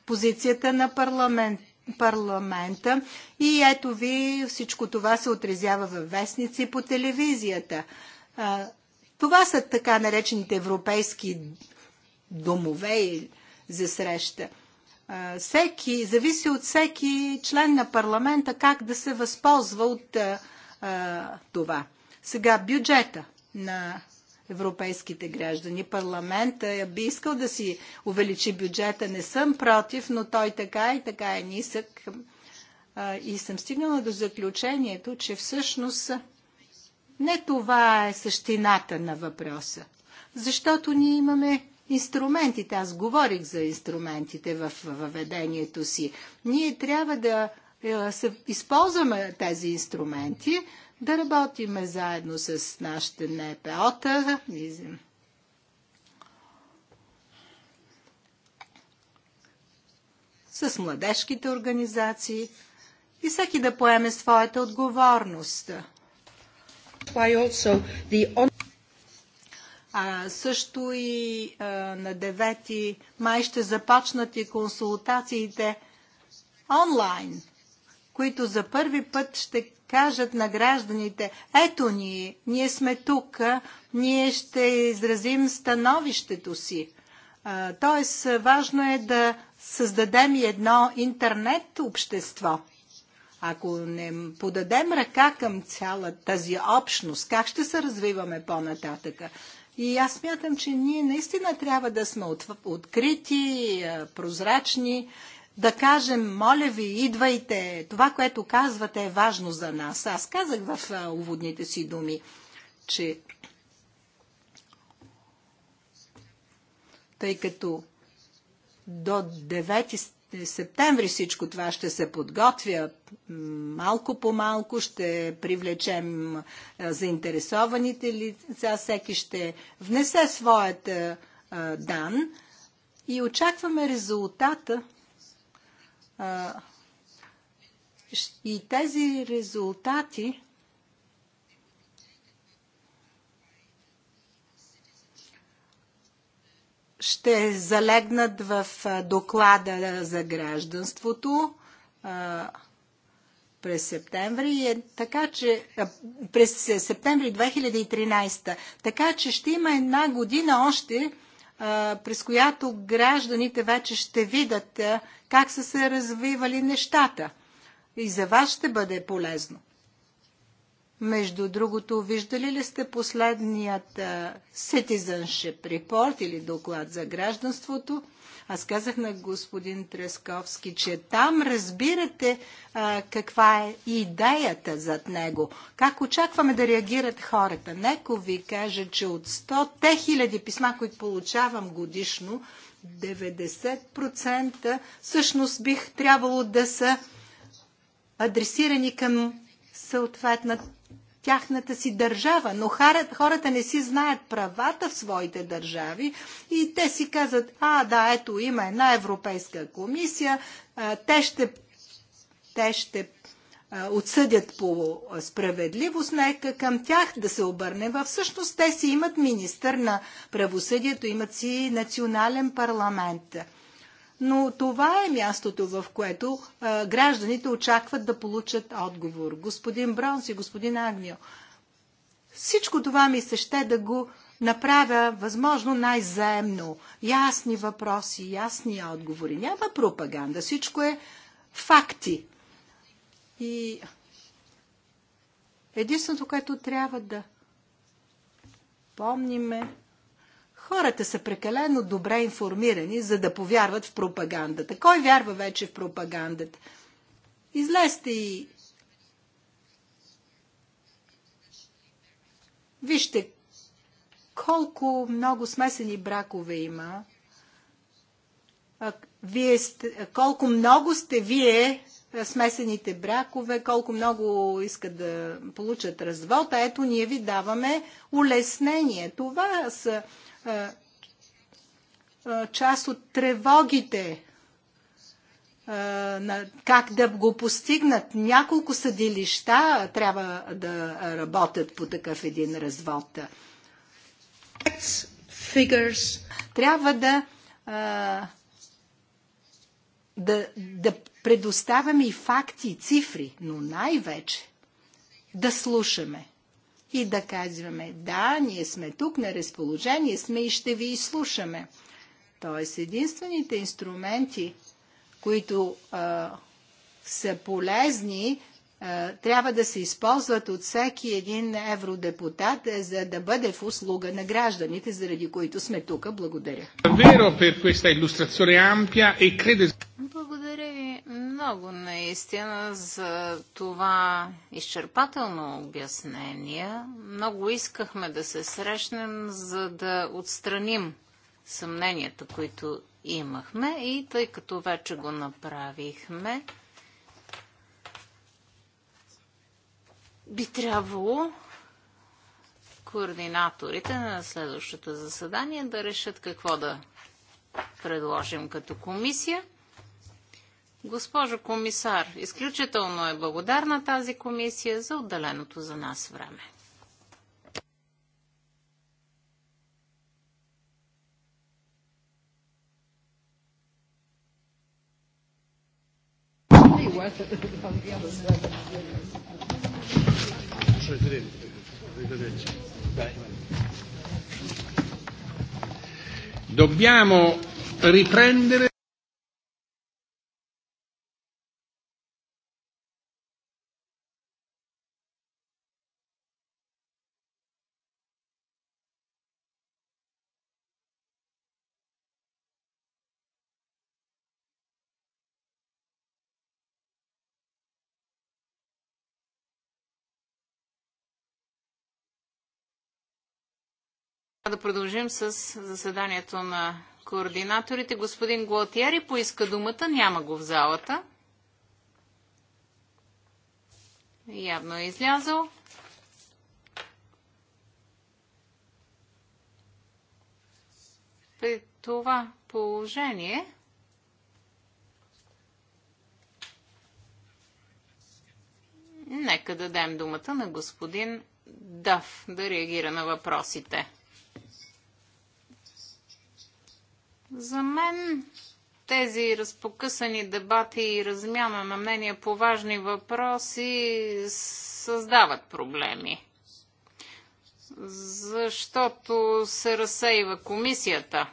позицията на парламент парламента. И ето ви всичко това се отрезява във вестници по телевизията. Това са така наречените европейски домове за среща всеки, зависи от всеки член на парламента как да се възползва от а, това. Сега бюджета на европейските граждани. Парламента би искал да си увеличи бюджета. Не съм против, но той така и така е нисък. А, и съм стигнала до заключението, че всъщност не това е същината на въпроса. Защото ние имаме инструментите. Аз говорих за инструментите в въведението си. Ние трябва да е, се използваме тези инструменти, да работиме заедно с нашите НПО-та. с младежките организации и всеки да поеме своята отговорност. On... А, също и а, на 9 май ще започнат и консултациите онлайн, които за първи път ще кажат на гражданите, ето ни, ние сме тук, ние ще изразим становището си. Тоест, важно е да създадем едно интернет общество. Ако не подадем ръка към цяла тази общност, как ще се развиваме по-нататъка? И аз мятам, че ние наистина трябва да сме открити, прозрачни, да кажем, моля ви, идвайте, това, което казвате е важно за нас. Аз казах в уводните си думи, че тъй като до 9 септември всичко това ще се подготвя малко по малко, ще привлечем заинтересованите лица, всеки ще внесе своята дан и очакваме резултата. И тези резултати ще залегнат в доклада за гражданството през септември, е, така че през септември 2013. Така че ще има една година още, през която гражданите вече ще видят как са се развивали нещата. И за вас ще бъде полезно. Между другото, виждали ли сте последният Citizenship Report или доклад за гражданството? Аз казах на господин Тресковски, че там разбирате а, каква е идеята зад него. Как очакваме да реагират хората? Неко ви каже, че от 100 хиляди писма, които получавам годишно, 90% всъщност бих трябвало да са адресирани към съответната тяхната си държава, но хората не си знаят правата в своите държави и те си казват, а да, ето има една Европейска комисия, те ще, те ще отсъдят по справедливост, нека към тях да се обърне. всъщност те си имат министър на правосъдието, имат си национален парламент но това е мястото, в което а, гражданите очакват да получат отговор. Господин Бронс и господин Агнио, всичко това ми се ще да го направя възможно най-заемно. Ясни въпроси, ясни отговори. Няма пропаганда, всичко е факти. И единственото, което трябва да е, Хората са прекалено добре информирани, за да повярват в пропагандата. Кой вярва вече в пропагандата? Излезте и вижте колко много смесени бракове има. Вие сте, колко много сте вие смесените бракове, колко много искат да получат развод, а ето ние ви даваме улеснение. Това са част от тревогите на как да го постигнат. Няколко съдилища трябва да работят по такъв един развод. Трябва да, да, да предоставяме и факти и цифри, но най-вече да слушаме и да казваме, да, ние сме тук на разположение, сме и ще ви изслушаме. Тоест, единствените инструменти, които а, са полезни, а, трябва да се използват от всеки един евродепутат, е, за да бъде в услуга на гражданите, заради които сме тук. Благодаря. E Благодаря много наистина за това изчерпателно обяснение. Много искахме да се срещнем, за да отстраним съмненията, които имахме и тъй като вече го направихме, би трябвало координаторите на следващото заседание да решат какво да предложим като комисия. Госпожо комисар, изключително е благодарна тази комисия за отдаленото за нас време. Dobbiamo riprendere Да продължим с заседанието на координаторите. Господин Глотиери поиска думата. Няма го в залата. Явно е излязъл. При това положение нека дадем думата на господин Дъв да реагира на въпросите. За мен тези разпокъсани дебати и размяна на мнения по важни въпроси създават проблеми. Защото се разсейва комисията.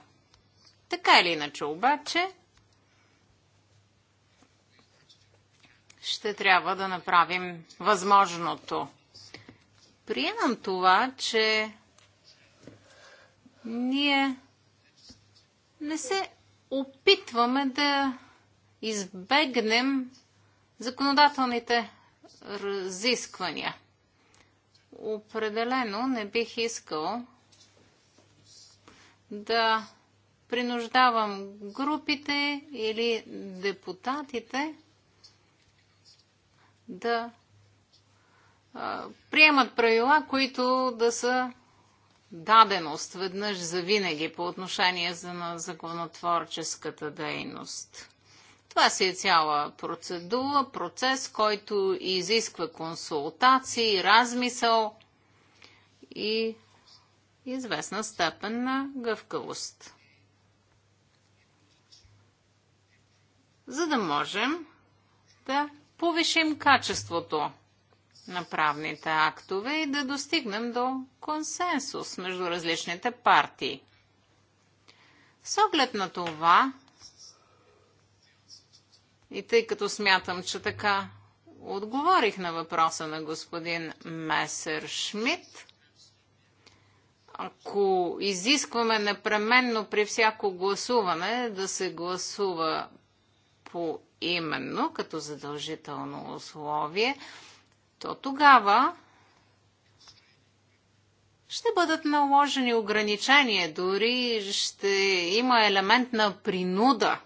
Така или иначе обаче, ще трябва да направим възможното. Приемам това, че ние не се опитваме да избегнем законодателните разисквания. Определено не бих искал да принуждавам групите или депутатите да а, приемат правила, които да са даденост веднъж за винаги по отношение на законотворческата дейност. Това си е цяла процедура, процес, който изисква консултации, размисъл и известна степен на гъвкавост. За да можем да повишим качеството на правните актове и да достигнем до консенсус между различните партии. С оглед на това, и тъй като смятам, че така отговорих на въпроса на господин Месер Шмидт, ако изискваме непременно при всяко гласуване да се гласува по именно, като задължително условие, то тогава ще бъдат наложени ограничения, дори ще има елемент на принуда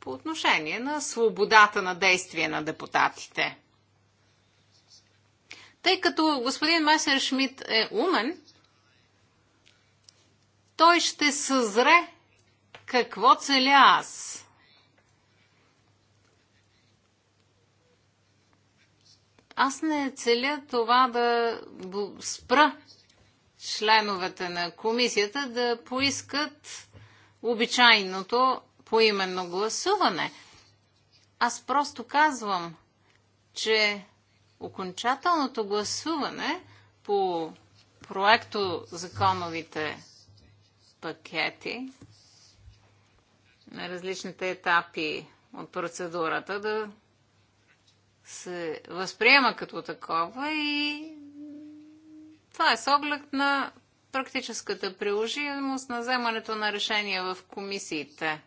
по отношение на свободата на действие на депутатите. Тъй като господин Месер Шмидт е умен, той ще съзре какво целя аз. Аз не целя това да спра членовете на комисията да поискат обичайното поименно гласуване. Аз просто казвам, че окончателното гласуване по проекто законовите пакети на различните етапи от процедурата да се възприема като такова и това е с оглед на практическата приложимост на вземането на решения в комисиите.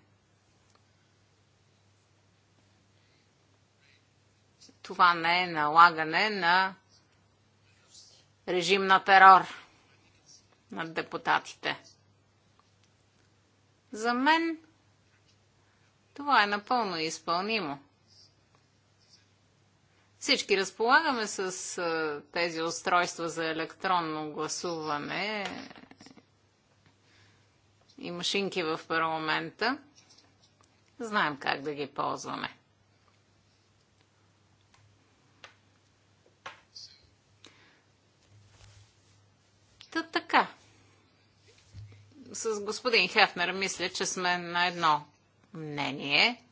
Това не е налагане на режим на терор над депутатите. За мен това е напълно изпълнимо. Всички разполагаме с тези устройства за електронно гласуване и машинки в парламента. Знаем как да ги ползваме. Та така. С господин Хефнер мисля, че сме на едно мнение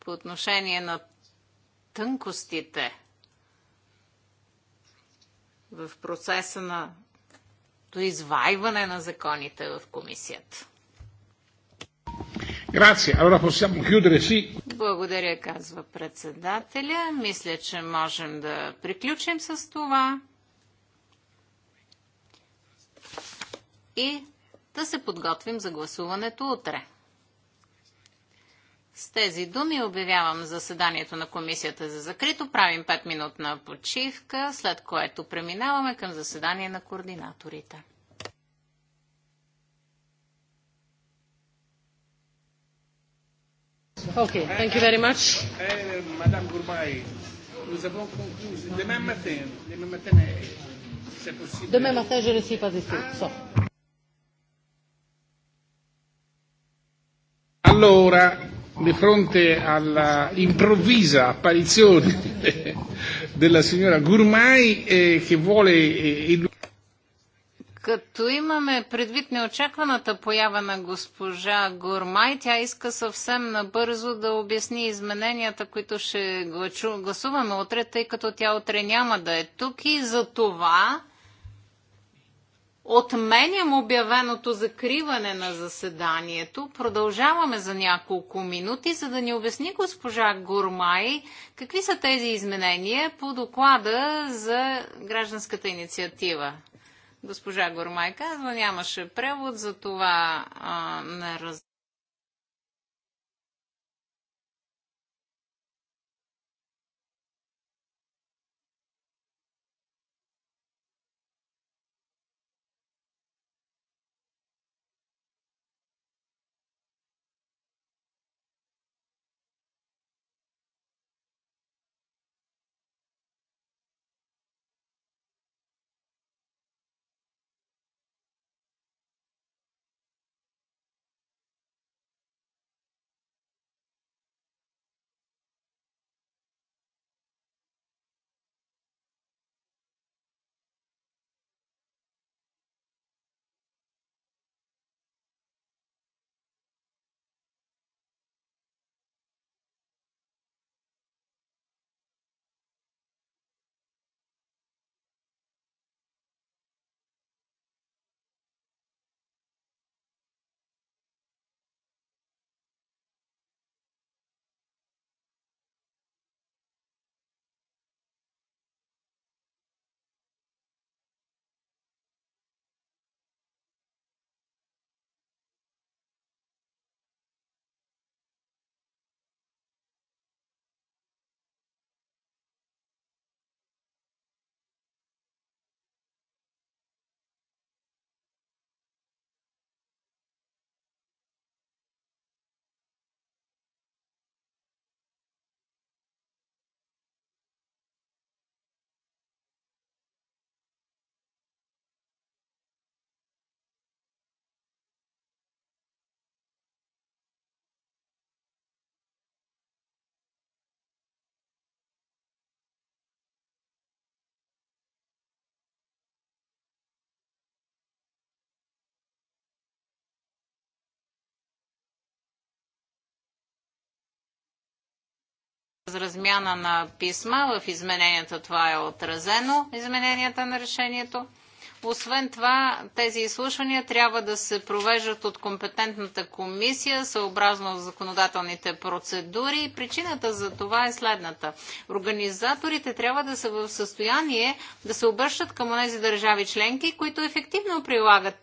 по отношение на тънкостите в процеса на извайване на законите в комисията. Благодаря, казва председателя. Мисля, че можем да приключим с това. И да се подготвим за гласуването утре. С тези думи обявявам заседанието на комисията за закрито. Правим 5 минутна почивка, след което преминаваме към заседание на координаторите. Okay, thank you very much. demain matin. je ne suis pas ici. Ah di fronte alla improvvisa apparizione della signora Gurmai eh, che vuole eh, като имаме предвид неочакваната поява на госпожа Гормай, тя иска съвсем набързо да обясни измененията, които ще гласуваме утре, тъй като тя утре няма да е тук и за това Отменям обявеното закриване на заседанието. Продължаваме за няколко минути, за да ни обясни госпожа Гурмай какви са тези изменения по доклада за гражданската инициатива. Госпожа Гурмай казва, нямаше превод, за това а, не раз... размяна на писма. В измененията това е отразено, измененията на решението. Освен това, тези изслушвания трябва да се провеждат от компетентната комисия, съобразно законодателните процедури. Причината за това е следната. Организаторите трябва да са в състояние да се обръщат към тези държави членки, които ефективно прилагат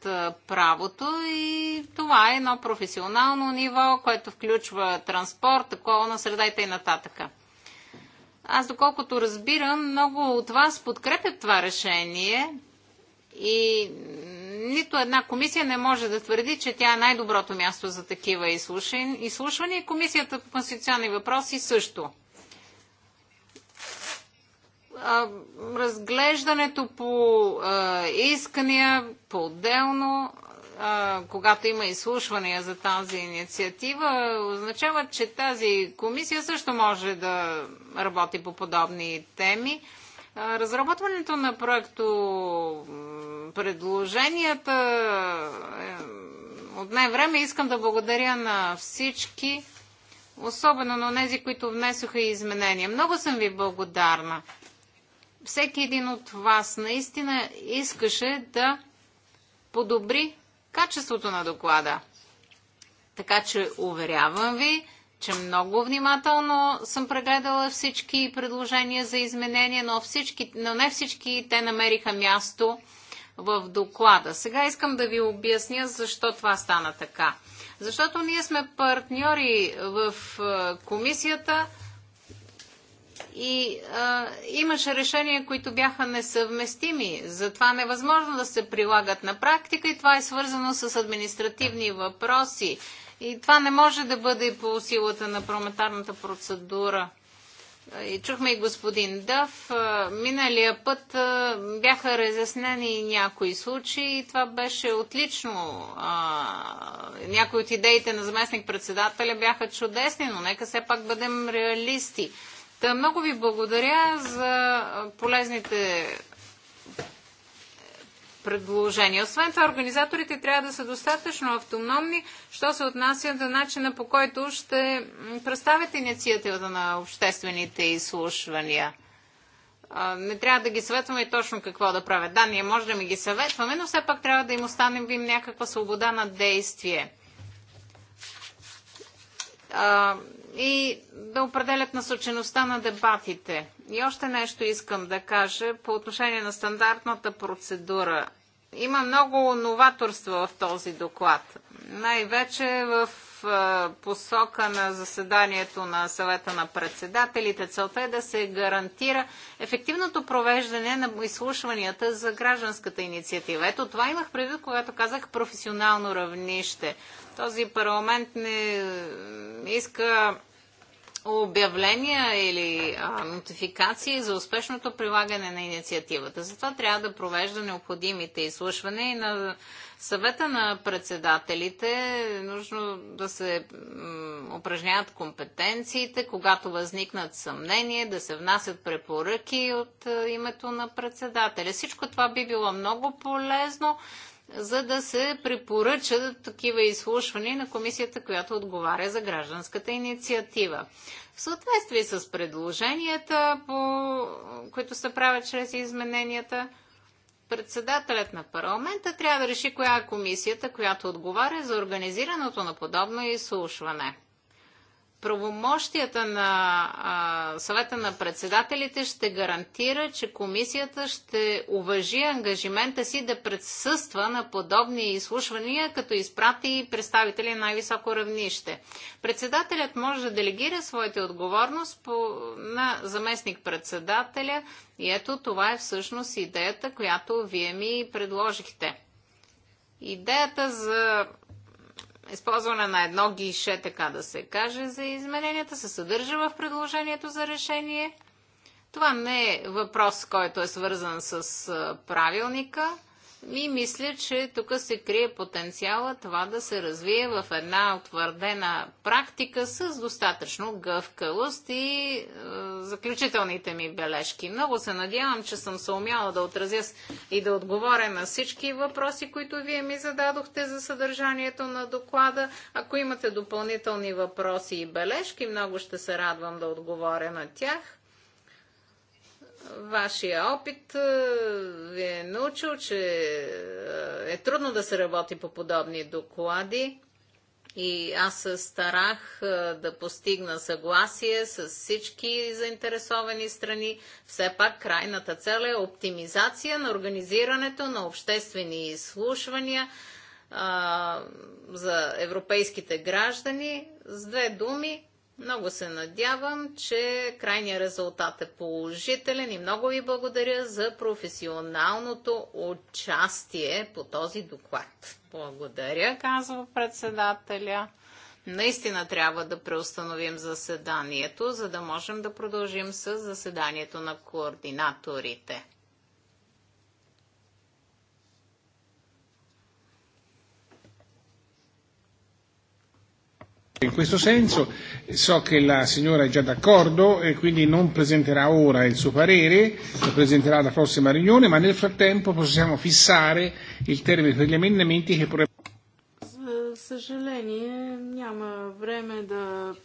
правото и това е едно професионално ниво, което включва транспорт, на среда и т.н. Аз доколкото разбирам, много от вас подкрепят това решение, и нито една комисия не може да твърди, че тя е най-доброто място за такива изслушвания. Комисията по конституционни въпроси също разглеждането по искания по-отделно, когато има изслушвания за тази инициатива, означава, че тази комисия също може да работи по подобни теми. Разработването на проекто предложенията е, от най време. Искам да благодаря на всички, особено на тези, които внесоха изменения. Много съм ви благодарна. Всеки един от вас наистина искаше да подобри качеството на доклада. Така че, уверявам ви, че много внимателно съм прегледала всички предложения за изменения, но, всички, но не всички те намериха място в доклада. Сега искам да ви обясня защо това стана така. Защото ние сме партньори в комисията и а, имаше решения, които бяха несъвместими. Затова невъзможно да се прилагат на практика и това е свързано с административни въпроси и това не може да бъде по силата на парламентарната процедура. И чухме и господин Дъв. Миналия път бяха разяснени някои случаи и това беше отлично. Някои от идеите на заместник-председателя бяха чудесни, но нека все пак бъдем реалисти. Та много ви благодаря за полезните предложение. Освен това, организаторите трябва да са достатъчно автономни, що се отнася до начина по който ще представят инициативата на обществените изслушвания. Не трябва да ги съветваме точно какво да правят. Да, ние може да ми ги съветваме, но все пак трябва да им останем им някаква свобода на действие и да определят насочеността на дебатите. И още нещо искам да кажа по отношение на стандартната процедура. Има много новаторства в този доклад. Най-вече в посока на заседанието на съвета на председателите. Целта е да се гарантира ефективното провеждане на изслушванията за гражданската инициатива. Ето това имах предвид, когато казах професионално равнище. Този парламент не иска обявления или а, нотификации за успешното прилагане на инициативата. Затова трябва да провежда необходимите изслушвания и на съвета на председателите е нужно да се упражняват компетенциите, когато възникнат съмнения, да се внасят препоръки от а, името на председателя. Всичко това би било много полезно за да се препоръчат такива изслушвания на комисията, която отговаря за гражданската инициатива. В съответствие с предложенията, по... които се правят чрез измененията, председателят на парламента трябва да реши коя е комисията, която отговаря за организирането на подобно изслушване правомощията на съвета на председателите ще гарантира, че комисията ще уважи ангажимента си да присъства на подобни изслушвания, като изпрати представители на най-високо равнище. Председателят може да делегира своите отговорност по, на заместник-председателя и ето това е всъщност идеята, която вие ми предложихте. Идеята за използване на едно гише, така да се каже, за измененията се съдържа в предложението за решение. Това не е въпрос, който е свързан с правилника. И мисля, че тук се крие потенциала това да се развие в една утвърдена практика с достатъчно гъвкавост и е, заключителните ми бележки. Много се надявам, че съм се умяла да отразя и да отговоря на всички въпроси, които вие ми зададохте за съдържанието на доклада. Ако имате допълнителни въпроси и бележки, много ще се радвам да отговоря на тях вашия опит ви е научил, че е трудно да се работи по подобни доклади. И аз се старах да постигна съгласие с всички заинтересовани страни. Все пак крайната цел е оптимизация на организирането на обществени изслушвания а, за европейските граждани. С две думи, много се надявам, че крайният резултат е положителен и много ви благодаря за професионалното участие по този доклад. Благодаря, казва председателя. Наистина трябва да преустановим заседанието, за да можем да продължим с заседанието на координаторите. in questo senso. So che la signora è già d'accordo e quindi non presenterà ora il suo parere, lo presenterà alla prossima riunione, ma nel frattempo possiamo fissare il termine per gli emendamenti che potrebbero. съжаление няма време да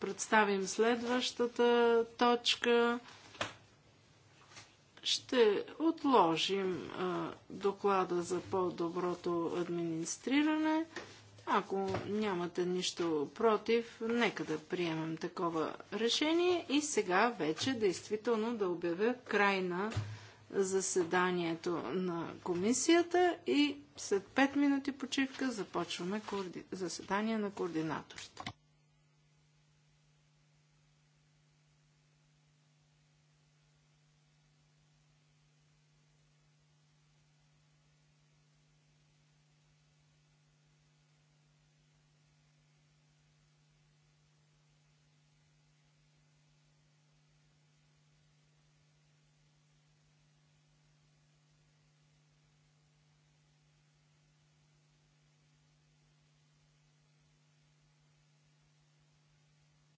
представим следващата точка. Ще отложим а, доклада за по-доброто администриране. Ако нямате нищо против, нека да приемем такова решение и сега вече действително да обявя край на заседанието на комисията и след 5 минути почивка започваме заседание на координаторите.